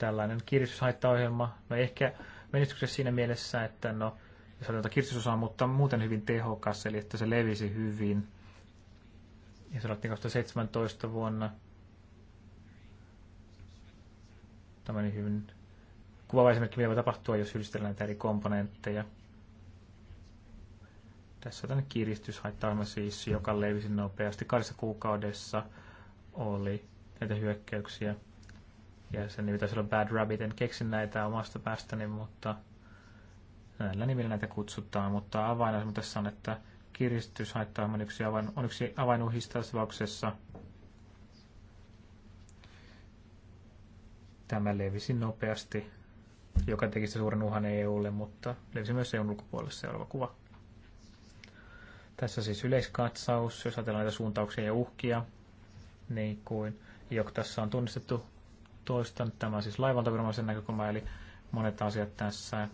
tällainen kiristyshaittaohjelma, no ehkä menestyksessä siinä mielessä, että no, jos otetaan kiristysosaa, mutta muuten hyvin tehokas, eli että se levisi hyvin. Ja se aloitettiin 2017 vuonna. Tämä on hyvin kuvaava esimerkki, mitä voi tapahtua, jos yhdistellään näitä eri komponentteja. Tässä on tämmöinen kiristyshaittaohjelma siis, joka levisi nopeasti. Kahdessa kuukaudessa oli näitä hyökkäyksiä ja sen nimi taisi olla Bad Rabbit, en keksin näitä omasta päästäni, mutta näillä nimillä näitä kutsutaan, mutta avainasema tässä on, että kiristyshaitta on yksi, avain, on yksi avainuhista tapauksessa. Tämä levisi nopeasti, joka teki sitä suuren uhan EUlle, mutta levisi myös EUn ulkopuolelle seuraava kuva. Tässä siis yleiskatsaus, jos ajatellaan näitä suuntauksia ja uhkia, niin kuin jo tässä on tunnistettu toistan. tämän siis laivaltaviranomaisen näkökulma, eli monet asiat tässä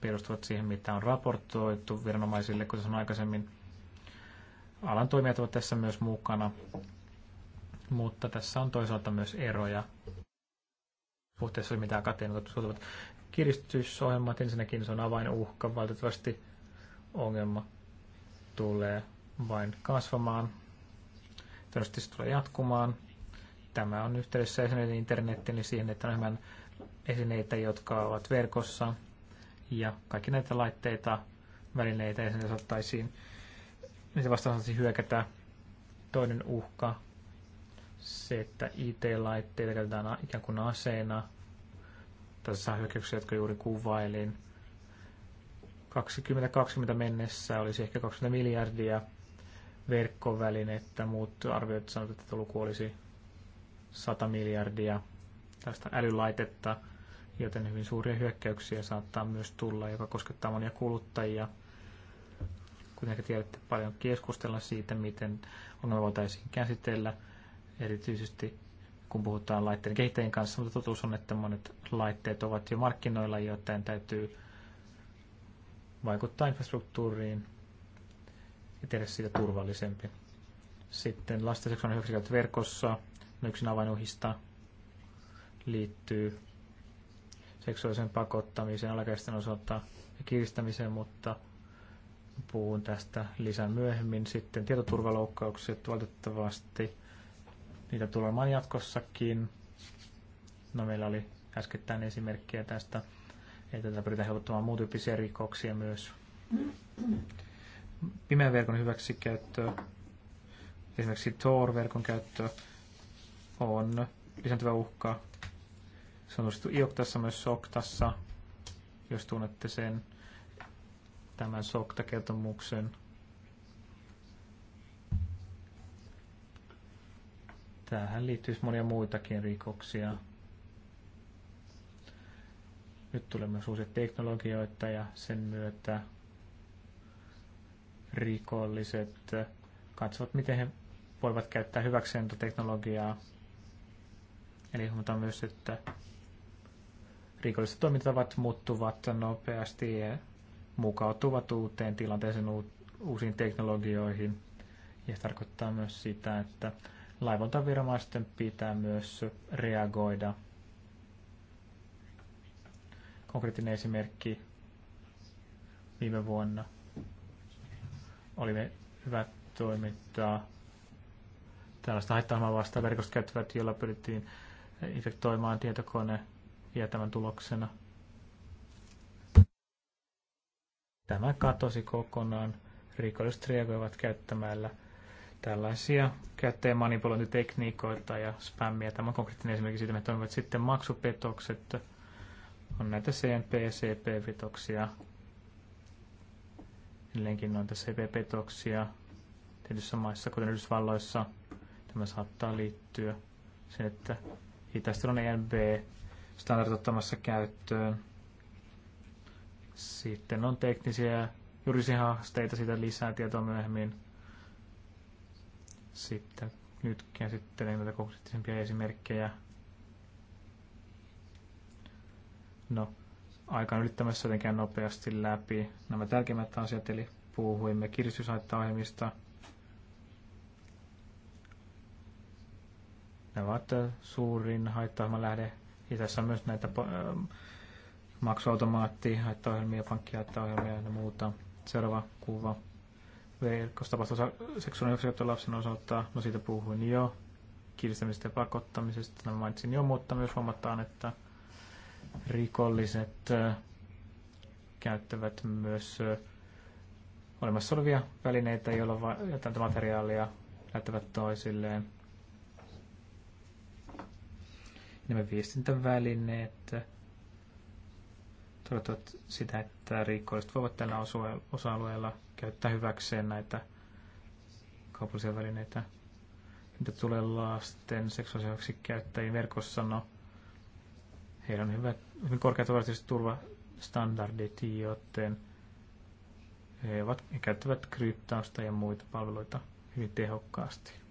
perustuvat siihen, mitä on raportoitu viranomaisille, kuten sanoin aikaisemmin. Alan toimijat ovat tässä myös mukana, mutta tässä on toisaalta myös eroja suhteessa, mitä akateemikot suhtuvat. Kiristysohjelmat ensinnäkin se on avainuhka, valitettavasti ongelma tulee vain kasvamaan. Todennäköisesti se tulee jatkumaan Tämä on yhteydessä esineiden internetin niin siihen, että on enemmän esineitä, jotka ovat verkossa. Ja kaikki näitä laitteita, välineitä sen saattaisiin, niin se vastaan saattaisi hyökätä. Toinen uhka, se, että IT-laitteita käytetään ikään kuin aseena. Tässä on hyökkäyksiä, jotka juuri kuvailin. 2020 mennessä olisi ehkä 20 miljardia verkkovälinettä. mutta arvioit sanovat, että luku olisi 100 miljardia tästä älylaitetta, joten hyvin suuria hyökkäyksiä saattaa myös tulla, joka koskettaa monia kuluttajia. Kuten ehkä tiedätte, paljon keskustella siitä, miten ongelma voitaisiin käsitellä, erityisesti kun puhutaan laitteiden kehittäjien kanssa, mutta totuus on, että monet laitteet ovat jo markkinoilla, joten täytyy vaikuttaa infrastruktuuriin ja tehdä siitä turvallisempi. Sitten lasten seksuaalinen verkossa Yksi avainuhista liittyy seksuaalisen pakottamiseen alakäisten osalta ja kiristämiseen, mutta puhun tästä lisää myöhemmin. Sitten tietoturvaloukkaukset valitettavasti, niitä tulemaan jatkossakin. No meillä oli äskettäin esimerkkiä tästä, että tätä pyritään helpottamaan muun tyyppisiä rikoksia myös. Pimeän verkon hyväksikäyttö, esimerkiksi Tor-verkon käyttö, on lisääntyvä uhka. Se on nostettu IOKTassa, myös SOKTassa, jos tunnette sen tämän SOKTA-kertomuksen. Tähän liittyy siis monia muitakin rikoksia. Nyt tulee myös uusia teknologioita ja sen myötä rikolliset katsovat, miten he voivat käyttää hyväkseen teknologiaa Eli huomataan myös, että rikolliset toimintatavat muuttuvat nopeasti ja mukautuvat uuteen tilanteeseen, uusiin teknologioihin. Ja se tarkoittaa myös sitä, että laivontaviranomaisten pitää myös reagoida. Konkreettinen esimerkki viime vuonna oli hyvä toimittaa tällaista haittaohjelmaa vastaan verkosta käyttävät, jolla pyrittiin infektoimaan tietokone ja tämän tuloksena tämä katosi kokonaan. Rikolliset reagoivat käyttämällä tällaisia käyttäjän manipulointitekniikoita ja spämmiä. Tämä on konkreettinen esimerkki siitä, että toimivat sitten maksupetokset. On näitä CNP-CP-petoksia. Edelleenkin noita CP-petoksia tietyissä maissa, kuten Yhdysvalloissa. Tämä saattaa liittyä sen, että hitaasti on ENB-standardit ottamassa käyttöön. Sitten on teknisiä juridisia haasteita, siitä lisää tietoa myöhemmin. Sitten nyt käsittelen näitä konkreettisempia esimerkkejä. No, aika ylittämässä jotenkin nopeasti läpi nämä tärkeimmät asiat, eli puhuimme kiristyshaittaohjelmista, Ne ovat äh, suurin haittaohjelman lähde. Ja tässä on myös näitä äh, maksuautomaatti, haittaohjelmia, pankkihaittaohjelmia ja muuta. Seuraava kuva. Verkossa tapahtuu seksuaalinen hyväksikäyttö lapsen osalta. No siitä puhuin jo. Kiristämisestä ja pakottamisesta Nämä no, mainitsin jo, mutta myös huomataan, että rikolliset äh, käyttävät myös olemassa olevia välineitä, joilla tätä materiaalia lähtevät toisilleen. nämä viestintävälineet tarkoittavat sitä, että rikolliset voivat tällä osa-alueella käyttää hyväkseen näitä kaupallisia välineitä. Mitä tulee lasten seksuaalisia käyttäjiin verkossa, no heillä on hyvät, hyvin korkeat turvastandardit, joten he, ovat, he käyttävät kryptausta ja muita palveluita hyvin tehokkaasti.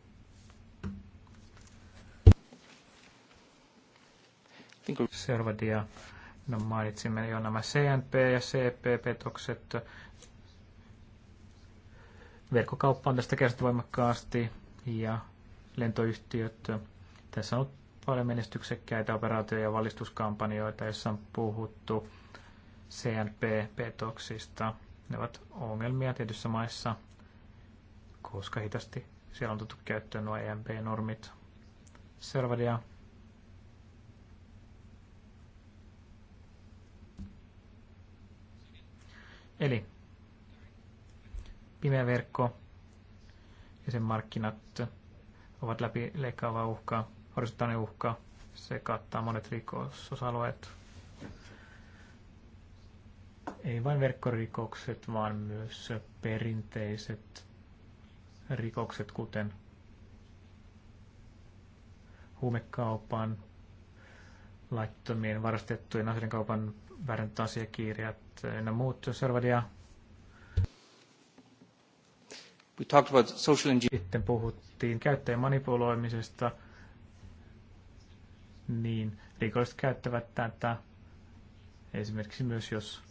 Niin Servadia, No mainitsimme jo nämä CNP ja CP-petokset. Verkkokauppa on tästä kertoo voimakkaasti ja lentoyhtiöt. Tässä on ollut paljon menestyksekkäitä operaatioja ja valistuskampanjoita, joissa on puhuttu CNP-petoksista. Ne ovat ongelmia tietyissä maissa, koska hitaasti siellä on tuttu käyttöön nuo EMP-normit. Servadia. Eli pimeä verkko ja sen markkinat ovat läpi leikkaavaa uhkaa, horisontaalinen uhka. Se kattaa monet rikososalueet. Ei vain verkkorikokset, vaan myös perinteiset rikokset, kuten huumekaupan, laittomien varastettujen aseiden kaupan värnyt asiakirjat ja muut. Seuraava We talked about social Sitten puhuttiin käyttäjän manipuloimisesta, niin rikolliset käyttävät tätä esimerkiksi myös, jos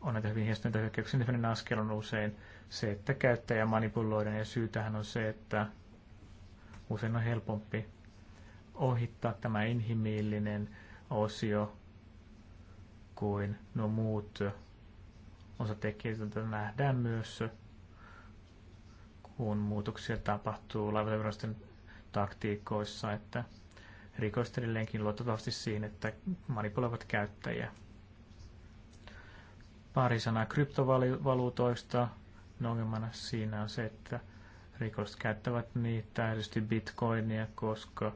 on näitä hyvin hienostuneita hyökkäyksiä, niin askel on usein se, että käyttäjä manipuloidaan ja syytähän on se, että usein on helpompi ohittaa tämä inhimillinen osio kuin nuo muut osatekijät, joita nähdään myös, kun muutoksia tapahtuu laivaviraston taktiikoissa, että rikoiset edelleenkin luotettavasti siihen, että manipuloivat käyttäjiä. Pari sanaa kryptovaluutoista. No ongelmana siinä on se, että rikolliset käyttävät niitä, erityisesti bitcoinia, koska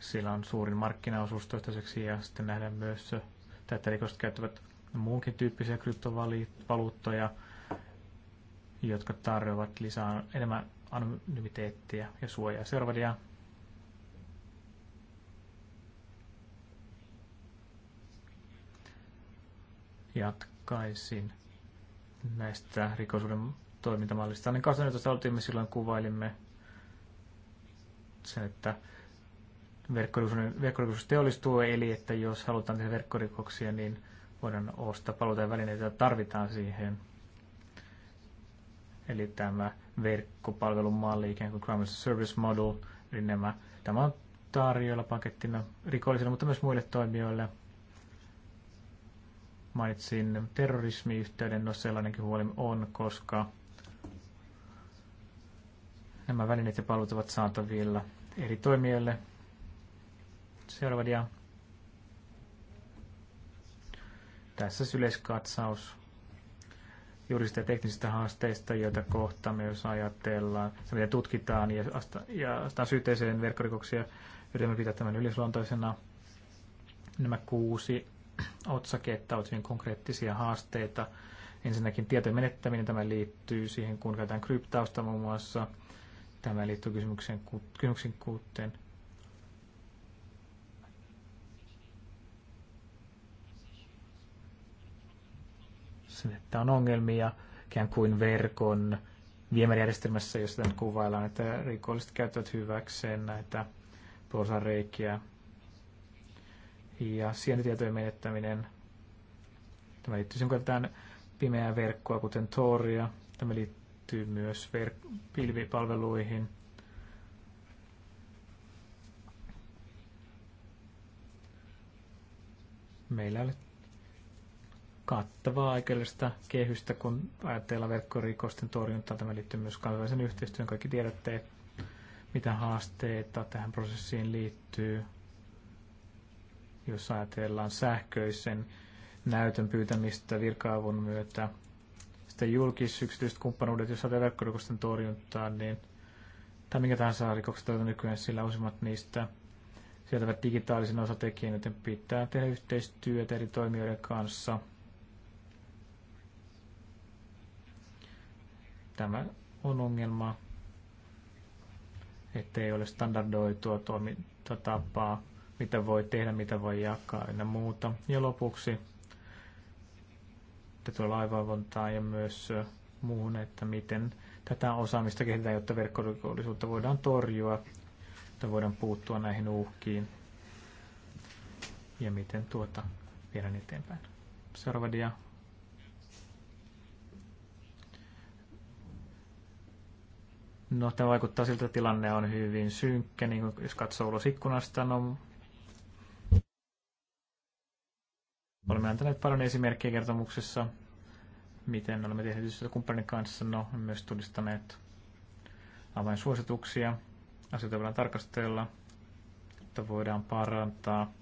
sillä on suurin markkinaosuus toistaiseksi ja sitten nähdään myös tai että rikolliset käyttävät muunkin tyyppisiä kryptovaluuttoja, jotka tarjoavat lisää enemmän anonymiteettiä ja suojaa. Seuraavadia. Jatkaisin näistä rikollisuuden toimintamallista. Niin 2014 oltiin me silloin kuvailimme sen, että verkkorikollisuus teollistuu, eli että jos halutaan tehdä verkkorikoksia, niin voidaan ostaa palveluita ja välineitä, joita tarvitaan siihen. Eli tämä malli, ikään kuin Crime Service Model, eli nämä, tämä on tarjolla pakettina rikollisille, mutta myös muille toimijoille. Mainitsin terrorismiyhteyden, no sellainenkin huoli on, koska nämä välineet ja palvelut ovat saatavilla eri toimijoille, Seuraava dia. Tässä yleiskatsaus juuri sitä teknisistä haasteista, joita kohtamme jos ajatellaan, se mitä tutkitaan ja, asta, ja astaan syyteeseen verkkorikoksia, yritämme pitää tämän yleisluontoisena. Nämä kuusi otsaketta ovat hyvin konkreettisia haasteita. Ensinnäkin tietojen menettäminen, tämä liittyy siihen, kun käytetään kryptausta muun muassa. Tämä liittyy kysymykseen, kysymyksiin kuuteen sen, että on ongelmia ikään kuin verkon viemärijärjestelmässä, jos nyt kuvaillaan, että rikolliset käyttävät hyväkseen näitä porsareikiä ja sienitietojen menettäminen. Tämä liittyy sen tähän pimeää verkkoa, kuten Toria. Tämä liittyy myös ver- pilvipalveluihin. Meillä ei ole kattavaa oikeudellista kehystä, kun ajatellaan verkkorikosten torjuntaa. Tämä liittyy myös kansainvälisen yhteistyön. Kaikki tiedätte, mitä haasteita tähän prosessiin liittyy. Jos ajatellaan sähköisen näytön pyytämistä virkaavun myötä, sitten julkis-yksityiset kumppanuudet, jos ajatellaan verkkorikosten torjuntaa, niin tai minkä tahansa rikokset, joita nykyään sillä useimmat niistä sieltävät digitaalisen osatekijän, joten pitää tehdä yhteistyötä eri toimijoiden kanssa – Tämä on ongelma, ettei ole standardoitua toimintatapaa, tuota mitä voi tehdä, mitä voi jakaa ja muuta. Ja lopuksi tulee laivavontaa ja myös muuhun, että miten tätä osaamista kehitetään, jotta verkkorikollisuutta voidaan torjua, että voidaan puuttua näihin uhkiin ja miten tuota viedään eteenpäin. Seuraava dia. No, tämä vaikuttaa siltä, että tilanne on hyvin synkkä, niin jos katsoo ulos ikkunasta, no olemme antaneet paljon esimerkkejä kertomuksessa, miten olemme tehneet yhteistyötä kumppanin kanssa, no myös tunnistaneet avainsuosituksia, asioita voidaan tarkastella, että voidaan parantaa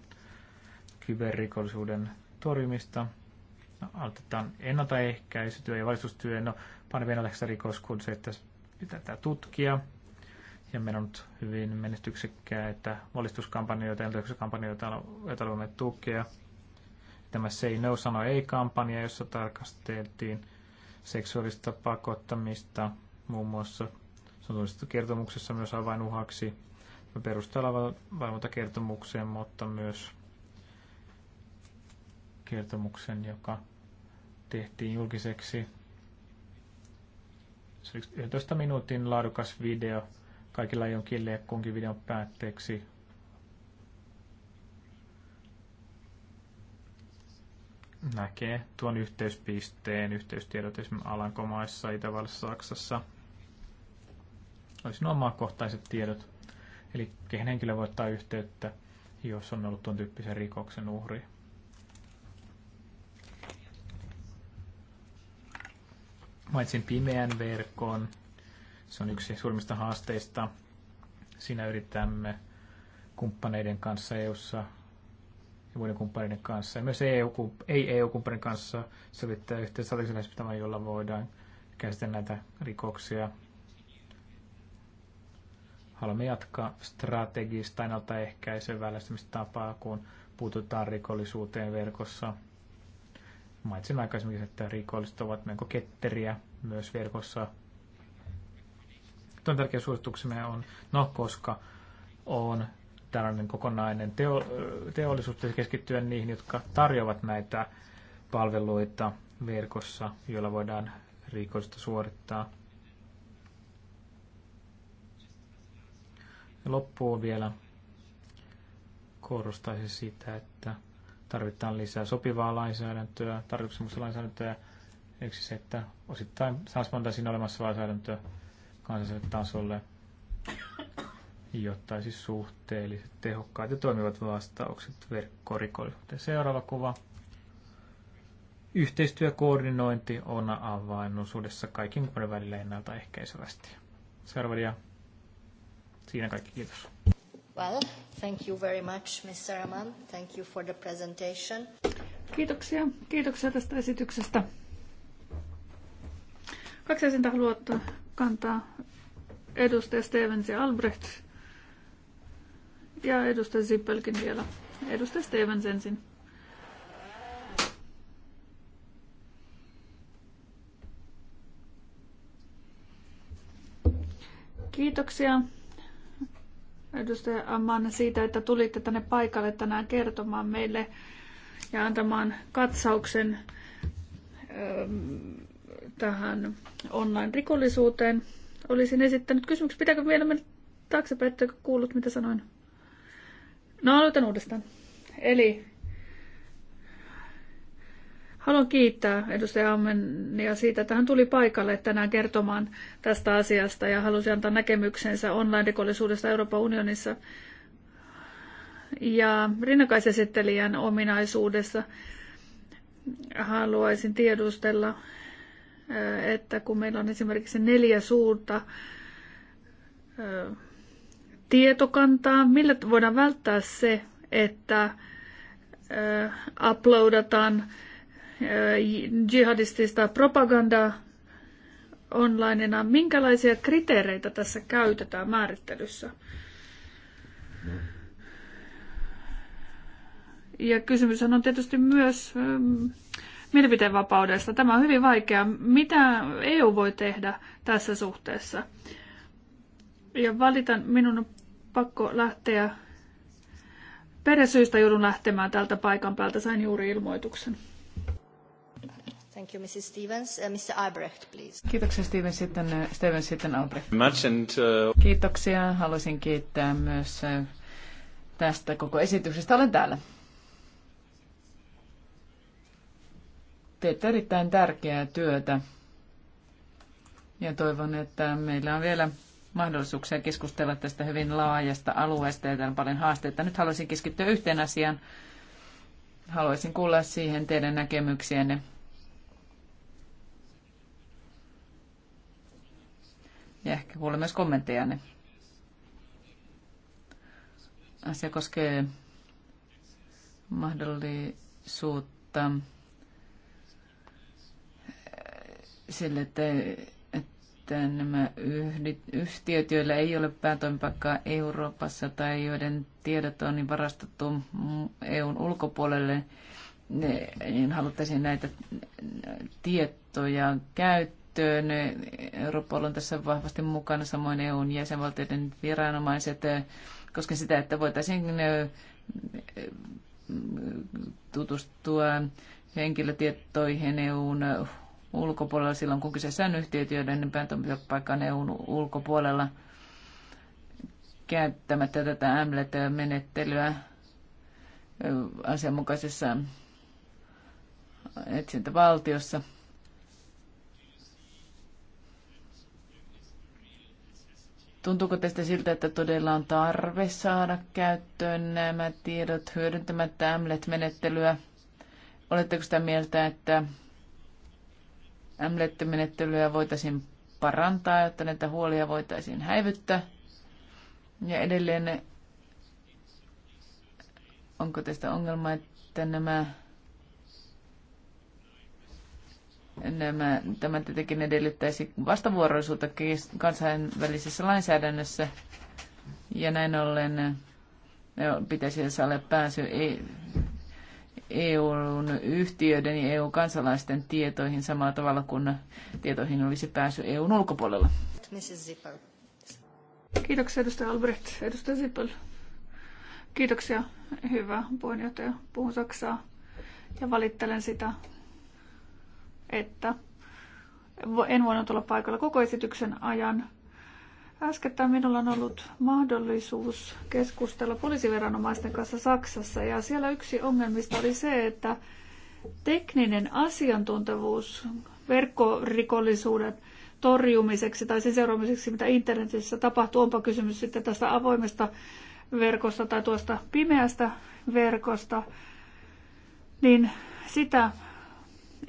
kyberrikollisuuden torjumista, no, aloitetaan ennaltaehkäisytyö ja valistustyö, no parempi ennaltaehkäistä rikos kun se, että tätä tutkia. Ja meillä on nyt hyvin että valistuskampanjoita ja kampanjoita, on etäluomme tukea. Tämä Say No Sano Ei-kampanja, jossa tarkasteltiin seksuaalista pakottamista muun muassa sanotuista kertomuksessa myös avainuhaksi. Me perustellaan kertomukseen, mutta myös kertomuksen, joka tehtiin julkiseksi 11 minuutin laadukas video kaikilla jonkin ja kunkin videon päätteeksi. Näkee tuon yhteyspisteen, yhteystiedot esimerkiksi Alankomaissa, Itävallassa, Saksassa. Olisi nuo maakohtaiset tiedot, eli kehen henkilö voi ottaa yhteyttä, jos on ollut tuon tyyppisen rikoksen uhri. Mainitsin pimeän verkon. Se on yksi suurimmista haasteista. Siinä yritämme kumppaneiden kanssa EU-ssa ja muiden kumppaneiden kanssa ja myös EU, ei eu kumppanin kanssa sovittaa yhteen strategisen jolla voidaan käsitellä näitä rikoksia. Haluamme jatkaa strategista ennaltaehkäisevää lähestymistapaa, kun puututaan rikollisuuteen verkossa – Mainitsin aikaisemmin, että rikolliset ovat melko ketteriä myös verkossa. Tuon tärkeä suosituksemme on, no koska on tällainen kokonainen teo, teollisuus keskittyä niihin, jotka tarjoavat näitä palveluita verkossa, joilla voidaan rikollista suorittaa. Ja loppuun vielä korostaisin sitä, että Tarvitaan lisää sopivaa lainsäädäntöä, tarkoituksenmukaista lainsäädäntöä, yksi se, että osittain saaspantaisiin olemassa lainsäädäntöä kansalliselle tasolle, jotta siis suhteelliset, tehokkaat ja toimivat vastaukset verkkorikollisuuteen. Seuraava kuva. Yhteistyökoordinointi on avainusuudessa kaikin kuuden välillä ennaltaehkäisevästi. Seuraava dia. Siinä kaikki, kiitos. Well, thank you very much, Ms. Saraman. Thank you for the presentation. Kiitoksia. Kiitoksia tästä esityksestä. Kaksi esintä haluaa kantaa. Edustaja Stevens ja Albrecht. Ja edustaja Zippelkin vielä. Edustaja Stevens ensin. Kiitoksia edustaja Amman siitä, että tulitte tänne paikalle tänään kertomaan meille ja antamaan katsauksen ähm, tähän online-rikollisuuteen. Olisin esittänyt kysymyksen, pitääkö vielä mennä taaksepäin, että kuullut mitä sanoin? No aloitan uudestaan. Eli Haluan kiittää edustaja Ammenia siitä, että hän tuli paikalle tänään kertomaan tästä asiasta ja halusi antaa näkemyksensä online-rikollisuudesta Euroopan unionissa ja rinnakaisesittelijän ominaisuudessa haluaisin tiedustella, äh, että kun meillä on esimerkiksi neljä suurta äh, tietokantaa, millä voidaan välttää se, että äh, uploadataan jihadistista propagandaa onlineina. Minkälaisia kriteereitä tässä käytetään määrittelyssä? Ja kysymys on tietysti myös ähm, mielipiteenvapaudesta. Tämä on hyvin vaikea. Mitä EU voi tehdä tässä suhteessa? Ja valitan, minun on pakko lähteä. Peresyistä joudun lähtemään tältä paikan päältä. Sain juuri ilmoituksen. Thank you, Mrs. Stevens. Uh, Mr. Albrecht, please. Kiitoksia, Stevens. Sitten, äh, Stevens, sitten Albrecht. uh... Kiitoksia. Haluaisin kiittää myös äh, tästä koko esityksestä. Olen täällä. Teette erittäin tärkeää työtä ja toivon, että meillä on vielä mahdollisuuksia keskustella tästä hyvin laajasta alueesta ja täällä on paljon haasteita. Nyt haluaisin keskittyä yhteen asiaan. Haluaisin kuulla siihen teidän näkemyksiänne ja ehkä kuulen myös kommenttejanne. Asia koskee mahdollisuutta eh, sille, että, että nämä yhtiöt, joilla ei ole päätoimipaikkaa Euroopassa tai joiden tiedot on niin varastettu EUn ulkopuolelle, ne, niin haluttaisiin näitä tietoja käyttää käyttöön. Europol on tässä vahvasti mukana, samoin EUn jäsenvaltioiden viranomaiset, koska sitä, että voitaisiin äh, tutustua henkilötietoihin EUn ulkopuolella silloin, kun kyseessä on yhtiöt, joiden päätoimintapaikka on EUn ulkopuolella käyttämättä tätä MLET-menettelyä äh, asianmukaisessa etsintävaltiossa. Tuntuuko teistä siltä, että todella on tarve saada käyttöön nämä tiedot hyödyntämättä Amlet-menettelyä? Oletteko sitä mieltä, että Amlet-menettelyä voitaisiin parantaa, jotta näitä huolia voitaisiin häivyttää? Ja edelleen, onko teistä ongelma, että nämä Nämä, tämä tietenkin edellyttäisi vastavuoroisuutta kansainvälisessä lainsäädännössä ja näin ollen eh, pitäisi saada pääsy EUn e yhtiöiden ja EU-kansalaisten tietoihin samalla tavalla kuin tietoihin olisi pääsy EUn ulkopuolella. Kiitoksia edustaja Albrecht. Edustaja Zippel. Kiitoksia, hyvä puheenjohtaja. Puhun Saksaa ja valittelen sitä, että en voinut olla paikalla koko esityksen ajan. Äskettäin minulla on ollut mahdollisuus keskustella poliisiviranomaisten kanssa Saksassa ja siellä yksi ongelmista oli se, että tekninen asiantuntevuus verkkorikollisuuden torjumiseksi tai sen seuraamiseksi, mitä internetissä tapahtuu, onpa kysymys sitten tästä avoimesta verkosta tai tuosta pimeästä verkosta, niin sitä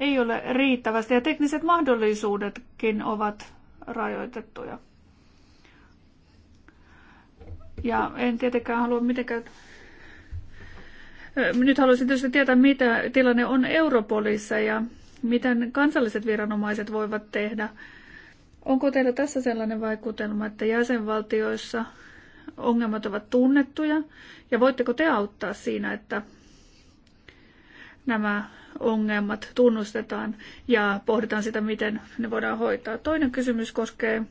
ei ole riittävästi ja tekniset mahdollisuudetkin ovat rajoitettuja. Ja en tietenkään halua mitenkään... Nyt haluaisin tietysti tietää, mitä tilanne on Europolissa ja miten kansalliset viranomaiset voivat tehdä. Onko teillä tässä sellainen vaikutelma, että jäsenvaltioissa ongelmat ovat tunnettuja ja voitteko te auttaa siinä, että nämä ongelmat tunnustetaan ja pohditaan sitä, miten ne voidaan hoitaa. Toinen kysymys koskee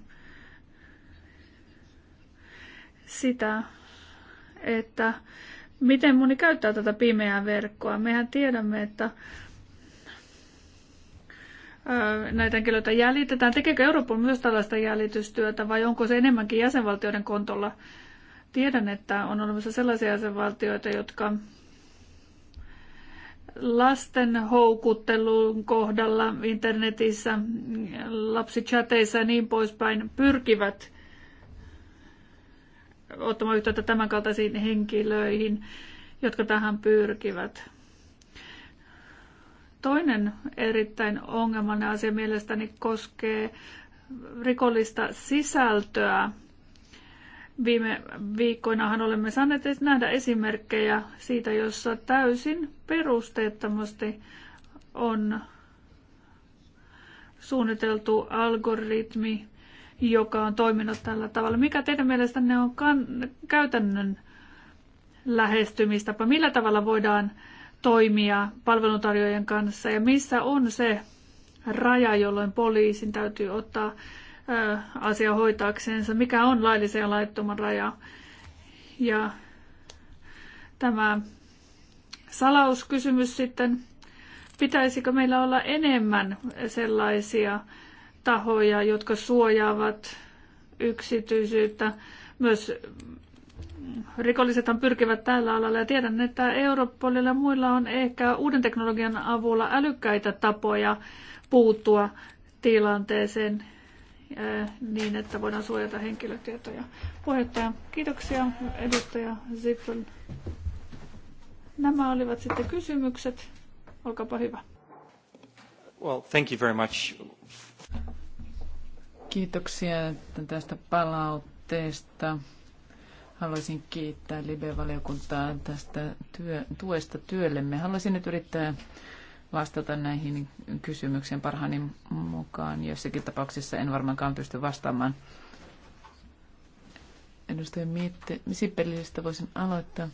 sitä, että miten moni käyttää tätä pimeää verkkoa. Mehän tiedämme, että näitä henkilöitä jäljitetään. Tekeekö Eurooppa myös tällaista jäljitystyötä vai onko se enemmänkin jäsenvaltioiden kontolla? Tiedän, että on olemassa sellaisia jäsenvaltioita, jotka lasten houkuttelun kohdalla internetissä, lapsichateissa ja niin poispäin pyrkivät ottamaan yhteyttä tämänkaltaisiin henkilöihin, jotka tähän pyrkivät. Toinen erittäin ongelmallinen asia mielestäni koskee rikollista sisältöä Viime viikkoinahan olemme saaneet nähdä esimerkkejä siitä, jossa täysin perusteettomasti on suunniteltu algoritmi, joka on toiminut tällä tavalla. Mikä teidän mielestänne on kan- käytännön lähestymistapa? Millä tavalla voidaan toimia palveluntarjoajien kanssa ja missä on se raja, jolloin poliisin täytyy ottaa asia hoitaakseensa, mikä on laillisen ja laittoman raja. Ja tämä salauskysymys sitten, pitäisikö meillä olla enemmän sellaisia tahoja, jotka suojaavat yksityisyyttä. Myös rikollisethan pyrkivät tällä alalla ja tiedän, että Europolilla ja muilla on ehkä uuden teknologian avulla älykkäitä tapoja puuttua tilanteeseen Äh, niin, että voidaan suojata henkilötietoja. Puheenjohtaja, kiitoksia. Edustaja Zippel. Nämä olivat sitten kysymykset. Olkaapa hyvä. Well, thank you very much. Kiitoksia tästä palautteesta. Haluaisin kiittää Libe-valiokuntaa tästä työ, tuesta työllemme. Haluaisin nyt yrittää vastata näihin kysymyksiin parhaani mukaan. Jossakin tapauksessa en varmaankaan pysty vastaamaan. Edustaja Sippelisestä voisin aloittaa.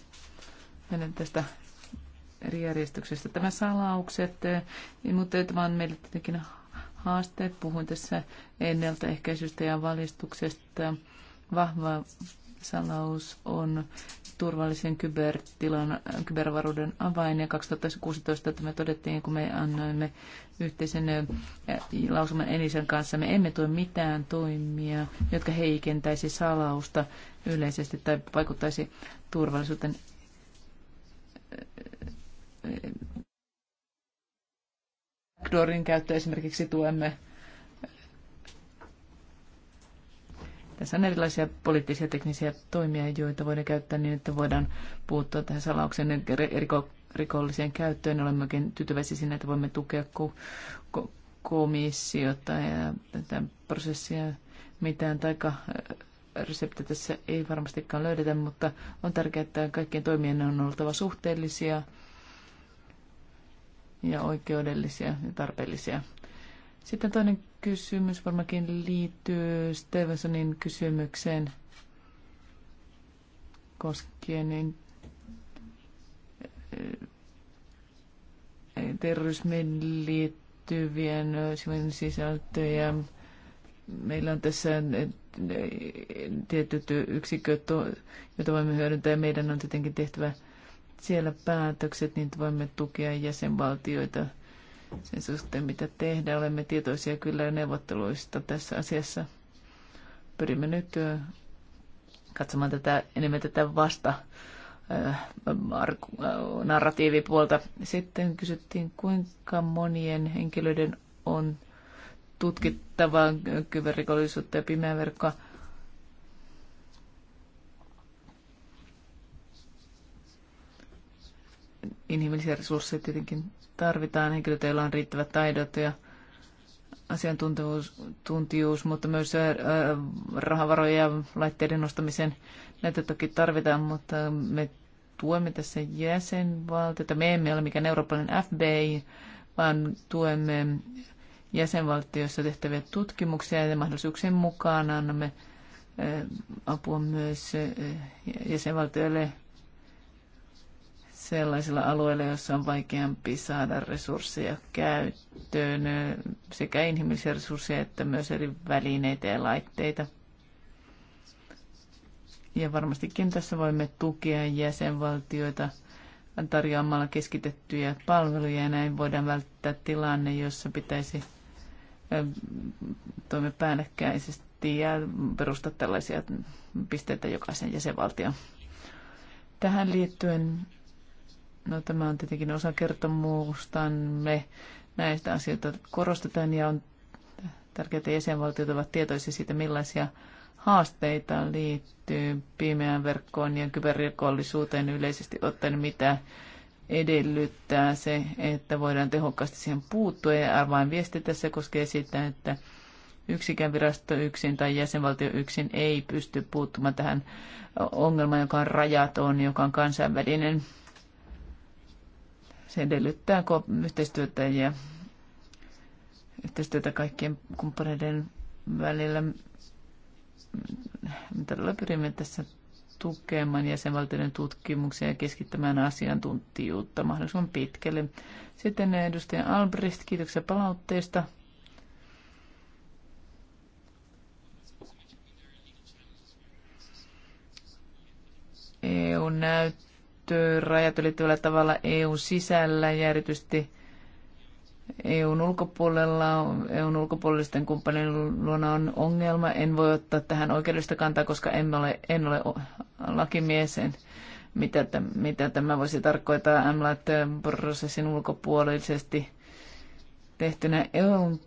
Mennään tästä eri järjestyksestä. Tämä salaukset, eh, mutta tämä on meille tietenkin haaste. Puhuin tässä ennaltaehkäisystä ja valistuksesta. Vahva salaus on turvallisen kybertilan, äh, kybervaruuden avain. Ja 2016 me todettiin, kun me annoimme yhteisen äh, lausuman Enisen kanssa. Me emme tue mitään toimia, jotka heikentäisi salausta yleisesti tai vaikuttaisi turvallisuuteen backdoorin käyttö, esimerkiksi tuemme Tässä on erilaisia poliittisia teknisiä toimia, joita voidaan käyttää niin, että voidaan puuttua tähän salauksen riko, rikolliseen käyttöön. oikein tyytyväisiä siinä, että voimme tukea ko, ko, komissiota ja tätä prosessia mitään taika resepti tässä ei varmastikaan löydetä, mutta on tärkeää, että kaikkien toimien on oltava suhteellisia ja oikeudellisia ja tarpeellisia. Sitten toinen kysymys varmaankin liittyy Stevensonin kysymykseen koskien niin eh, eh, terrorismiin liittyvien eh, sisältöjä. Meillä on tässä tietyt yksiköt, joita voimme hyödyntää. Meidän on tietenkin tehtävä siellä päätökset, niin voimme tukea jäsenvaltioita – sen suhteen, mitä tehdä. Olemme tietoisia kyllä neuvotteluista tässä asiassa. Pyrimme nyt katsomaan tätä, enemmän tätä vasta narratiivipuolta. Sitten kysyttiin, kuinka monien henkilöiden on tutkittavaa kyberrikollisuutta ja pimeä verkkoa. Inhimillisiä resursseja tietenkin tarvitaan henkilöitä, joilla on riittävät taidot ja asiantuntijuus, mutta myös rahavaroja ja laitteiden nostamisen. Näitä toki tarvitaan, mutta me tuemme tässä jäsenvaltiota. Me emme ole mikään eurooppalainen FBI, vaan tuemme jäsenvaltioissa tehtäviä tutkimuksia ja mahdollisuuksien mukaan annamme apua myös jäsenvaltioille sellaisilla alueilla, joissa on vaikeampi saada resursseja käyttöön, sekä inhimillisiä resursseja että myös eri välineitä ja laitteita. Ja varmastikin tässä voimme tukea jäsenvaltioita tarjoamalla keskitettyjä palveluja ja näin voidaan välttää tilanne, jossa pitäisi toimia päällekkäisesti ja perustaa tällaisia pisteitä jokaisen jäsenvaltion. Tähän liittyen No, tämä on tietenkin osa me näistä asioista korostetaan ja on tärkeää, että jäsenvaltiot ovat tietoisia siitä, millaisia haasteita liittyy pimeään verkkoon ja kyberrikollisuuteen yleisesti ottaen, mitä edellyttää se, että voidaan tehokkaasti siihen puuttua. Ja arvain viesti tässä koskee sitä, että yksikään virasto yksin tai jäsenvaltio yksin ei pysty puuttumaan tähän ongelmaan, joka on rajaton, joka on kansainvälinen. Se edellyttää yhteistyötä ja yhteistyötä kaikkien kumppaneiden välillä. Me todella pyrimme tässä tukemaan jäsenvaltioiden tutkimuksia ja keskittämään asiantuntijuutta mahdollisimman pitkälle. Sitten edustaja Albrecht, kiitoksia palautteesta. EU näyttää rajat ylittävällä tavalla EUn sisällä ja erityisesti EUn ulkopuolella, EUn ulkopuolisten kumppanien luona on ongelma. En voi ottaa tähän oikeudellista kantaa, koska en ole, en ole lakimies, en, mitä, mitä tämä voisi tarkoittaa MLAT-prosessin ulkopuolisesti tehtynä. EUn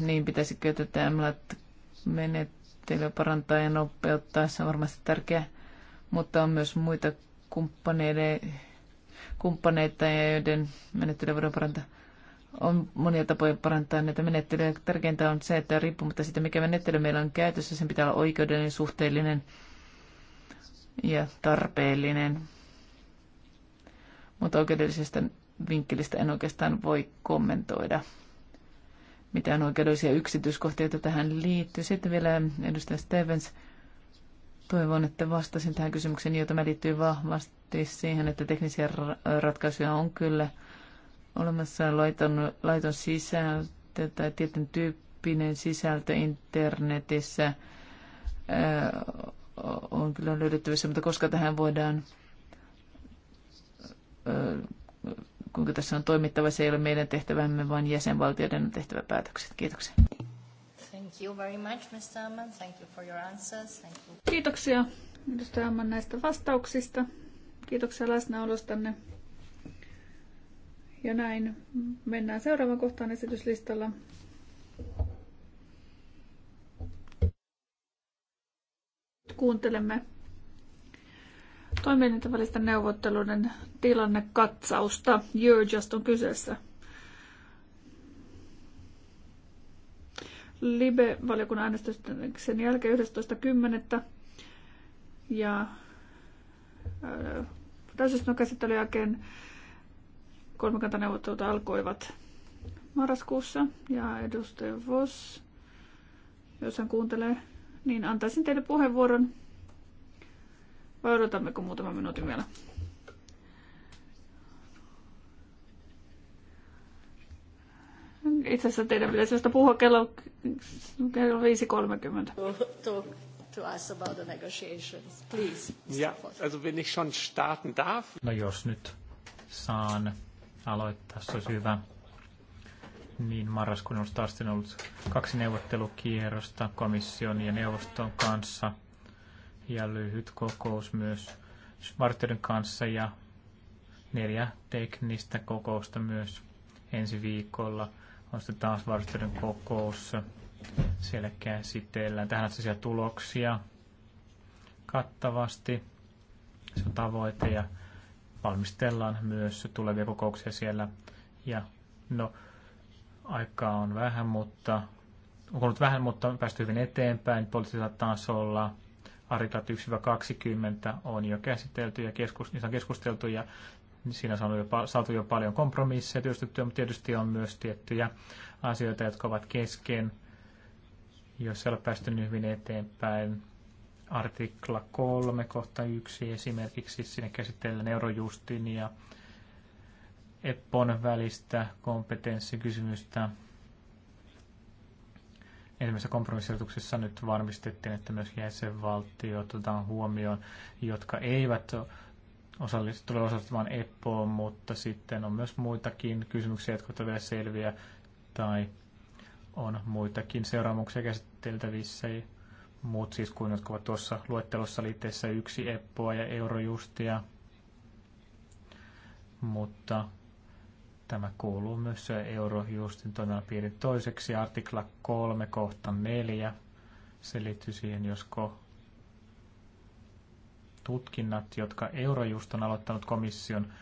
niin pitäisikö tätä MLAT-menettelyä parantaa ja nopeuttaa, se on varmasti tärkeää, mutta on myös muita kumppaneiden, kumppaneita, joiden menettelyä voidaan parantaa. On monia tapoja parantaa näitä menettelyjä. Tärkeintä on se, että riippumatta siitä, mikä menettely meillä on käytössä, sen pitää olla oikeudellinen, suhteellinen ja tarpeellinen. Mutta oikeudellisesta vinkkelistä en oikeastaan voi kommentoida mitään oikeudellisia yksityiskohtia, joita tähän liittyy. Sitten vielä edustaja Stevens Toivon, että vastasin tähän kysymykseen, jota mä liittyy vahvasti siihen, että teknisiä ratkaisuja on kyllä olemassa laiton, laiton sisältö tai tietyn tyyppinen sisältö internetissä on kyllä löydettävissä, mutta koska tähän voidaan, kuinka tässä on toimittava, se ei ole meidän tehtävämme, vaan jäsenvaltioiden tehtäväpäätökset. tehtävä Kiitoksia. Thank you very much, Mr. Amman. Thank you for your answers. Thank you. Kiitoksia edustaja Amman näistä vastauksista. Kiitoksia läsnäolostanne. Ja näin mennään seuraavaan kohtaan esityslistalla. Kuuntelemme toimintavälisten neuvotteluiden tilannekatsausta. You're just on kyseessä. Libe-valiokunnan äänestyksen jälkeen 11.10. ja äh, täysistunnon käsittelyn jälkeen kolmikantaneuvottelut alkoivat marraskuussa ja edustaja Vos, jos hän kuuntelee, niin antaisin teille puheenvuoron. Vai odotammeko muutaman minuutin vielä? itse asiassa teidän pitäisi josta puhua kello, kello 5.30. To, to us about the negotiations, please. Ja, also wenn ich schon starten darf. No jos nyt saan aloittaa, se olisi hyvä. Niin marraskuun alusta asti on ollut kaksi neuvottelukierrosta komission ja neuvoston kanssa ja lyhyt kokous myös Schwarterin kanssa ja neljä teknistä kokousta myös ensi viikolla on sitten taas varusteiden kokous. Siellä käsitellään tähän asiaa tuloksia kattavasti. Se on tavoite ja valmistellaan myös tulevia kokouksia siellä. Ja no, aikaa on vähän, mutta on ollut vähän, mutta on päästy hyvin eteenpäin poliittisella tasolla. Artiklat 1-20 on jo käsitelty ja keskus, niistä on keskusteltu ja Siinä on jo, saatu jo paljon kompromisseja työstettyä, mutta tietysti on myös tiettyjä asioita, jotka ovat kesken, jos ei ole päästy niin hyvin eteenpäin. Artikla 3, kohta 1 esimerkiksi, sinne käsitellään eurojustin ja EPPON välistä kompetenssikysymystä. Ensimmäisessä kompromissirjoituksessa nyt varmistettiin, että myös jäsenvaltiot otetaan huomioon, jotka eivät osallist, tulee osallistumaan EPPOon, mutta sitten on myös muitakin kysymyksiä, jotka ovat vielä selviä, tai on muitakin seuraamuksia käsiteltävissä, muut siis kuin jotka ovat tuossa luettelossa liitteessä yksi EPPOa ja Eurojustia, mutta tämä kuuluu myös Eurojustin toimialapiirin toiseksi, artikla 3, kohta 4, se liittyy siihen, josko tutkinnat, jotka Eurojust on aloittanut komission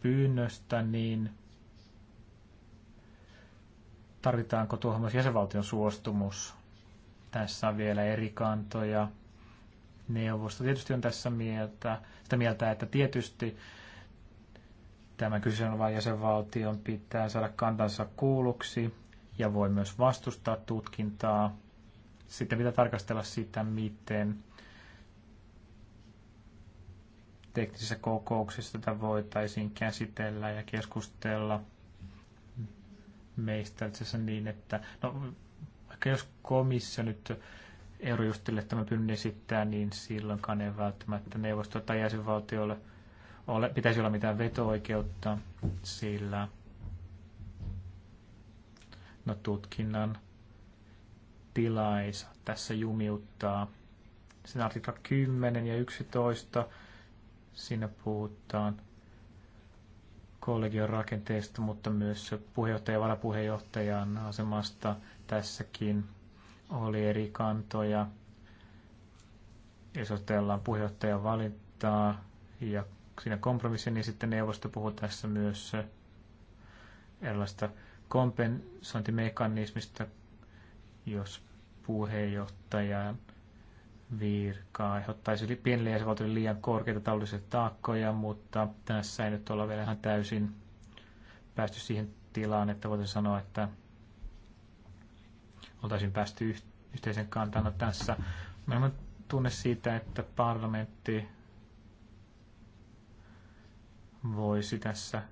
pyynnöstä, niin tarvitaanko tuohon myös jäsenvaltion suostumus? Tässä on vielä eri kantoja. Neuvosto tietysti on tässä mieltä, sitä mieltä, että tietysti tämä on vain jäsenvaltion pitää saada kantansa kuuluksi ja voi myös vastustaa tutkintaa. Sitten pitää tarkastella sitä, miten teknisissä kokouksissa tätä voitaisiin käsitellä ja keskustella meistä itse asiassa niin, että no, vaikka jos komissio nyt Eurojustille tämä pyynnön esittää, niin silloinkaan ei välttämättä neuvosto tai jäsenvaltiolle ole, pitäisi olla mitään veto-oikeutta, sillä no, tutkinnan tilaisa tässä jumiuttaa. Sen artikla 10 ja 11 Siinä puhutaan kollegion rakenteesta, mutta myös puheenjohtajan ja varapuheenjohtajan asemasta tässäkin oli eri kantoja. Jos otellaan puheenjohtajan valintaa ja siinä kompromissi, niin sitten neuvosto puhuu tässä myös erilaista kompensointimekanismista, jos puheenjohtajan virkaa Ehdottaisi pienelle jäsenvaltiolle liian korkeita taloudellisia taakkoja, mutta tässä ei nyt olla vielä ihan täysin päästy siihen tilaan, että voitaisiin sanoa, että oltaisiin päästy yhteisen kantana no, tässä. Meillä on tunne siitä, että parlamentti voisi tässä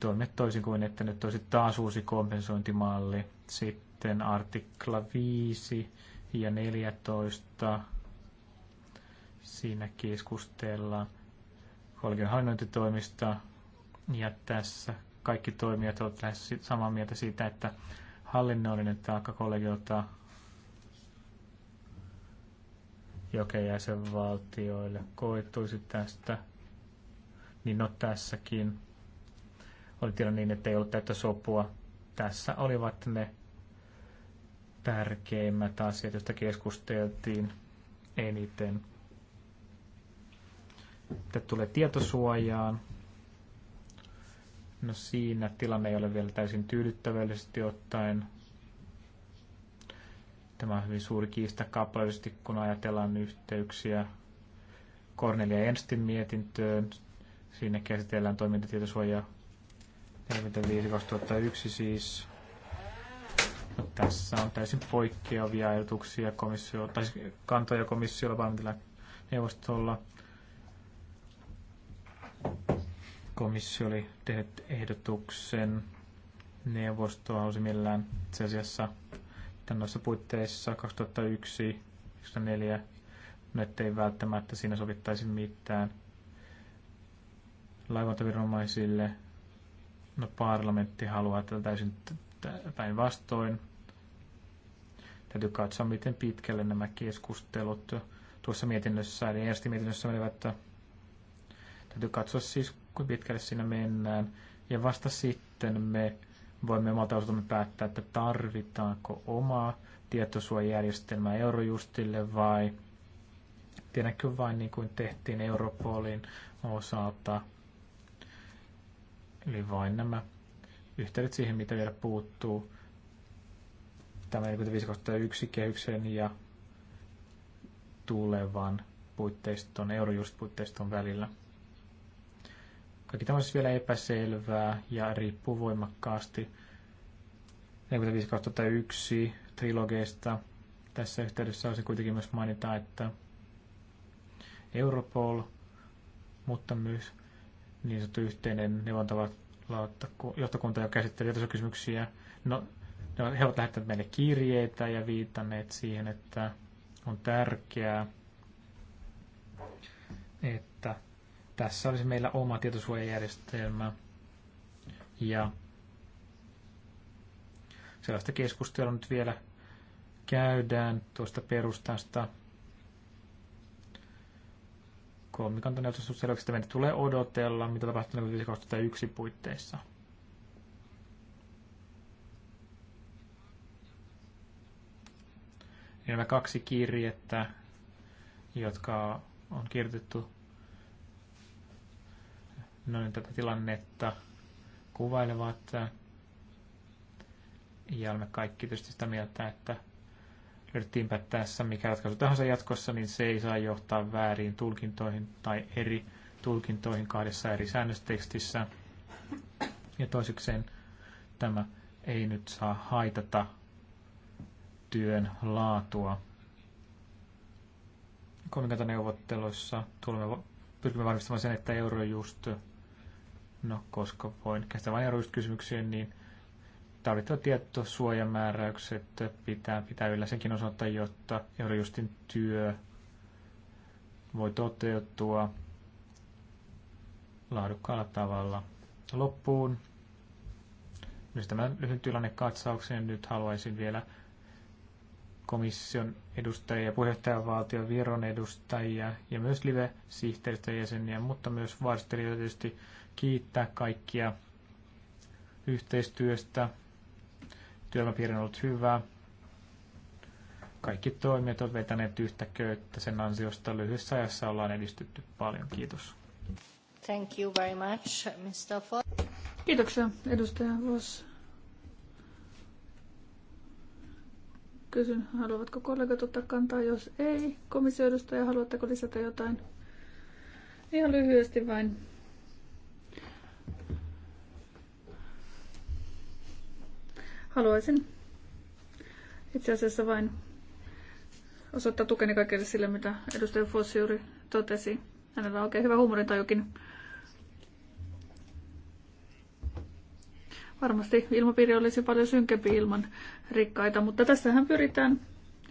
toimia toisin kuin, että nyt olisi taas uusi kompensointimalli. Sitten artikla 5 ja 14. Siinä keskustellaan kolmion hallinnointitoimista ja tässä kaikki toimijat ovat lähes samaa mieltä siitä, että hallinnollinen taakka kollegiolta jokin jäsenvaltioille koituisi tästä, niin no tässäkin oli tilanne niin, että ei ollut täyttä sopua. Tässä olivat ne tärkeimmät asiat, joista keskusteltiin eniten. Mitä tulee tietosuojaan, no siinä tilanne ei ole vielä täysin tyydyttävällisesti ottaen. Tämä on hyvin suuri kiista kappaleellisesti, kun ajatellaan yhteyksiä Cornelia Enstin mietintöön. Siinä käsitellään toimintatietosuojaa 45-2001 siis tässä on täysin poikkeavia ajatuksia komissio, tai kantoja komissiolla, valmiilla neuvostolla. Komissio oli tehnyt ehdotuksen neuvostoa halusi millään itse asiassa noissa puitteissa 2001 2004 no ettei välttämättä siinä sovittaisi mitään laivantaviranomaisille. No parlamentti haluaa tätä täysin päinvastoin. Täytyy katsoa, miten pitkälle nämä keskustelut tuossa mietinnössä, eli ensi mietinnössä menevät. Täytyy katsoa siis, kuinka pitkälle siinä mennään. Ja vasta sitten me voimme omalta osaltamme päättää, että tarvitaanko omaa tietosuojajärjestelmää Eurojustille vai tiedänkö vain niin kuin tehtiin Europolin osalta. Eli vain nämä yhteydet siihen, mitä vielä puuttuu tämä 45.1 kehyksen ja tulevan puitteiston, eurojust-puitteiston välillä. Kaikki tämä on siis vielä epäselvää ja riippuu voimakkaasti 45.1 trilogeista. Tässä yhteydessä olisi kuitenkin myös mainita, että Europol, mutta myös niin sanottu yhteinen neuvontava johtokunta, joka käsittelee tässä kysymyksiä. No, he ovat lähettäneet meille kirjeitä ja viitanneet siihen, että on tärkeää, että tässä olisi meillä oma tietosuojajärjestelmä ja sellaista keskustelua nyt vielä käydään tuosta perustasta. Kolmikantaneuvostossa selväksi, että meidän tulee odotella, mitä tapahtuu 2001 puitteissa. Ja nämä kaksi kirjettä, jotka on kirjoitettu noin tätä tilannetta kuvailevat. Ja olemme kaikki tietysti sitä mieltä, että löydettiinpä tässä mikä ratkaisu tahansa jatkossa, niin se ei saa johtaa väärin tulkintoihin tai eri tulkintoihin kahdessa eri säännöstekstissä. Ja toisekseen tämä ei nyt saa haitata työn laatua. Kolmikantaneuvotteluissa tulemme, pyrkimme varmistamaan sen, että Eurojust, no koska voin käsittää vain Eurojust kysymyksiä, niin tieto, suojamääräykset pitää, pitää yllä senkin osalta, jotta Eurojustin työ voi toteutua laadukkaalla tavalla. Loppuun myös tämän lyhyen tilannekatsauksen nyt haluaisin vielä komission edustajia ja puheenjohtajavaltion Viron edustajia ja myös live-sihteeristön jäseniä, mutta myös varustelijoita tietysti kiittää kaikkia yhteistyöstä. Työilmapiiri on ollut hyvä. Kaikki toimijat ovat vetäneet yhtä köyttä. Sen ansiosta lyhyessä ajassa ollaan edistytty paljon. Kiitos. Thank you very much, Mr. Ford. Kiitoksia, edustaja Voss. Kysyn, haluavatko kollegat ottaa kantaa, jos ei. Komissioedustaja, haluatteko lisätä jotain? Ihan lyhyesti vain. Haluaisin itse asiassa vain osoittaa tukeni kaikille sille, mitä edustaja Foss juuri totesi. Hänellä on oikein hyvä huumorintajukin. Varmasti ilmapiiri olisi paljon synkempi ilman rikkaita, mutta tässähän pyritään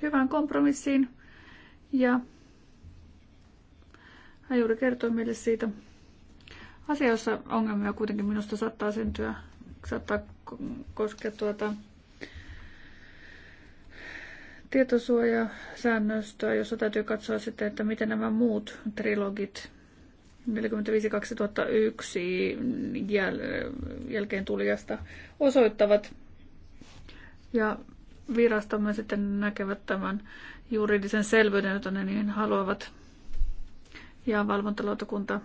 hyvään kompromissiin ja hän juuri kertoi meille siitä. Asia, jossa ongelmia kuitenkin minusta saattaa syntyä, saattaa koskea tuota tietosuojasäännöstöä, jossa täytyy katsoa sitten, että miten nämä muut trilogit 45 2001 jäl- jälkeen tulijasta osoittavat. Ja virastamme sitten näkevät tämän juridisen selvyyden, jota ne niin haluavat. Ja valvontalautakunta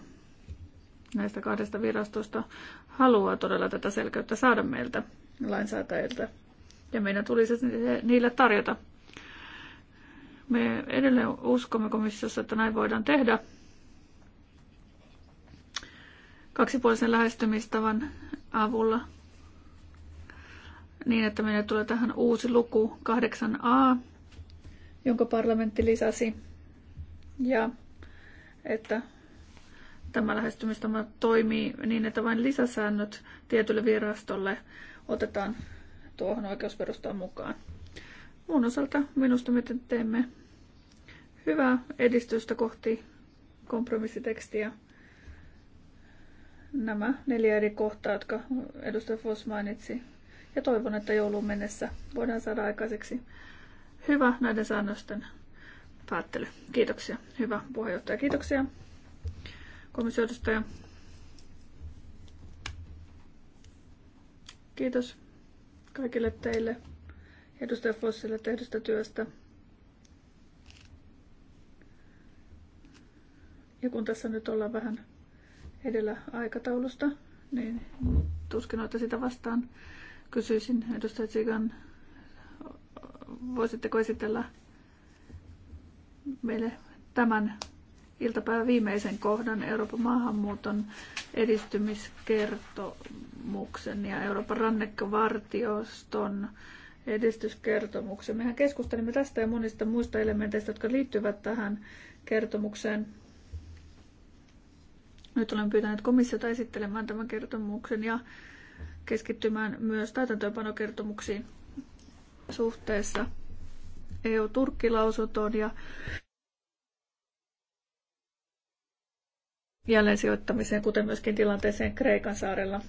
näistä kahdesta virastosta haluaa todella tätä selkeyttä saada meiltä lainsäätäjiltä. Ja meidän tulisi niille tarjota. Me edelleen uskomme komissiossa, että näin voidaan tehdä – kaksipuolisen lähestymistavan avulla niin, että meille tulee tähän uusi luku 8a, jonka parlamentti lisäsi. Ja että tämä lähestymistapa toimii niin, että vain lisäsäännöt tietylle virastolle otetaan tuohon oikeusperustaan mukaan. Muun osalta minusta me teemme hyvää edistystä kohti kompromissitekstiä nämä neljä eri kohtaa, jotka edustaja Foss mainitsi. Ja toivon, että jouluun mennessä voidaan saada aikaiseksi hyvä näiden säännösten päättely. Kiitoksia. Hyvä puheenjohtaja. Kiitoksia. Komissioedustaja. Kiitos kaikille teille edustaja Fossille tehdystä työstä. Ja kun tässä nyt ollaan vähän edellä aikataulusta, niin tuskin olette sitä vastaan. Kysyisin edustaja Tsigan, voisitteko esitellä meille tämän iltapäivän viimeisen kohdan Euroopan maahanmuuton edistymiskertomuksen ja Euroopan rannekkovartioston edistyskertomuksen. Mehän keskustelimme tästä ja monista muista elementeistä, jotka liittyvät tähän kertomukseen. Nyt olen pyytänyt komissiota esittelemään tämän kertomuksen ja keskittymään myös täytäntöönpanokertomuksiin suhteessa EU-Turkkilausuntoon ja jälleen sijoittamiseen, kuten myöskin tilanteeseen Kreikan saarella.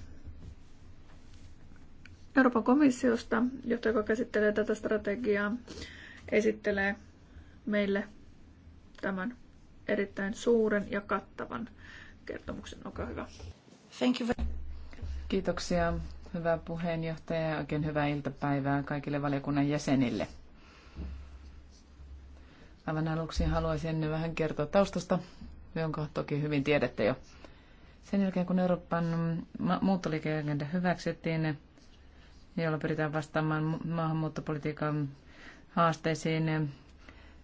Euroopan komissiosta, jota joka käsittelee tätä strategiaa, esittelee meille tämän erittäin suuren ja kattavan kertomuksen. Olkaa hyvä. Thank you. Kiitoksia, hyvä puheenjohtaja ja oikein hyvää iltapäivää kaikille valiokunnan jäsenille. Aivan aluksi haluaisin vähän kertoa taustasta, jonka toki hyvin tiedätte jo. Sen jälkeen, kun Euroopan muuttoliikeagenda hyväksyttiin, jolla pyritään vastaamaan maahanmuuttopolitiikan haasteisiin,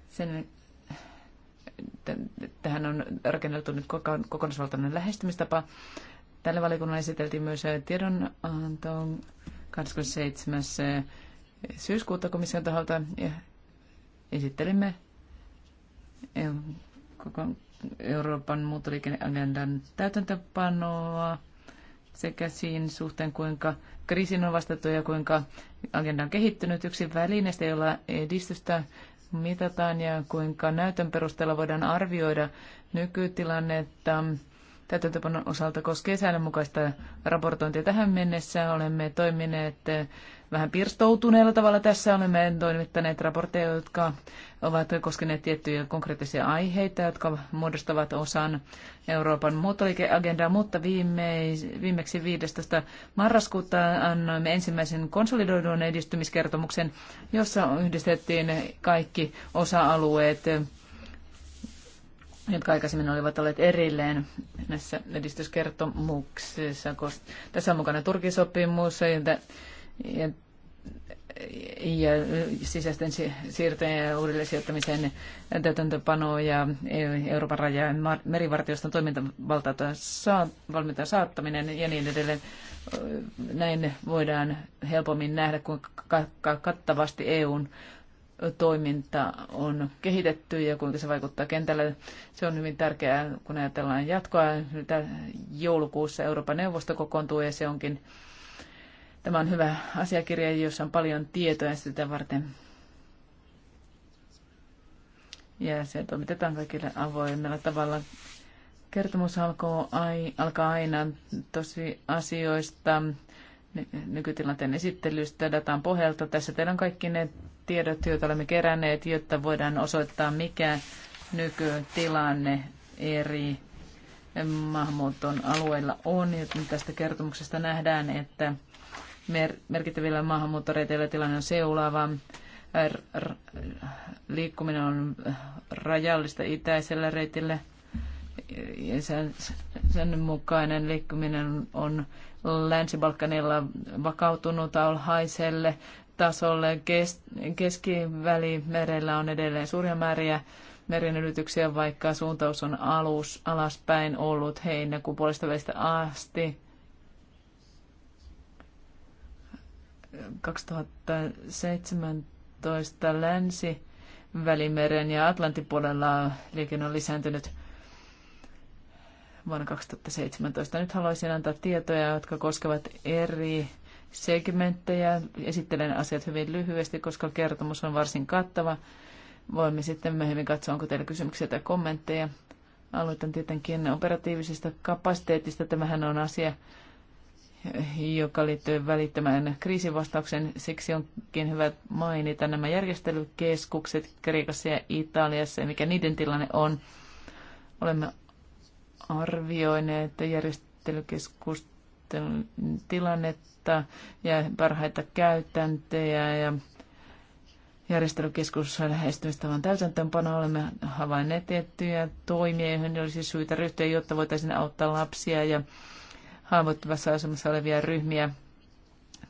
sen Tähän on rakenneltu nyt kokonaisvaltainen lähestymistapa. Tälle valiokunnalle esiteltiin myös äh, tiedonanto 27. Äh, syyskuuta komission taholta ja esittelimme koko Euroopan muuttoliikenneagendan täytäntöpanoa sekä siinä suhteen, kuinka kriisin on vastattu ja kuinka agenda on kehittynyt. Yksi välineistä, jolla edistystä mitataan ja kuinka näytön perusteella voidaan arvioida nykytilannetta täytäntöpanon osalta koskee säännönmukaista raportointia tähän mennessä. Olemme toimineet vähän pirstoutuneella tavalla. Tässä olemme toimittaneet raportteja, jotka ovat koskeneet tiettyjä konkreettisia aiheita, jotka muodostavat osan Euroopan muuttoliikeagendaa, mutta viimeksi 15. marraskuuta annoimme ensimmäisen konsolidoidun edistymiskertomuksen, jossa yhdistettiin kaikki osa-alueet jotka aikaisemmin olivat olleet erilleen näissä edistyskertomuksissa. Tässä on mukana Turkisopimus, ja, ja sisäisten siirtojen ja uudelleen sijoittamisen täytäntöpanoa ja Euroopan raja- ja merivartioston toimintavaltaa saa, saattaminen ja niin edelleen. Näin voidaan helpommin nähdä, kuinka kattavasti EUn toiminta on kehitetty ja kuinka se vaikuttaa kentällä. Se on hyvin tärkeää, kun ajatellaan jatkoa. Joulukuussa Euroopan neuvosto kokoontuu ja se onkin Tämä on hyvä asiakirja, jossa on paljon tietoja sitä varten. Ja se toimitetaan kaikille avoimella tavalla. Kertomus alkaa, aina tosi asioista, nykytilanteen esittelystä, datan pohjalta. Tässä teillä on kaikki ne tiedot, joita olemme keränneet, jotta voidaan osoittaa, mikä nykytilanne eri maahanmuuton alueilla on. Ja tästä kertomuksesta nähdään, että mer- merkittävillä maahanmuuttoreiteillä tilanne on seulaava. liikkuminen on rajallista itäisellä reitillä. Sen, sen mukainen liikkuminen on Länsi-Balkanilla vakautunut alhaiselle tasolle. Kes, keskivälimerellä on edelleen suuria määriä merinylityksiä, vaikka suuntaus on alus, alaspäin ollut heinäkuun puolesta välistä asti. 2017 länsi Välimeren ja Atlantin puolella liikenne on lisääntynyt vuonna 2017. Nyt haluaisin antaa tietoja, jotka koskevat eri segmenttejä. Esittelen asiat hyvin lyhyesti, koska kertomus on varsin kattava. Voimme sitten myöhemmin katsoa, onko teillä kysymyksiä tai kommentteja. Aloitan tietenkin operatiivisesta kapasiteetista. Tämähän on asia, joka liittyy välittämään kriisivastaukseen. Siksi onkin hyvä mainita nämä järjestelykeskukset Kreikassa ja Italiassa ja mikä niiden tilanne on. Olemme arvioineet järjestelykeskusten tilannetta ja parhaita käytäntöjä ja järjestelykeskuksen lähestymistavan täytäntöönpanoa olemme havainneet tiettyjä toimia, joihin olisi syytä ryhtyä, jotta voitaisiin auttaa lapsia ja haavoittuvassa asemassa olevia ryhmiä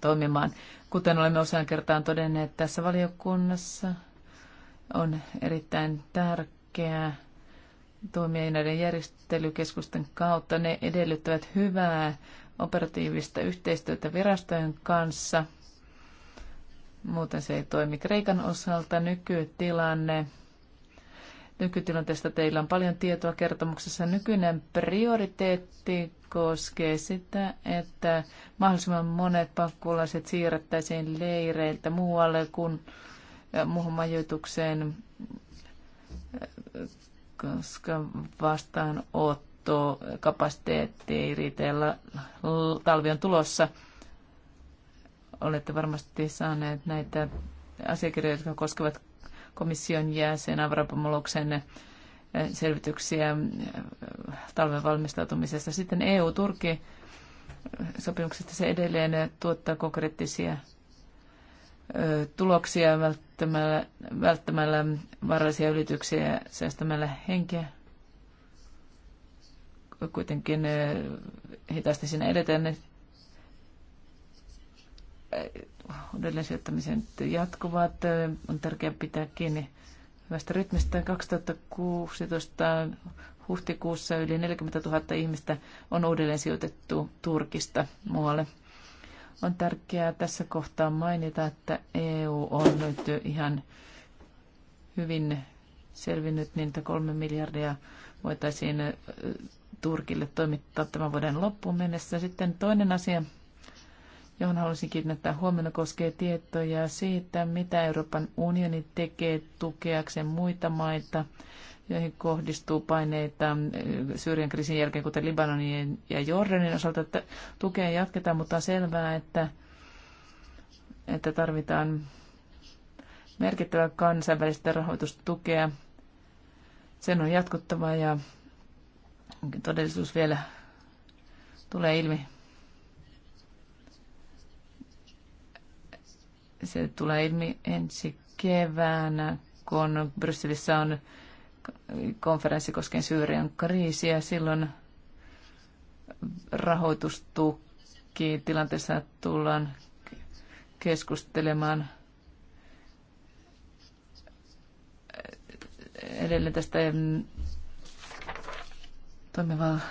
toimimaan. Kuten olemme usean kertaan todenneet tässä valiokunnassa, on erittäin tärkeää toimia näiden järjestelykeskusten kautta. Ne edellyttävät hyvää operatiivista yhteistyötä virastojen kanssa. Muuten se ei toimi Kreikan osalta. Nykytilanne nykytilanteesta teillä on paljon tietoa kertomuksessa. Nykyinen prioriteetti koskee sitä, että mahdollisimman monet pakkulaiset siirrettäisiin leireiltä muualle kuin muuhun majoitukseen, koska vastaanotto kapasiteetti ei riitä talvion talvi on tulossa. Olette varmasti saaneet näitä asiakirjoja, jotka koskevat komission jäsen Avramopoulosen eh, selvityksiä eh, talven valmistautumisesta. Sitten eu turki sopimuksesta se edelleen tuottaa konkreettisia eh, tuloksia välttämällä, välttämällä varallisia ylityksiä ja säästämällä henkeä. Kuitenkin hitaasti siinä edetään uudelleen sijoittamisen jatkuvat. On tärkeää pitää kiinni hyvästä rytmistä. 2016 huhtikuussa yli 40 000 ihmistä on uudelleen sijoitettu Turkista muualle. On tärkeää tässä kohtaa mainita, että EU on nyt ihan hyvin selvinnyt, niin että kolme miljardia voitaisiin Turkille toimittaa tämän vuoden loppuun mennessä. Sitten toinen asia, johon haluaisin kiinnittää huomiota, koskee tietoja siitä, mitä Euroopan unioni tekee tukeakseen muita maita, joihin kohdistuu paineita Syyrian kriisin jälkeen, kuten Libanonin ja Jordanin osalta. Että tukea jatketaan, mutta on selvää, että, että tarvitaan merkittävää kansainvälistä rahoitustukea. Sen on jatkuttava ja todellisuus vielä tulee ilmi Se tulee ilmi ensi keväänä, kun Brysselissä on konferenssi koskien Syyrian kriisiä. Silloin rahoitustuki tilanteessa tullaan keskustelemaan edelleen tästä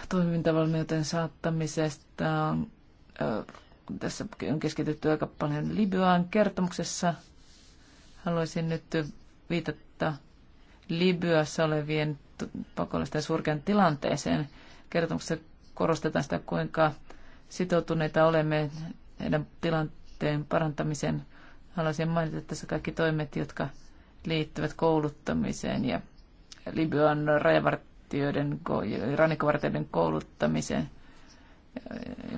toimintavalmiuteen saattamisesta tässä on keskitytty aika paljon Libyaan kertomuksessa. Haluaisin nyt viitata Libyassa olevien pakolaisten surkean tilanteeseen. Kertomuksessa korostetaan sitä, kuinka sitoutuneita olemme heidän tilanteen parantamiseen. Haluaisin mainita tässä kaikki toimet, jotka liittyvät kouluttamiseen ja Libyan rajavartijoiden, rannikkovartijoiden kouluttamiseen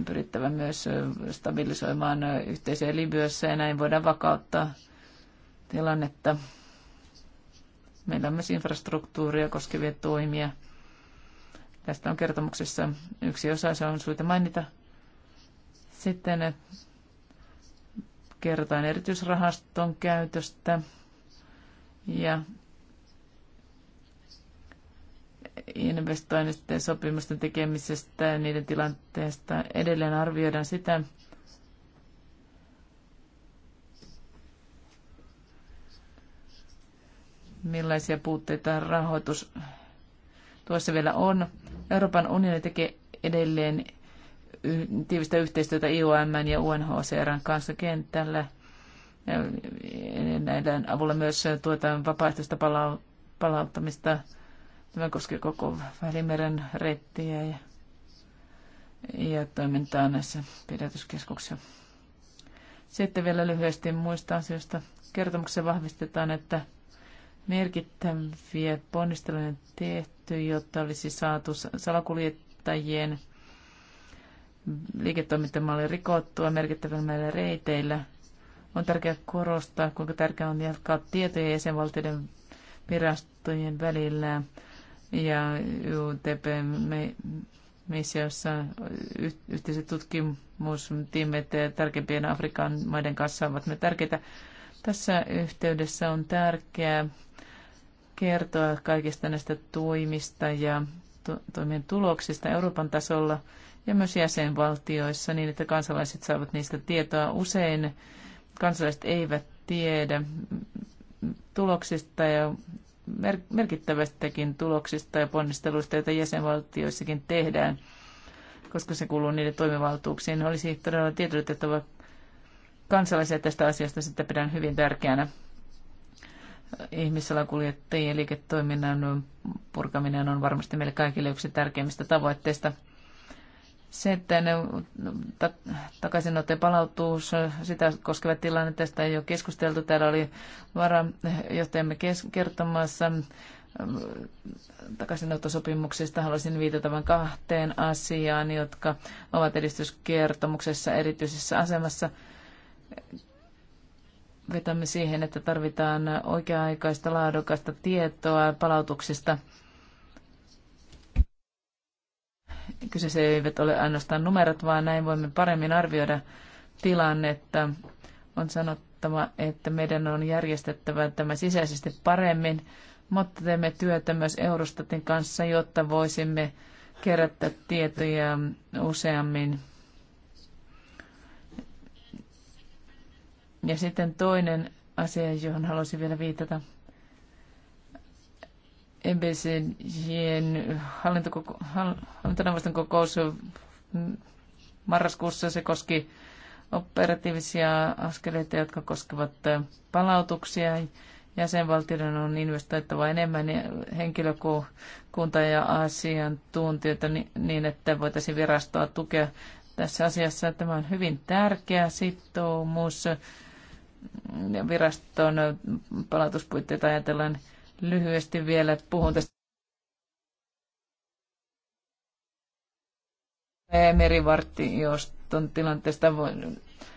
pyrittävä myös stabilisoimaan yhteisöä Libyassa ja näin voidaan vakauttaa tilannetta. Meillä on myös infrastruktuuria koskevia toimia. Tästä on kertomuksessa yksi osa, se on syytä mainita. Sitten kerrotaan erityisrahaston käytöstä ja investoinnisten sopimusten tekemisestä ja niiden tilanteesta. Edelleen arvioidaan sitä, millaisia puutteita rahoitus tuossa vielä on. Euroopan unioni tekee edelleen tiivistä yhteistyötä IOM ja UNHCRn kanssa kentällä. Näiden avulla myös tuetaan vapaaehtoista palauttamista Tämä koskee koko Välimeren reittiä ja, ja toimintaa näissä pidätyskeskuksissa. Sitten vielä lyhyesti muista asioista. Kertomuksessa vahvistetaan, että merkittäviä ponnisteluja on tehty, jotta olisi saatu salakuljettajien liiketoimintamalli rikottua merkittävillä reiteillä. On tärkeää korostaa, kuinka tärkeää on jatkaa tietoja jäsenvaltioiden virastojen välillä ja UTP-missiossa yhteiset tutkimustiimet tärkeimpien Afrikan maiden kanssa ovat me tärkeitä. Tässä yhteydessä on tärkeää kertoa kaikista näistä toimista ja to- toimien tuloksista Euroopan tasolla ja myös jäsenvaltioissa niin, että kansalaiset saavat niistä tietoa. Usein kansalaiset eivät tiedä tuloksista ja merkittävästäkin tuloksista ja ponnisteluista, joita jäsenvaltioissakin tehdään, koska se kuuluu niiden toimivaltuuksiin. Olisi todella tiedotettava kansalaisia tästä asiasta, sitä pidän hyvin tärkeänä. kuljettajien liiketoiminnan purkaminen on varmasti meille kaikille yksi tärkeimmistä tavoitteista – se, että äh, ne takaisinottojen palautuus, sitä koskevat tilanne, tästä ei ole keskusteltu. Täällä oli varajohtajamme kertomassa äh, takaisinottosopimuksista haluaisin viitata vain kahteen asiaan, jotka ovat edistyskertomuksessa erityisessä asemassa. Vetämme siihen, että tarvitaan oikea-aikaista laadukasta tietoa palautuksista – Kyseessä eivät ole ainoastaan numerot, vaan näin voimme paremmin arvioida tilannetta. On sanottava, että meidän on järjestettävä tämä sisäisesti paremmin, mutta teemme työtä myös Eurostatin kanssa, jotta voisimme kerätä tietoja useammin. Ja sitten toinen asia, johon haluaisin vielä viitata. EBCDn hallintoneuvoston kokous marraskuussa se koski operatiivisia askeleita, jotka koskevat palautuksia. Jäsenvaltioiden on investoittava enemmän henkilökunta ja asiantuntijoita niin, että voitaisiin virastoa tukea tässä asiassa. Tämä on hyvin tärkeä sitoumus viraston palautuspuitteita ajatellaan lyhyesti vielä puhun tästä tuon tilanteesta.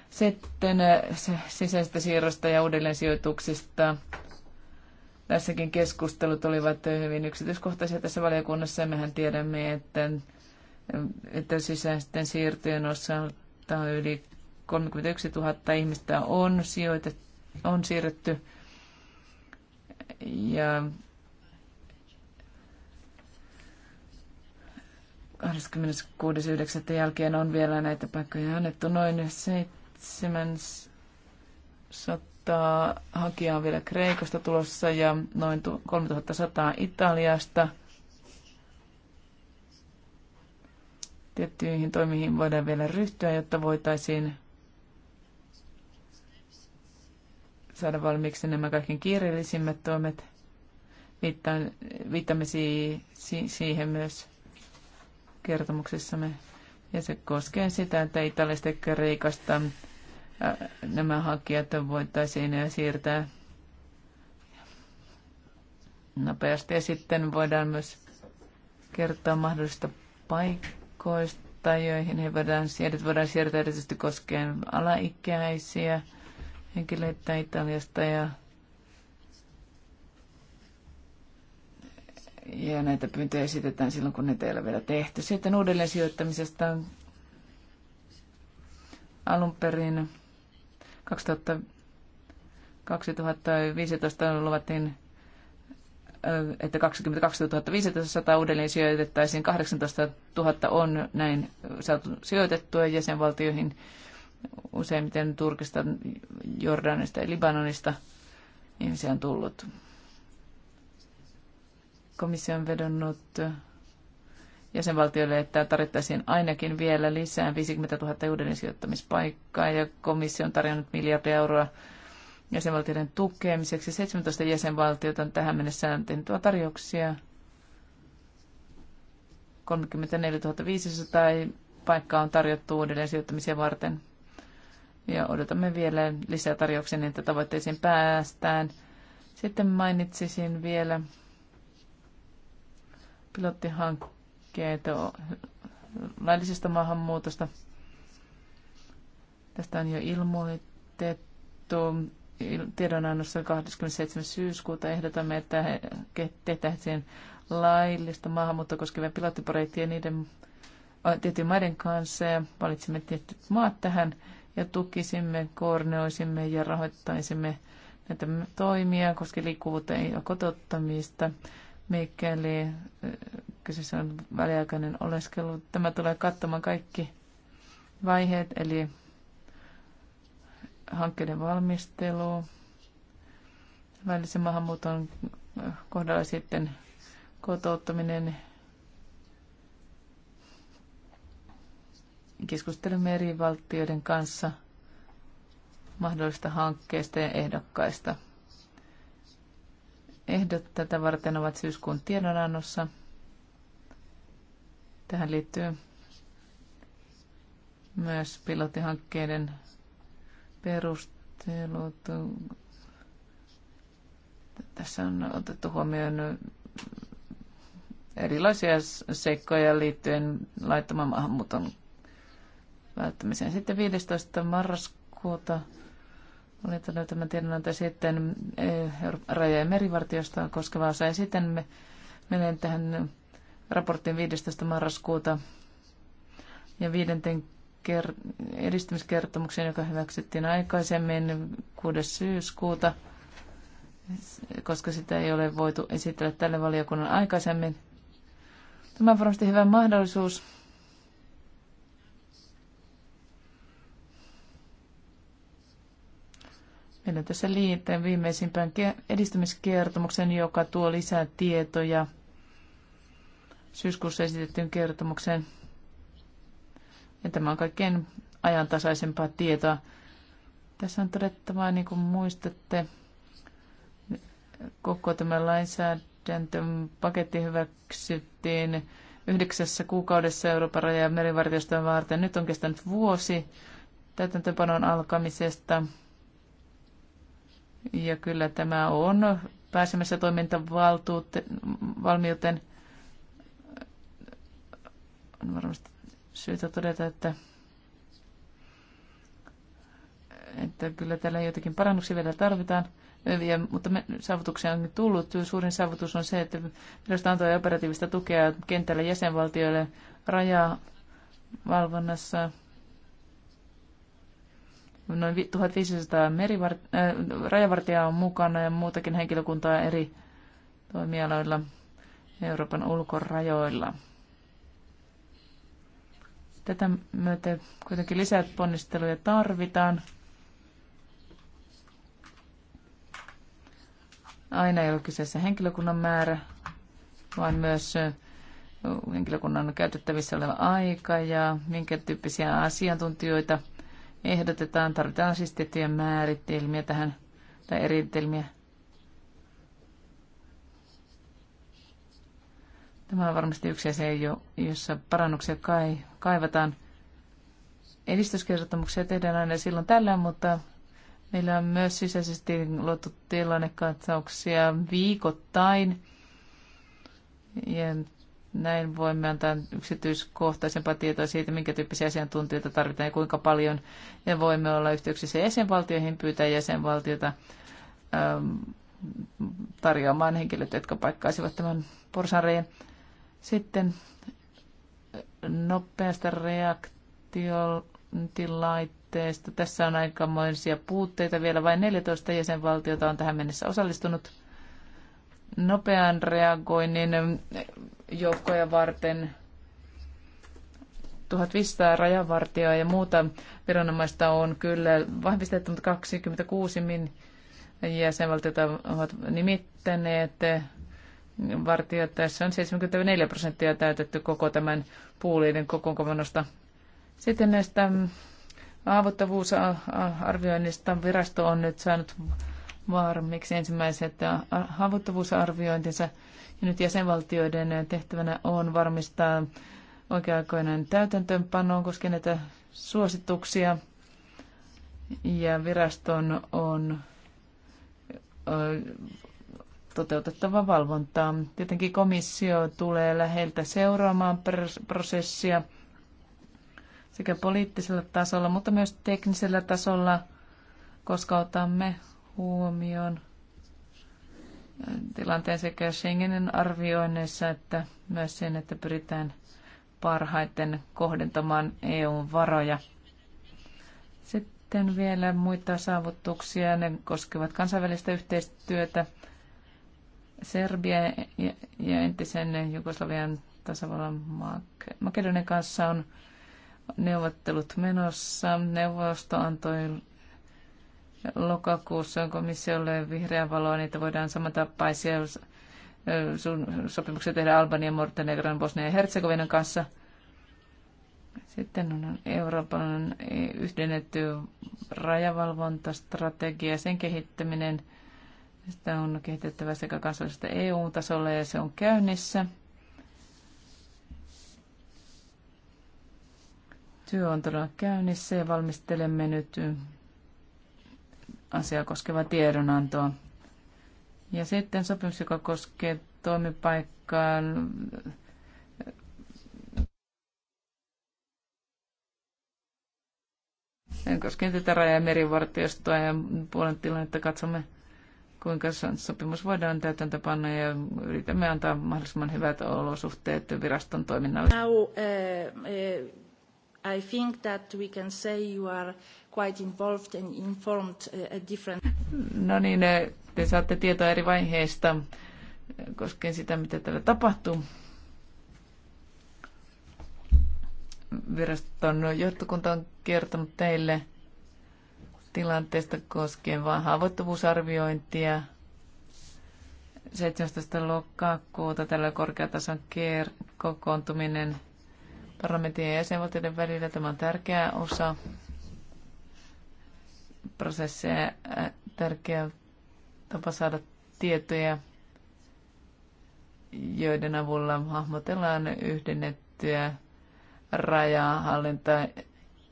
Sitten äh, sisäistä siirrosta ja uudelleensijoituksista. Tässäkin keskustelut olivat hyvin yksityiskohtaisia tässä valiokunnassa. Mehän tiedämme, että, että sisäisten siirtojen osalta yli 31 000 ihmistä on, sijoitettu, on siirretty ja 26.9. jälkeen on vielä näitä paikkoja annettu noin 700 hakijaa on vielä Kreikasta tulossa ja noin 3100 Italiasta. Tiettyihin toimiin voidaan vielä ryhtyä, jotta voitaisiin saada valmiiksi nämä kaiken kiireellisimmät toimet. Viittaan, viittamme si, si, siihen myös kertomuksessamme. Ja se koskee sitä, että Italiasta ja Kreikasta nämä hakijat voitaisiin siirtää nopeasti. Ja sitten voidaan myös kertoa mahdollisista paikoista, joihin he voidaan, heidät voidaan siirtää erityisesti koskien alaikäisiä – henkilöitä Italiasta ja, ja näitä pyyntöjä esitetään silloin, kun niitä ei ole vielä tehty. Sitten uudelleen sijoittamisesta alun perin 2015 luvattiin että 22 500 uudelleen sijoitettaisiin, 18 000 on näin saatu sijoitettua jäsenvaltioihin useimmiten Turkista, Jordanista ja Libanonista ihmisiä on tullut. Komissio on vedonnut jäsenvaltioille, että tarvittaisiin ainakin vielä lisää 50 000 uudelleen sijoittamispaikkaa ja komissio on tarjonnut miljardia euroa jäsenvaltioiden tukemiseksi. 17 jäsenvaltiota on tähän mennessä tehnyt tarjouksia. 34 500 paikkaa on tarjottu uudelleen sijoittamisia varten ja odotamme vielä lisää tarjouksia, niin että tavoitteisiin päästään. Sitten mainitsisin vielä pilottihankkeet laillisesta maahanmuutosta. Tästä on jo ilmoitettu tiedonannossa 27. syyskuuta ehdotamme, että tehtäisiin laillista maahanmuuttoa koskevia pilottiprojekteja niiden tiettyjen maiden kanssa valitsemme valitsimme tietyt maat tähän ja tukisimme, koordinoisimme ja rahoittaisimme näitä toimia, koska liikkuvuutta ei ole kotottamista, mikäli kyseessä on väliaikainen oleskelu. Tämä tulee kattamaan kaikki vaiheet, eli hankkeiden valmistelu, välisen maahanmuuton kohdalla sitten kotouttaminen Keskustelemme eri valtioiden kanssa mahdollista hankkeista ja ehdokkaista. Ehdot tätä varten ovat syyskuun tiedonannossa. Tähän liittyy myös pilottihankkeiden perustelut. Tässä on otettu huomioon erilaisia seikkoja liittyen laittoman maahanmuuton välttämiseen. Sitten 15. marraskuuta oli todella tämä tiedonanto sitten eh, raja- ja merivartiosta koskeva osa. Ja sitten me menen tähän raporttiin 15. marraskuuta ja viidenten ker- edistymiskertomuksen, joka hyväksyttiin aikaisemmin 6. syyskuuta, koska sitä ei ole voitu esitellä tälle valiokunnan aikaisemmin. Tämä on varmasti hyvä mahdollisuus Meillä on tässä liitteen viimeisimpään edistymiskertomuksen, joka tuo lisää tietoja syyskuussa esitettyyn kertomukseen. Ja tämä on kaikkein ajantasaisempaa tietoa. Tässä on todettava, niin kuin muistatte, koko tämä lainsäädäntöpaketti hyväksyttiin yhdeksässä kuukaudessa Euroopan raja- ja merivartiostoa varten. Nyt on kestänyt vuosi täytäntöpanon alkamisesta. Ja kyllä tämä on pääsemässä toimintavalmiuteen. On varmasti syytä todeta, että, että kyllä täällä jotakin parannuksia vielä tarvitaan. Ja, mutta me, saavutuksia on tullut. Suurin saavutus on se, että virasto antoi operatiivista tukea kentällä jäsenvaltioille rajavalvonnassa, Noin 1500 merivart- äh, rajavartijaa on mukana ja muutakin henkilökuntaa eri toimialoilla Euroopan ulkorajoilla. Tätä myötä kuitenkin lisää ponnisteluja tarvitaan. Aina ei ole kyseessä henkilökunnan määrä, vaan myös henkilökunnan käytettävissä oleva aika ja minkä tyyppisiä asiantuntijoita – ehdotetaan. Tarvitaan siis tiettyjä määritelmiä tähän, tai eritelmiä. Tämä on varmasti yksi asia, jossa parannuksia kai, kaivataan. Edistyskertomuksia tehdään aina silloin tällöin, mutta meillä on myös sisäisesti luotu tilannekatsauksia viikoittain. Ja näin voimme antaa yksityiskohtaisempaa tietoa siitä, minkä tyyppisiä asiantuntijoita tarvitaan ja kuinka paljon. Ja voimme olla yhteyksissä jäsenvaltioihin, pyytää jäsenvaltiota ähm, tarjoamaan henkilöt, jotka paikkaisivat tämän porsareen. Sitten nopeasta reaktiolaitteesta. Tässä on aikamoisia puutteita. Vielä vain 14 jäsenvaltiota on tähän mennessä osallistunut nopean reagoinnin joukkoja varten 1500 rajavartijaa ja muuta viranomaista on kyllä vahvistettu, mutta 26 min jäsenvaltiota ovat nimittäneet vartijat. Tässä on 74 prosenttia täytetty koko tämän puuliiden kokoonpanosta. Sitten näistä aavuttavuusarvioinnista virasto on nyt saanut varmiksi ensimmäiset äh, haavoittuvuusarviointinsa. Ja nyt jäsenvaltioiden tehtävänä on varmistaa oikea-aikoinen täytäntöönpanoon koskien näitä suosituksia. Ja viraston on äh, toteutettava valvontaa. Tietenkin komissio tulee läheltä seuraamaan prosessia sekä poliittisella tasolla, mutta myös teknisellä tasolla, koska otamme huomioon tilanteen sekä Schengenin arvioinneissa että myös sen, että pyritään parhaiten kohdentamaan EUn varoja. Sitten vielä muita saavutuksia. Ne koskevat kansainvälistä yhteistyötä. Serbia ja entisen Jugoslavian tasavallan Makedonian kanssa on neuvottelut menossa. Neuvosto antoi lokakuussa on komissiolle vihreä valoa, että voidaan samantapaisia sopimuksia tehdä Albanian, Montenegron, Bosnian ja Herzegovinan kanssa. Sitten on Euroopan yhdennetty rajavalvontastrategia, sen kehittäminen. Sitä on kehitettävä sekä kansallisesta EU-tasolla ja se on käynnissä. Työ on todella käynnissä ja valmistelemme nyt asiaa koskeva tiedonanto. Ja sitten sopimus, joka koskee toimipaikkaa koskien tätä raja- ja merivartiostoa ja puolen tilannetta katsomme, kuinka sopimus voidaan täytäntöpanna ja yritämme antaa mahdollisimman hyvät olosuhteet viraston toiminnalle. Now, uh, uh... I think that we can say you are quite involved and informed uh, at different... No niin, eh, te saatte tietoa eri vaiheista eh, koskien sitä, mitä täällä tapahtuu. Viraston johtokunta on kertonut teille tilanteesta koskien vain haavoittuvuusarviointia. 17. lokakuuta tällä korkeatason kokoontuminen parlamentin ja jäsenvaltioiden välillä. Tämä on tärkeä osa prosesseja, tärkeä tapa saada tietoja, joiden avulla hahmotellaan yhdennettyä rajaa hallintaa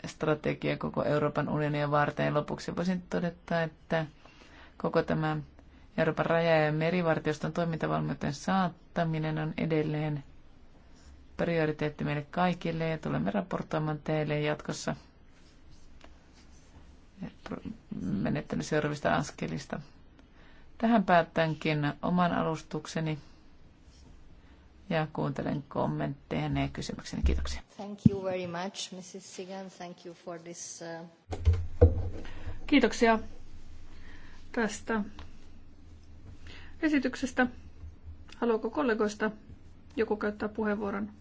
strategia koko Euroopan unionia varten. Lopuksi voisin todeta, että koko tämä Euroopan raja- ja merivartioston toimintavalmiuteen saattaminen on edelleen prioriteetti meille kaikille ja tulemme raportoimaan teille jatkossa menettänyt seuraavista askelista. Tähän päätänkin oman alustukseni ja kuuntelen kommentteja ja kysymyksiä. Kiitoksia. Thank you very much, Mrs. Sigan. Thank you for this, uh... Kiitoksia tästä esityksestä. Haluaako kollegoista joku käyttää puheenvuoron?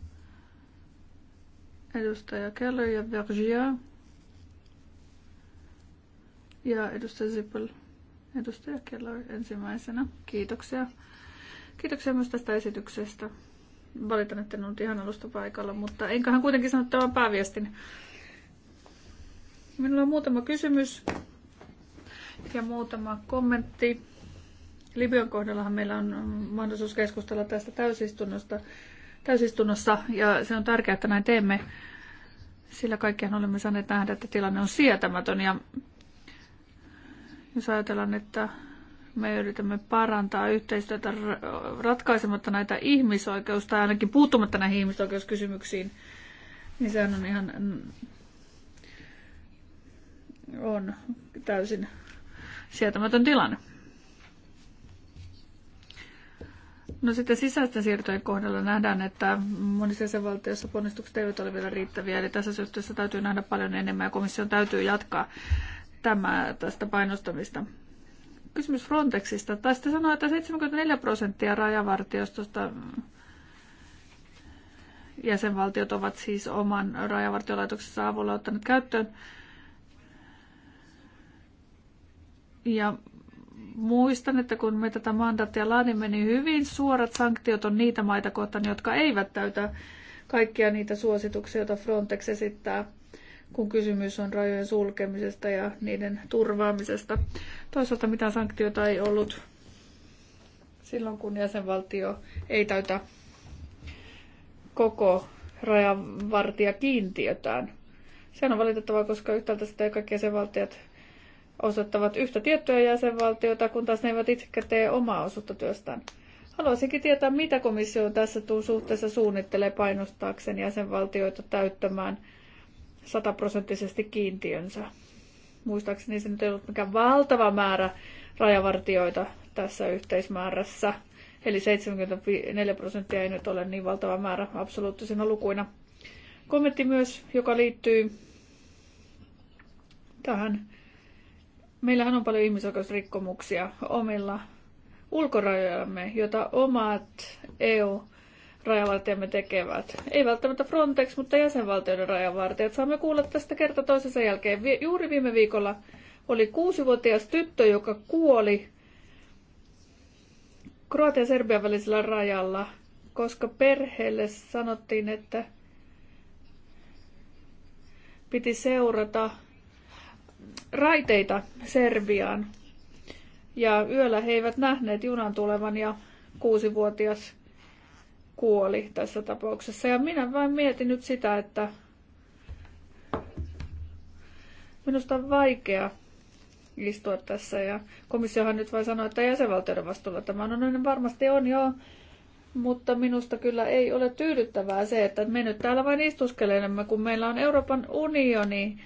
Edustaja Keller ja Vergia. Ja edustaja Zippel. Edustaja Keller ensimmäisenä. Kiitoksia. Kiitoksia myös tästä esityksestä. Valitan, että en ollut ihan alusta paikalla, mutta enköhän kuitenkin sano tämän pääviestin. Minulla on muutama kysymys ja muutama kommentti. Libyan kohdallahan meillä on mahdollisuus keskustella tästä täysistunnosta täysistunnossa ja se on tärkeää, että näin teemme, sillä kaikkihan olemme saaneet nähdä, että tilanne on sietämätön ja jos ajatellaan, että me yritämme parantaa yhteistyötä ratkaisematta näitä ihmisoikeus- tai ainakin puuttumatta näihin ihmisoikeuskysymyksiin, niin sehän on ihan on täysin sietämätön tilanne. No sitten sisäisten siirtojen kohdalla nähdään, että monissa jäsenvaltioissa ponnistukset eivät ole vielä riittäviä, eli tässä suhteessa täytyy nähdä paljon enemmän ja komission täytyy jatkaa tämä, tästä painostamista. Kysymys Frontexista. Tästä sanoa, että 74 prosenttia rajavartiostosta jäsenvaltiot ovat siis oman rajavartiolaitoksensa avulla ottaneet käyttöön. Ja muistan, että kun me tätä mandaattia laadimme, niin hyvin suorat sanktiot on niitä maita kohtaan, jotka eivät täytä kaikkia niitä suosituksia, joita Frontex esittää, kun kysymys on rajojen sulkemisesta ja niiden turvaamisesta. Toisaalta mitään sanktioita ei ollut silloin, kun jäsenvaltio ei täytä koko rajavartijakiintiötään. Se on valitettavaa, koska yhtäältä sitä ei kaikki jäsenvaltiot osoittavat yhtä tiettyä jäsenvaltiota, kun taas ne eivät itsekään tee omaa osuutta työstään. Haluaisinkin tietää, mitä komissio tässä suhteessa suunnittelee painostaakseen jäsenvaltioita täyttämään sataprosenttisesti kiintiönsä. Muistaakseni se nyt ei ollut mikään valtava määrä rajavartioita tässä yhteismäärässä. Eli 74 prosenttia ei nyt ole niin valtava määrä absoluuttisina lukuina. Kommentti myös, joka liittyy tähän Meillähän on paljon ihmisoikeusrikkomuksia omilla ulkorajoillamme, jota omat EU- rajavartijamme tekevät. Ei välttämättä Frontex, mutta jäsenvaltioiden rajavartijat. Saamme kuulla tästä kerta toisensa jälkeen. Vi- juuri viime viikolla oli kuusivuotias tyttö, joka kuoli Kroatian Serbian välisellä rajalla, koska perheelle sanottiin, että piti seurata raiteita Serbiaan. Ja yöllä he eivät nähneet junan tulevan ja kuusivuotias kuoli tässä tapauksessa. Ja minä vain mietin nyt sitä, että minusta on vaikea istua tässä. Ja komissiohan nyt vain sanoi, että jäsenvaltioiden vastuulla tämä on. No, varmasti on, joo. Mutta minusta kyllä ei ole tyydyttävää se, että me nyt täällä vain istuskelemme, kun meillä on Euroopan unioni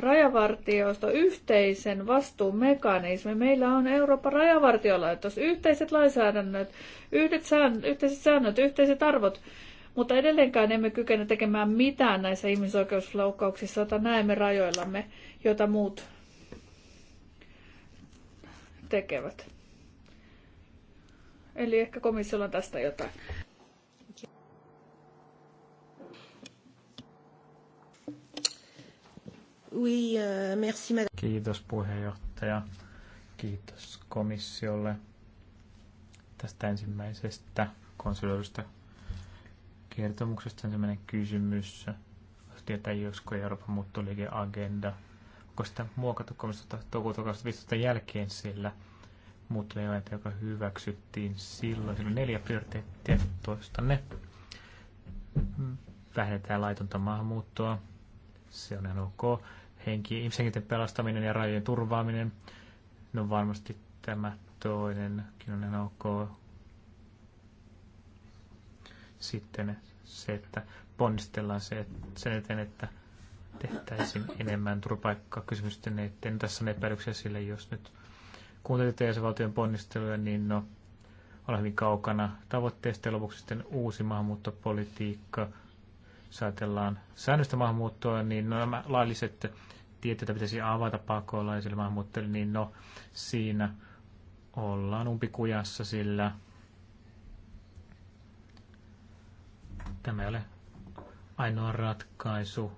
rajavartiosto yhteisen vastuumekanismi. Meillä on Euroopan rajavartiolaitos, yhteiset lainsäädännöt, yhdet sään, yhteiset säännöt, yhteiset arvot, mutta edelleenkään emme kykene tekemään mitään näissä ihmisoikeusloukkauksissa, joita näemme rajoillamme, joita muut tekevät. Eli ehkä komissiolla on tästä jotain. Oui, euh, merci, madame. Kiitos puheenjohtaja. Kiitos komissiolle tästä ensimmäisestä konsuloidusta kertomuksesta. Ensimmäinen kysymys. Tietää, josko Euroopan muuttoliikeagenda, onko sitä muokattu komissiota toukokuuta 2015 jälkeen sillä muuttoliikeagenda, joka hyväksyttiin silloin. Siinä on neljä prioriteettia, toistanne. ne. Vähennetään laitonta maahanmuuttoa, se on ihan ok. Henki, ihmisenkin pelastaminen ja rajojen turvaaminen, no varmasti tämä toinenkin on ihan ok. Sitten se, että ponnistellaan se, sen eteen, että tehtäisiin enemmän kysymysten eteen. No tässä on epäilyksiä sille, jos nyt kuuntelitte jäsenvaltion ponnisteluja, niin no, ollaan hyvin kaukana tavoitteista ja lopuksi sitten uusi maahanmuuttopolitiikka – jos ajatellaan säännöstä maahanmuuttoa, niin no, nämä lailliset tiet, joita pitäisi avata pakolaisille maahanmuuttajille, niin no siinä ollaan umpikujassa, sillä tämä ei ole ainoa ratkaisu.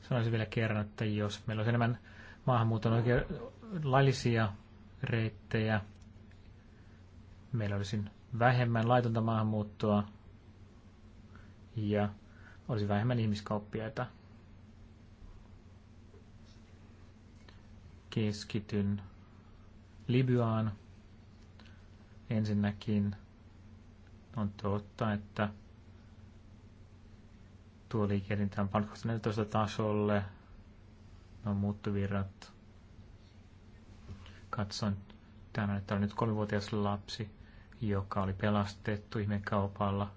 Sanoisin vielä kerran, että jos meillä olisi enemmän maahanmuuton oikein laillisia reittejä, meillä olisi vähemmän laitonta maahanmuuttoa, ja olisi vähemmän ihmiskauppiaita. Keskityn Libyaan. Ensinnäkin on totta, että tuo liikehdintä on 14 tasolle. No muuttuvirrat. Katson tänään, että on nyt kolmivuotias lapsi, joka oli pelastettu ihmekaupalla –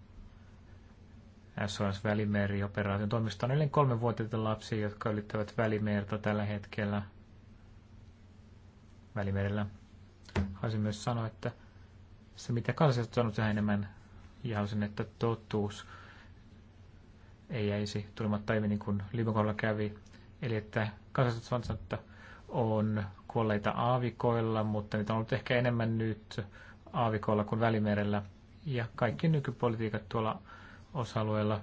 SOS Välimeri-operaation toimista on yli kolmevuotiaita lapsia, jotka ylittävät Välimerta tällä hetkellä Välimerellä. Haluaisin myös sanoa, että se mitä kansalaiset on sanonut enemmän, ja haluaisin, että totuus ei jäisi tulematta aiemmin niin kuin Limakolla kävi. Eli että kansalaiset on sanoneet, että on kuolleita aavikoilla, mutta niitä on ollut ehkä enemmän nyt aavikoilla kuin välimerellä. Ja kaikki nykypolitiikat tuolla osa-alueella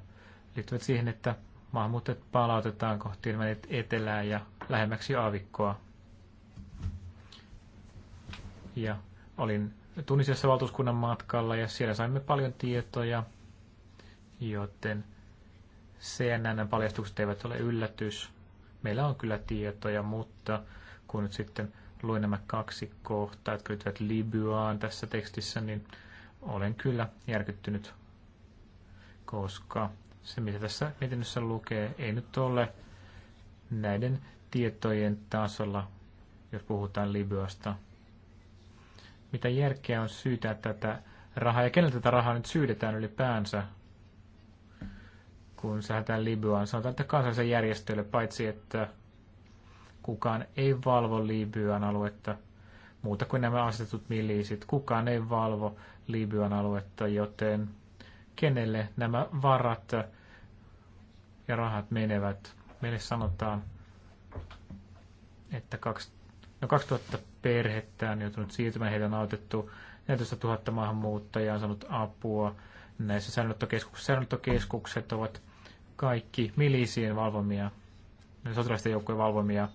liittyvät siihen, että maahanmuuttajat palautetaan kohti etelää ja lähemmäksi aavikkoa. Ja olin Tunisiassa valtuuskunnan matkalla ja siellä saimme paljon tietoja, joten CNN paljastukset eivät ole yllätys. Meillä on kyllä tietoja, mutta kun nyt sitten luin nämä kaksi kohtaa, jotka liittyvät Libyaan tässä tekstissä, niin olen kyllä järkyttynyt koska se, mitä tässä mietinnössä lukee, ei nyt ole näiden tietojen tasolla, jos puhutaan Libyasta. Mitä järkeä on syytää tätä rahaa ja keneltä tätä rahaa nyt syydetään ylipäänsä, kun sähätään Libyaan. Sanotaan, että kansallisen järjestöille, paitsi että kukaan ei valvo Libyan aluetta, muuta kuin nämä asetetut miliisit. Kukaan ei valvo Libyan aluetta, joten kenelle nämä varat ja rahat menevät. Meille sanotaan, että kaksi, no 2000 perhettä on joutunut siirtymään, heitä on autettu 14 000 maahanmuuttajaa on saanut apua. Näissä säännöttökeskukset, säännöttökeskukset ovat kaikki milisien valvomia, sotilaisten joukkojen valvomia.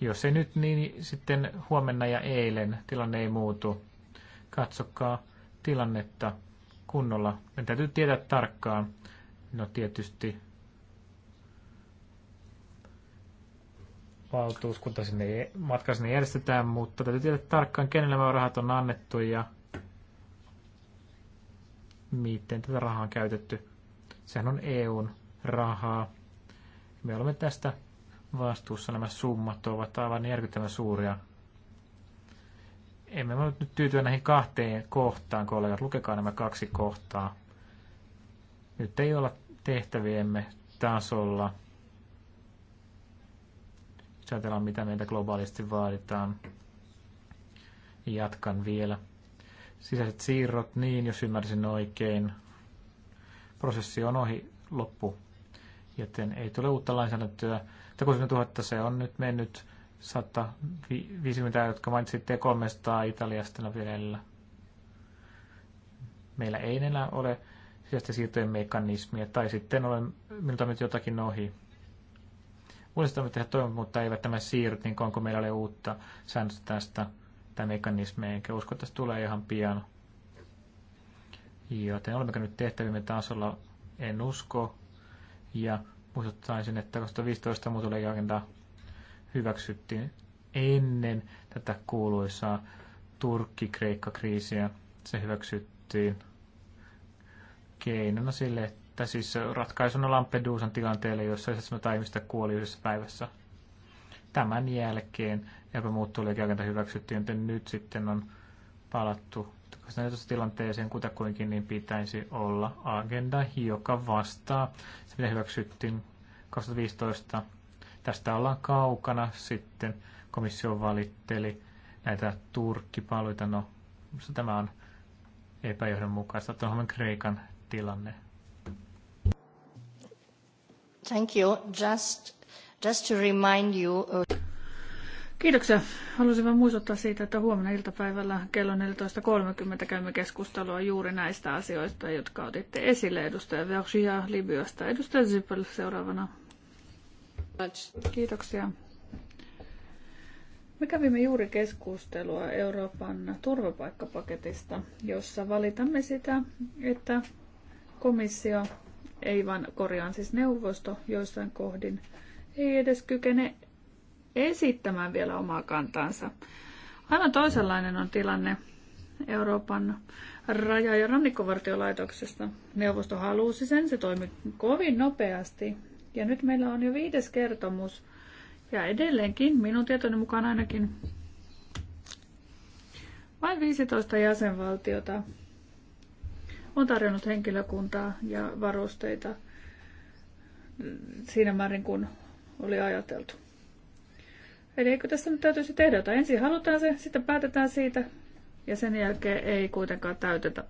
Jos ei nyt, niin sitten huomenna ja eilen tilanne ei muutu. Katsokaa tilannetta kunnolla. Meidän täytyy tietää tarkkaan. No tietysti valtuuskunta sinne, matka sinne järjestetään, mutta täytyy tietää tarkkaan, kenelle nämä rahat on annettu ja miten tätä rahaa on käytetty. Sehän on EUn rahaa. Me olemme tästä vastuussa. Nämä summat ovat aivan järkyttävän suuria emme voi nyt tyytyä näihin kahteen kohtaan, kollegat. Lukekaa nämä kaksi kohtaa. Nyt ei olla tehtäviemme tasolla. Jos ajatellaan, mitä meitä globaalisti vaaditaan. Jatkan vielä. Sisäiset siirrot, niin jos ymmärsin oikein. Prosessi on ohi, loppu. Joten ei tule uutta lainsäädäntöä. Tämä tuhatta se on nyt mennyt 150, jotka mainitsitte, 300 Italiasta vielä. Meillä ei enää ole sisäisten siirtojen mekanismia, tai sitten olen minulta nyt jotakin ohi. Uudistamme tehdä toivot, mutta eivät tämä siirryt, niin onko meillä ole uutta säännöstä tästä tämä mekanismi, enkä usko, että tässä tulee ihan pian. Joten olemmeko nyt tehtävimme tasolla, en usko. Ja muistuttaisin, että 2015 muu tulee agenda hyväksyttiin ennen tätä kuuluisaa Turkki-Kreikka-kriisiä. Se hyväksyttiin keinona sille, että siis ratkaisuna Lampedusan tilanteelle, jossa 700 ihmistä kuoli yhdessä päivässä. Tämän jälkeen Euroopan muuttoliikeagenda hyväksyttiin, joten nyt sitten on palattu koska tilanteeseen kutakuinkin niin pitäisi olla agenda, joka vastaa se, mitä hyväksyttiin 2015 Tästä ollaan kaukana sitten. Komissio valitteli näitä turkkipalveluita. No, tämä on epäjohdonmukaista. Tuohon Kreikan tilanne. Thank you. Just, just to remind you... Uh, Kiitoksia. Halusin vain muistuttaa siitä, että huomenna iltapäivällä kello 14.30 käymme keskustelua juuri näistä asioista, jotka otitte esille edustaja Vergia Libyasta. Edustaja Zypel seuraavana. Kiitoksia. Me kävimme juuri keskustelua Euroopan turvapaikkapaketista, jossa valitamme sitä, että komissio, ei vaan korjaan siis neuvosto joissain kohdin, ei edes kykene esittämään vielä omaa kantaansa. Aivan toisenlainen on tilanne Euroopan raja- ja rannikkovartiolaitoksesta. Neuvosto halusi sen, se toimi kovin nopeasti ja nyt meillä on jo viides kertomus. Ja edelleenkin, minun tietoni mukaan ainakin, vain 15 jäsenvaltiota on tarjonnut henkilökuntaa ja varusteita siinä määrin, kun oli ajateltu. Eli eikö tässä nyt täytyisi tehdä jotain? Ensin halutaan se, sitten päätetään siitä ja sen jälkeen ei kuitenkaan täytetä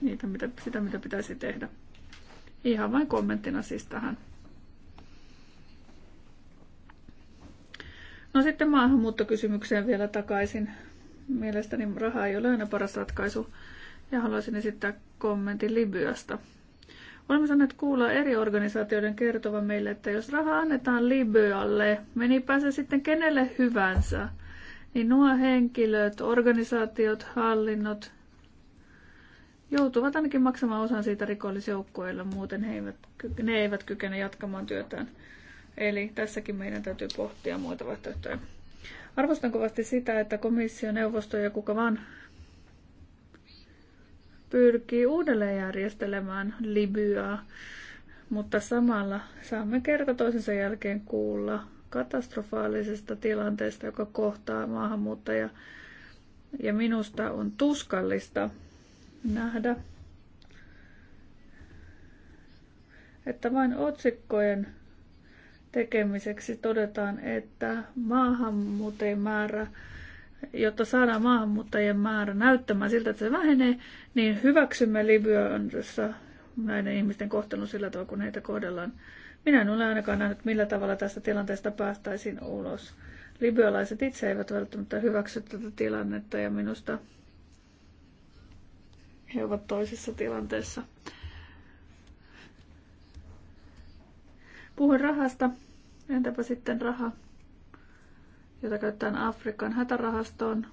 niitä, mitä, sitä, mitä pitäisi tehdä. Ihan vain kommenttina siis tähän No sitten maahanmuuttokysymykseen vielä takaisin. Mielestäni raha ei ole aina paras ratkaisu ja haluaisin esittää kommentin Libyasta. Olemme saaneet kuulla eri organisaatioiden kertovan meille, että jos raha annetaan Libyalle, menipä se sitten kenelle hyvänsä, niin nuo henkilöt, organisaatiot, hallinnot joutuvat ainakin maksamaan osan siitä rikollisjoukkoille, muuten he eivät, ne eivät kykene jatkamaan työtään. Eli tässäkin meidän täytyy pohtia muita vaihtoehtoja. Arvostan kovasti sitä, että komissio, neuvosto ja kuka vaan pyrkii uudelleen järjestelemään Libyaa, mutta samalla saamme kerta toisensa jälkeen kuulla katastrofaalisesta tilanteesta, joka kohtaa maahanmuuttaja. Ja minusta on tuskallista nähdä, että vain otsikkojen tekemiseksi todetaan, että maahanmuuttajien määrä, jotta saadaan maahanmuuttajien määrä näyttämään siltä, että se vähenee, niin hyväksymme Libyassa näiden ihmisten kohtelun sillä tavalla, kun heitä kohdellaan. Minä en ole ainakaan nähnyt, millä tavalla tästä tilanteesta päästäisiin ulos. Libyalaiset itse eivät välttämättä hyväksy tätä tilannetta ja minusta he ovat toisessa tilanteessa. Puhun rahasta. Entäpä sitten raha, jota käytetään Afrikan hätärahastoon?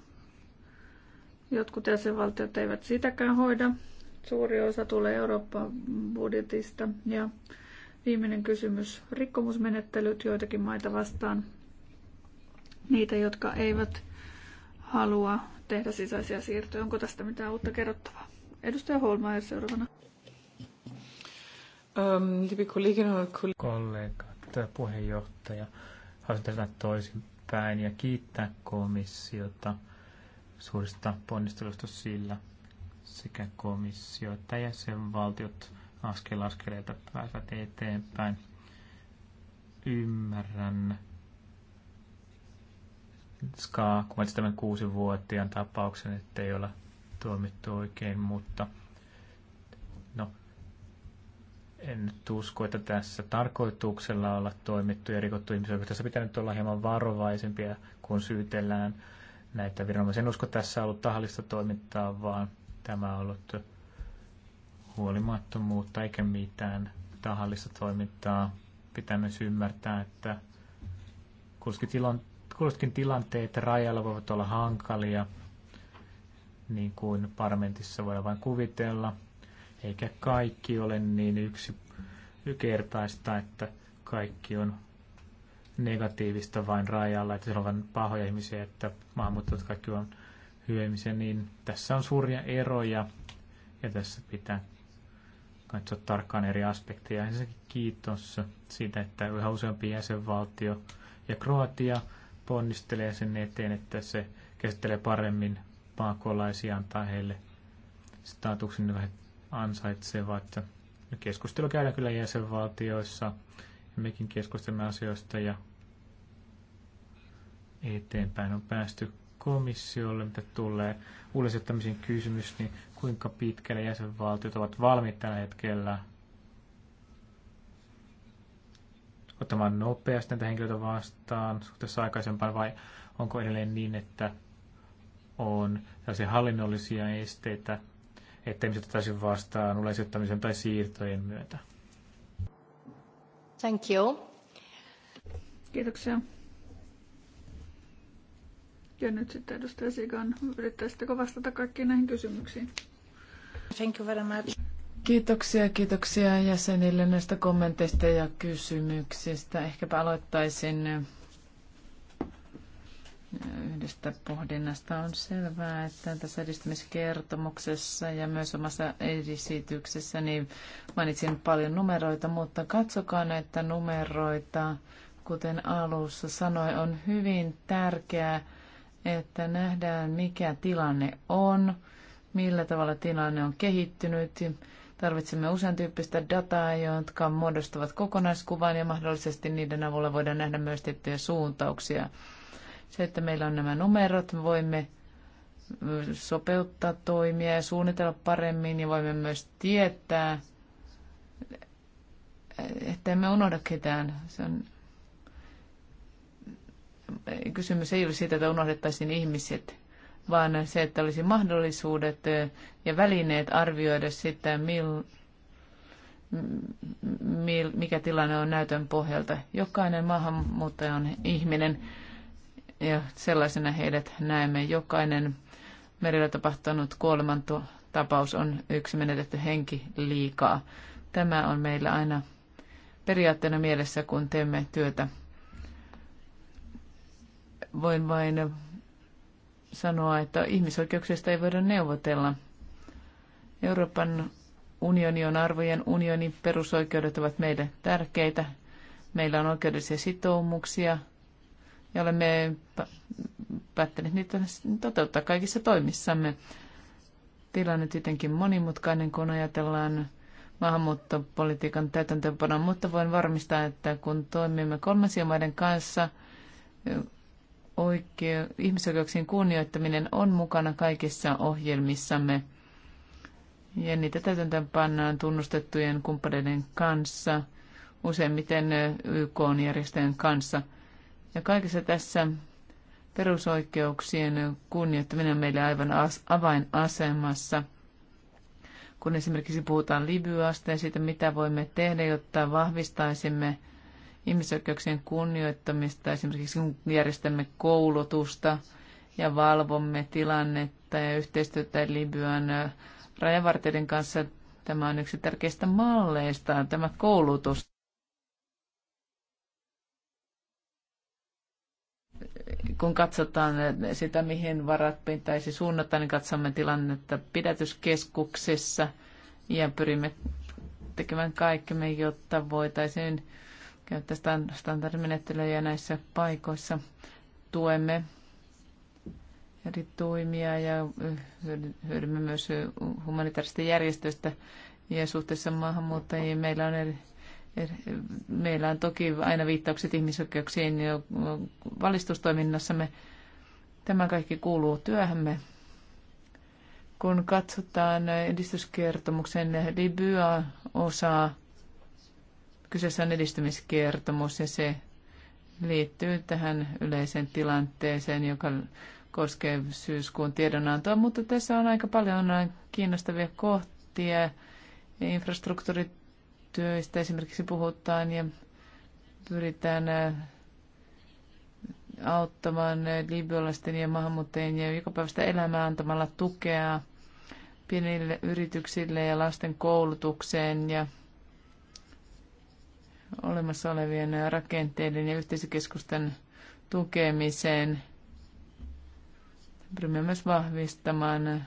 Jotkut jäsenvaltiot eivät sitäkään hoida. Suuri osa tulee Euroopan budjetista. Ja viimeinen kysymys, rikkomusmenettelyt joitakin maita vastaan. Niitä, jotka eivät halua tehdä sisäisiä siirtoja. Onko tästä mitään uutta kerrottavaa? Edustaja Holmaa seuraavana. Ähm, kollegat, puheenjohtaja, haluaisin tehdä toisinpäin ja kiittää komissiota suurista ponnistelusta sillä sekä komissio että jäsenvaltiot askel askeleelta pääsevät eteenpäin. Ymmärrän Ska, kun tämän kuusivuotiaan tapauksen, ettei olla tuomittu oikein, mutta – en nyt usko, että tässä tarkoituksella olla toimittu ja rikottu ihmisoikeuksia. Tässä pitää nyt olla hieman varovaisempia, kun syytellään näitä viranomaisia. En usko, että tässä on ollut tahallista toimintaa, vaan tämä on ollut huolimattomuutta eikä mitään tahallista toimintaa. Pitää myös ymmärtää, että kullekin tilanteet rajalla voivat olla hankalia, niin kuin parlamentissa voidaan vain kuvitella – eikä kaikki ole niin yksi ykertaista, että kaikki on negatiivista vain rajalla, että siellä on vain pahoja ihmisiä, että maahanmuuttajat kaikki on hyviä ihmisiä, niin tässä on suuria eroja ja tässä pitää katsoa tarkkaan eri aspekteja. Ensinnäkin kiitos siitä, että yhä useampi jäsenvaltio ja Kroatia ponnistelee sen eteen, että se käsittelee paremmin pakolaisia, antaa heille statuksen, jonka niin ansaitsevat. Keskustelu käydään kyllä jäsenvaltioissa ja mekin keskustelemme asioista ja eteenpäin on päästy komissiolle, mitä tulee uudellisijoittamisen kysymys, niin kuinka pitkälle jäsenvaltiot ovat valmiit tällä hetkellä ottamaan nopeasti näitä henkilöitä vastaan suhteessa aikaisempaan, vai onko edelleen niin, että on tällaisia hallinnollisia esteitä että ihmiset ottaisiin vastaan yleisöttämisen tai siirtojen myötä. Thank you. Kiitoksia. Ja nyt sitten edustaja Sigan, yrittäisittekö vastata kaikkiin näihin kysymyksiin? Thank you very much. Kiitoksia, kiitoksia jäsenille näistä kommenteista ja kysymyksistä. Ehkäpä aloittaisin yhdestä pohdinnasta on selvää, että tässä edistämiskertomuksessa ja myös omassa niin mainitsin paljon numeroita, mutta katsokaa näitä numeroita, kuten alussa sanoin, on hyvin tärkeää, että nähdään mikä tilanne on, millä tavalla tilanne on kehittynyt. Tarvitsemme usean tyyppistä dataa, jotka muodostavat kokonaiskuvan ja mahdollisesti niiden avulla voidaan nähdä myös tiettyjä suuntauksia se, että meillä on nämä numerot, me voimme mm, sopeuttaa toimia ja suunnitella paremmin ja voimme myös tietää, että emme unohda ketään. Se on kysymys ei ole siitä, että unohdettaisiin ihmiset, vaan se, että olisi mahdollisuudet ja välineet arvioida sitä, mil, mikä tilanne on näytön pohjalta. Jokainen maahanmuuttaja on ihminen ja sellaisena heidät näemme. Jokainen merillä tapahtunut tapaus on yksi menetetty henki liikaa. Tämä on meillä aina periaatteena mielessä, kun teemme työtä. Voin vain sanoa, että ihmisoikeuksista ei voida neuvotella. Euroopan unioni on arvojen unioni, perusoikeudet ovat meille tärkeitä. Meillä on oikeudellisia sitoumuksia – ja olemme päättäneet niitä toteuttaa kaikissa toimissamme. Tilanne tietenkin monimutkainen, kun ajatellaan maahanmuuttopolitiikan täytäntöönpanoa, mutta voin varmistaa, että kun toimimme kolmansien maiden kanssa, oikea, ihmisoikeuksien kunnioittaminen on mukana kaikissa ohjelmissamme. Ja niitä täytäntöönpannaan tunnustettujen kumppaneiden kanssa, useimmiten YK-järjestöjen kanssa – ja kaikessa tässä perusoikeuksien kunnioittaminen on meille aivan avainasemassa, kun esimerkiksi puhutaan Libyasta ja siitä, mitä voimme tehdä, jotta vahvistaisimme ihmisoikeuksien kunnioittamista, esimerkiksi kun järjestämme koulutusta ja valvomme tilannetta ja yhteistyötä Libyan äh, rajavartijoiden kanssa. Tämä on yksi tärkeistä malleista, tämä koulutus. kun katsotaan sitä, mihin varat pitäisi suunnata, niin katsomme tilannetta pidätyskeskuksessa ja pyrimme tekemään kaikkemme, jotta voitaisiin käyttää standardimenettelyjä näissä paikoissa. Tuemme eri toimia ja hyödymme myös humanitaarista järjestöistä ja suhteessa maahanmuuttajiin meillä on eri Meillä on toki aina viittaukset ihmisoikeuksiin valistustoiminnassamme. Tämä kaikki kuuluu työhämme. Kun katsotaan edistyskertomuksen Libya-osaa, kyseessä on edistymiskertomus ja se liittyy tähän yleiseen tilanteeseen, joka koskee syyskuun tiedonantoa, mutta tässä on aika paljon kiinnostavia kohtia. Infrastruktuurit työstä esimerkiksi puhutaan ja pyritään auttamaan libyalaisten ja maahanmuuttajien ja jokapäiväistä elämää antamalla tukea pienille yrityksille ja lasten koulutukseen ja olemassa olevien rakenteiden ja yhteisökeskusten tukemiseen. Pyrimme myös vahvistamaan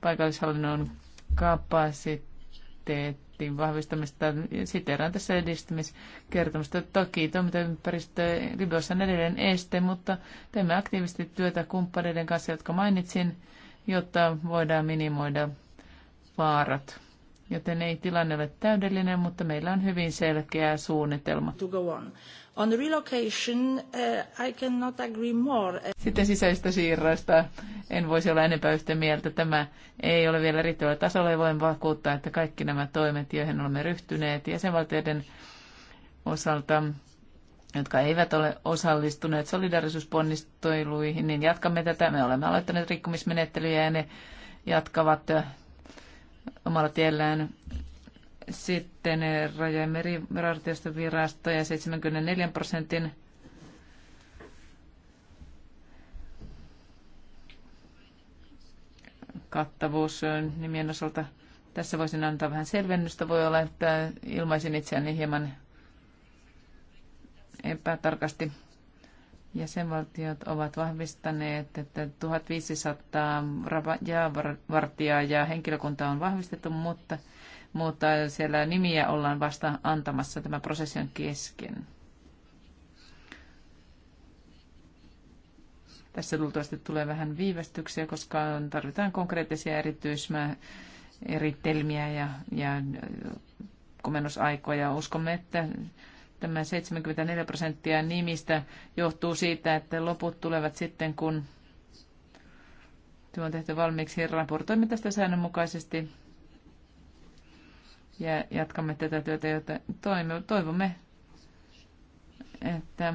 paikallishallinnon kapasiteettia budjetin vahvistamista. siteraan tässä edistämiskertomusta. Toki toimintaympäristö Libyassa on edelleen este, mutta teemme aktiivisesti työtä kumppaneiden kanssa, jotka mainitsin, jotta voidaan minimoida vaarat. Joten ei tilanne ole täydellinen, mutta meillä on hyvin selkeä suunnitelma. To go on. On relocation, uh, I cannot agree more. Sitten sisäistä siirroista. En voisi olla enempää yhtä mieltä. Tämä ei ole vielä riittävällä tasolla ja voin vakuuttaa, että kaikki nämä toimet, joihin olemme ryhtyneet jäsenvaltioiden osalta, jotka eivät ole osallistuneet solidarisuusponnistoiluihin, niin jatkamme tätä. Me olemme aloittaneet rikkomismenettelyjä ja ne jatkavat omalla tiellään sitten raja- ja merivartiostovirasto ja 74 prosentin kattavuus nimien osalta. Tässä voisin antaa vähän selvennystä. Voi olla, että ilmaisin itseäni hieman epätarkasti. Jäsenvaltiot ovat vahvistaneet, että 1500 vartijaa ja henkilökuntaa on vahvistettu, mutta – mutta siellä nimiä ollaan vasta antamassa. Tämä prosessi on kesken. Tässä luultavasti tulee vähän viivästyksiä, koska tarvitaan konkreettisia erityismääritelmiä ja, ja äh, komennusaikoja. Uskomme, että tämä 74 prosenttia nimistä johtuu siitä, että loput tulevat sitten, kun työ on tehty valmiiksi. Raportoimme tästä säännönmukaisesti ja jatkamme tätä työtä, jota toivomme, että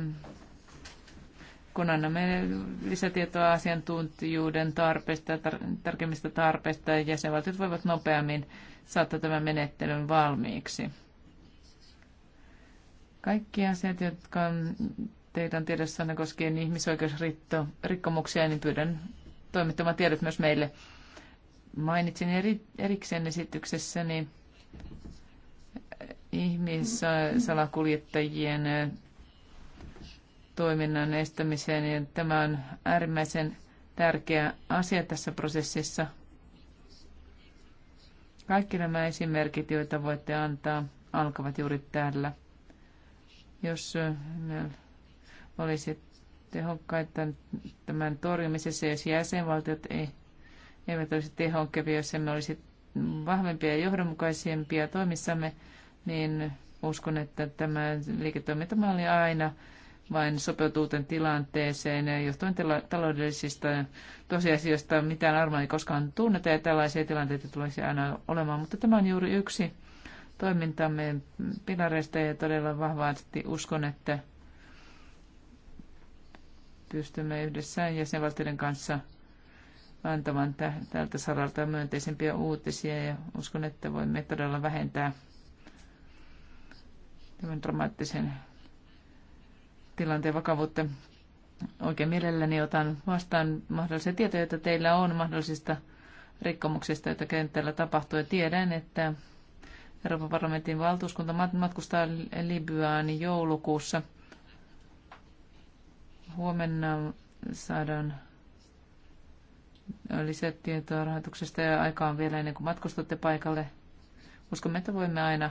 kun annamme lisätietoa asiantuntijuuden tarpeista, tar- tarkemmista tarpeista, jäsenvaltiot voivat nopeammin saattaa tämän menettelyn valmiiksi. Kaikki asiat, jotka on teidän tiedossanne koskien ihmisoikeusrikkomuksia, niin pyydän toimittamaan tiedot myös meille. Mainitsin eri, erikseen esityksessäni niin ihmissalakuljettajien toiminnan estämiseen. Ja tämä on äärimmäisen tärkeä asia tässä prosessissa. Kaikki nämä esimerkit, joita voitte antaa, alkavat juuri täällä. Jos olisi tehokkaita tämän torjumisessa, jos jäsenvaltiot ei, eivät olisi tehokkaita, jos emme olisi vahvempia ja johdonmukaisempia toimissamme, niin uskon, että tämä liiketoimintamalli aina vain sopeutuu tämän tilanteeseen ja johtuen taloudellisista tosiasioista mitään armoa ei koskaan tunneta ja tällaisia tilanteita tulisi aina olemaan. Mutta tämä on juuri yksi toimintamme pilareista ja todella vahvasti uskon, että pystymme yhdessä jäsenvaltioiden kanssa – tä- tältä saralta myönteisempiä uutisia ja uskon, että voimme todella vähentää tämän dramaattisen tilanteen vakavuutta. Oikein mielelläni otan vastaan mahdollisia tietoja, joita teillä on mahdollisista rikkomuksista, joita kentällä tapahtuu. Ja tiedän, että Euroopan parlamentin valtuuskunta matkustaa Libyaan joulukuussa. Huomenna saadaan lisätietoa rahoituksesta ja aikaa on vielä ennen kuin matkustatte paikalle. Uskomme, että voimme aina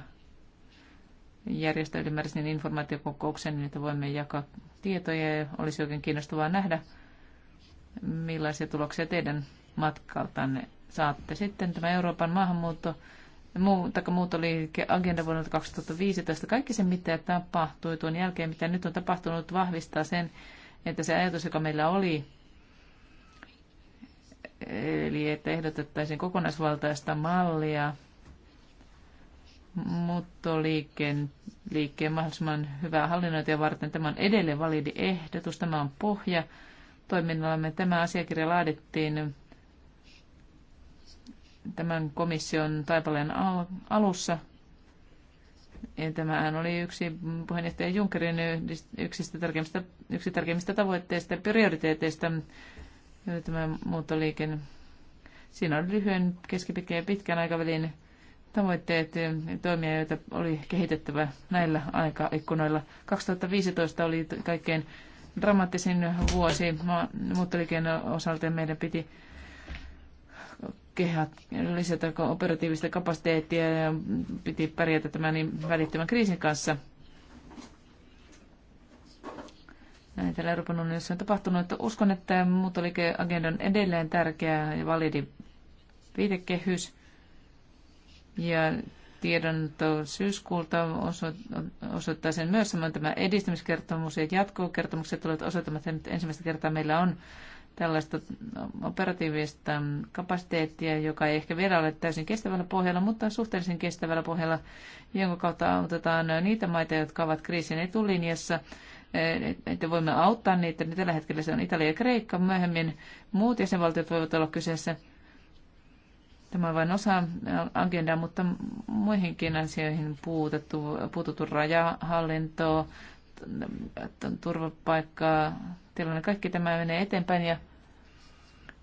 järjestää ylimääräisen informaatiokokouksen, niin että voimme jakaa tietoja ja olisi oikein kiinnostavaa nähdä, millaisia tuloksia teidän matkaltanne saatte. Sitten tämä Euroopan maahanmuutto muu, tai muuttoliike agenda vuonna 2015. Kaikki se, mitä tapahtui tuon jälkeen, mitä nyt on tapahtunut, vahvistaa sen, että se ajatus, joka meillä oli eli että ehdotettaisiin kokonaisvaltaista mallia muuttoliikkeen liikkeen mahdollisimman hyvää hallinnointia varten. Tämä on edelleen validi ehdotus, tämä on pohja toiminnallamme. Tämä asiakirja laadittiin tämän komission taipaleen alussa. Ja tämähän oli yksi puheenjohtaja Junckerin yksistä tärkeimmistä, yksi tärkeimmistä tavoitteista ja prioriteeteista tämä muuttoliikenne. Siinä on lyhyen, keskipitkän ja pitkän aikavälin tavoitteet toimia, joita oli kehitettävä näillä aikaikkunoilla. 2015 oli kaikkein dramaattisin vuosi muuttoliikenne osalta ja meidän piti kehät, lisätä operatiivista kapasiteettia ja piti pärjätä tämän niin välittömän kriisin kanssa – täällä Euroopan unionissa on tapahtunut. Että uskon, että muuttoliikeagenda on edelleen tärkeä ja validi viitekehys. Ja tiedonto syyskuulta osoittaa sen myös. Samoin tämä edistämiskertomus ja jatkokertomukset tulevat osoittamaan, että ensimmäistä kertaa meillä on tällaista operatiivista kapasiteettia, joka ei ehkä vielä ole täysin kestävällä pohjalla, mutta on suhteellisen kestävällä pohjalla, jonka kautta autetaan niitä maita, jotka ovat kriisin etulinjassa että voimme auttaa niitä, niin tällä hetkellä se on Italia ja Kreikka, myöhemmin muut jäsenvaltiot voivat olla kyseessä. Tämä on vain osa agendaa, mutta muihinkin asioihin puutettu, puututtu rajahallinto, turvapaikka tilanne, kaikki tämä menee eteenpäin ja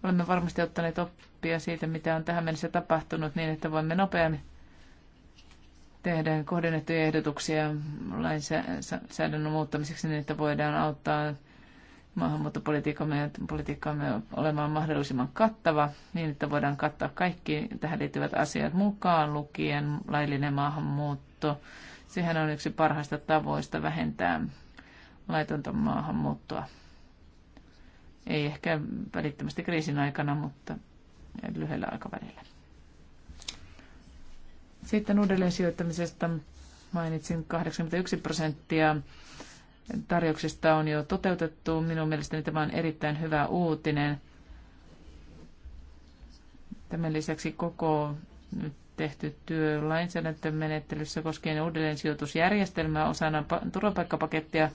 olemme varmasti ottaneet oppia siitä, mitä on tähän mennessä tapahtunut niin, että voimme nopeammin tehdä kohdennettuja ehdotuksia lainsäädännön muuttamiseksi niin, että voidaan auttaa maahanmuuttopolitiikkamme politiikkaamme olemaan mahdollisimman kattava, niin että voidaan kattaa kaikki tähän liittyvät asiat mukaan lukien laillinen maahanmuutto. Sehän on yksi parhaista tavoista vähentää laitonta maahanmuuttoa. Ei ehkä välittömästi kriisin aikana, mutta lyhyellä aikavälillä. Sitten uudelleen sijoittamisesta mainitsin 81 prosenttia tarjouksista on jo toteutettu. Minun mielestäni tämä on erittäin hyvä uutinen. Tämän lisäksi koko nyt tehty työ lainsäädäntömenettelyssä koskien uudelleen sijoitusjärjestelmää osana turvapaikkapakettia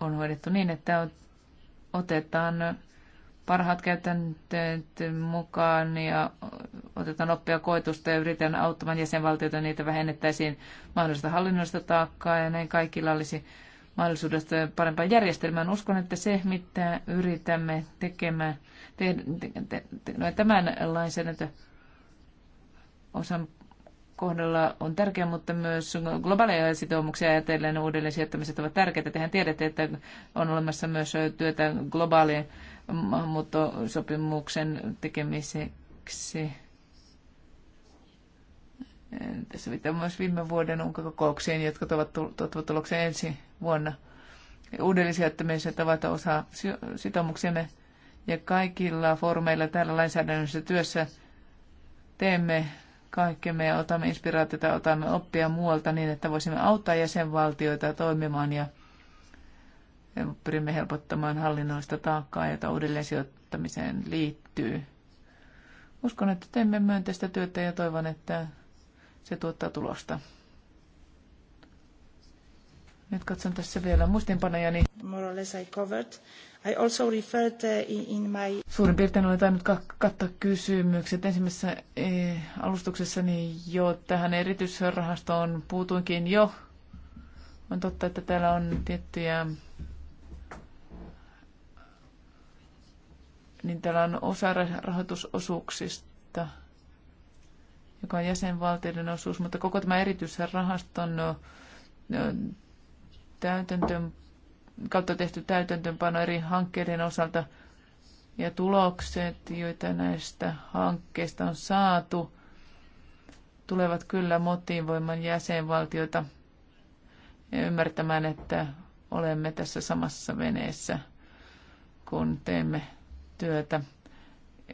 on hoidettu niin, että otetaan parhaat käytänteet mukaan ja otetaan oppia koetusta ja yritetään auttamaan jäsenvaltioita, niitä vähennettäisiin mahdollista hallinnollista taakkaa ja näin kaikilla olisi mahdollisuudesta parempaan järjestelmään. Uskon, että se, mitä yritämme tekemään te, te, te, te, no, tämän lainsäädäntö osan kohdalla on tärkeä, mutta myös globaaleja sitoumuksia ajatellen uudelleen sijoittamiset ovat tärkeitä. Tehän tiedätte, että on olemassa myös työtä globaalien maahanmuuttosopimuksen tekemiseksi. Tässä pitää myös viime vuoden unkakokouksiin, jotka tuottavat tuloksen ensi vuonna. Uudellisijoittamiset ovat osa sitoumuksemme ja kaikilla foorumeilla täällä lainsäädännössä työssä teemme kaikkemme ja otamme inspiraatiota, otamme oppia muualta niin, että voisimme auttaa jäsenvaltioita toimimaan ja pyrimme helpottamaan hallinnollista taakkaa, jota uudelleen sijoittamiseen liittyy. Uskon, että teemme myönteistä työtä ja toivon, että se tuottaa tulosta. Nyt katson tässä vielä muistinpanojani. Eh, Suurin piirtein olen tainnut kattaa kysymykset. Ensimmäisessä eh, alustuksessani jo tähän erityisrahastoon puutuinkin jo. On totta, että täällä on tiettyjä niin täällä on osa rahoitusosuuksista, joka on jäsenvaltioiden osuus, mutta koko tämä erityisen rahaston täytäntöön, kautta tehty täytäntöönpano eri hankkeiden osalta ja tulokset, joita näistä hankkeista on saatu, tulevat kyllä motivoimaan jäsenvaltioita ja ymmärtämään, että olemme tässä samassa veneessä, kun teemme työtä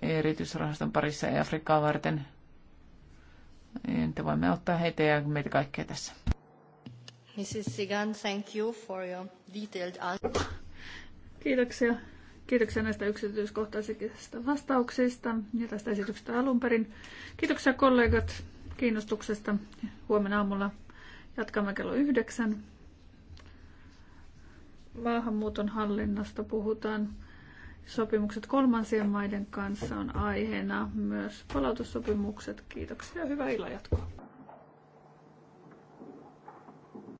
erityisrahaston parissa ja Afrikkaa varten. Entä voimme auttaa heitä ja meitä kaikkea tässä. Mrs. Sigan, thank you for your detailed answer. Kiitoksia. Kiitoksia näistä yksityiskohtaisista vastauksista ja tästä esityksestä alun perin. Kiitoksia kollegat kiinnostuksesta. Huomenna aamulla jatkamme kello yhdeksän. Maahanmuuton hallinnasta puhutaan. Sopimukset kolmansien maiden kanssa on aiheena myös palautussopimukset. Kiitoksia ja hyvää illanjatkoa.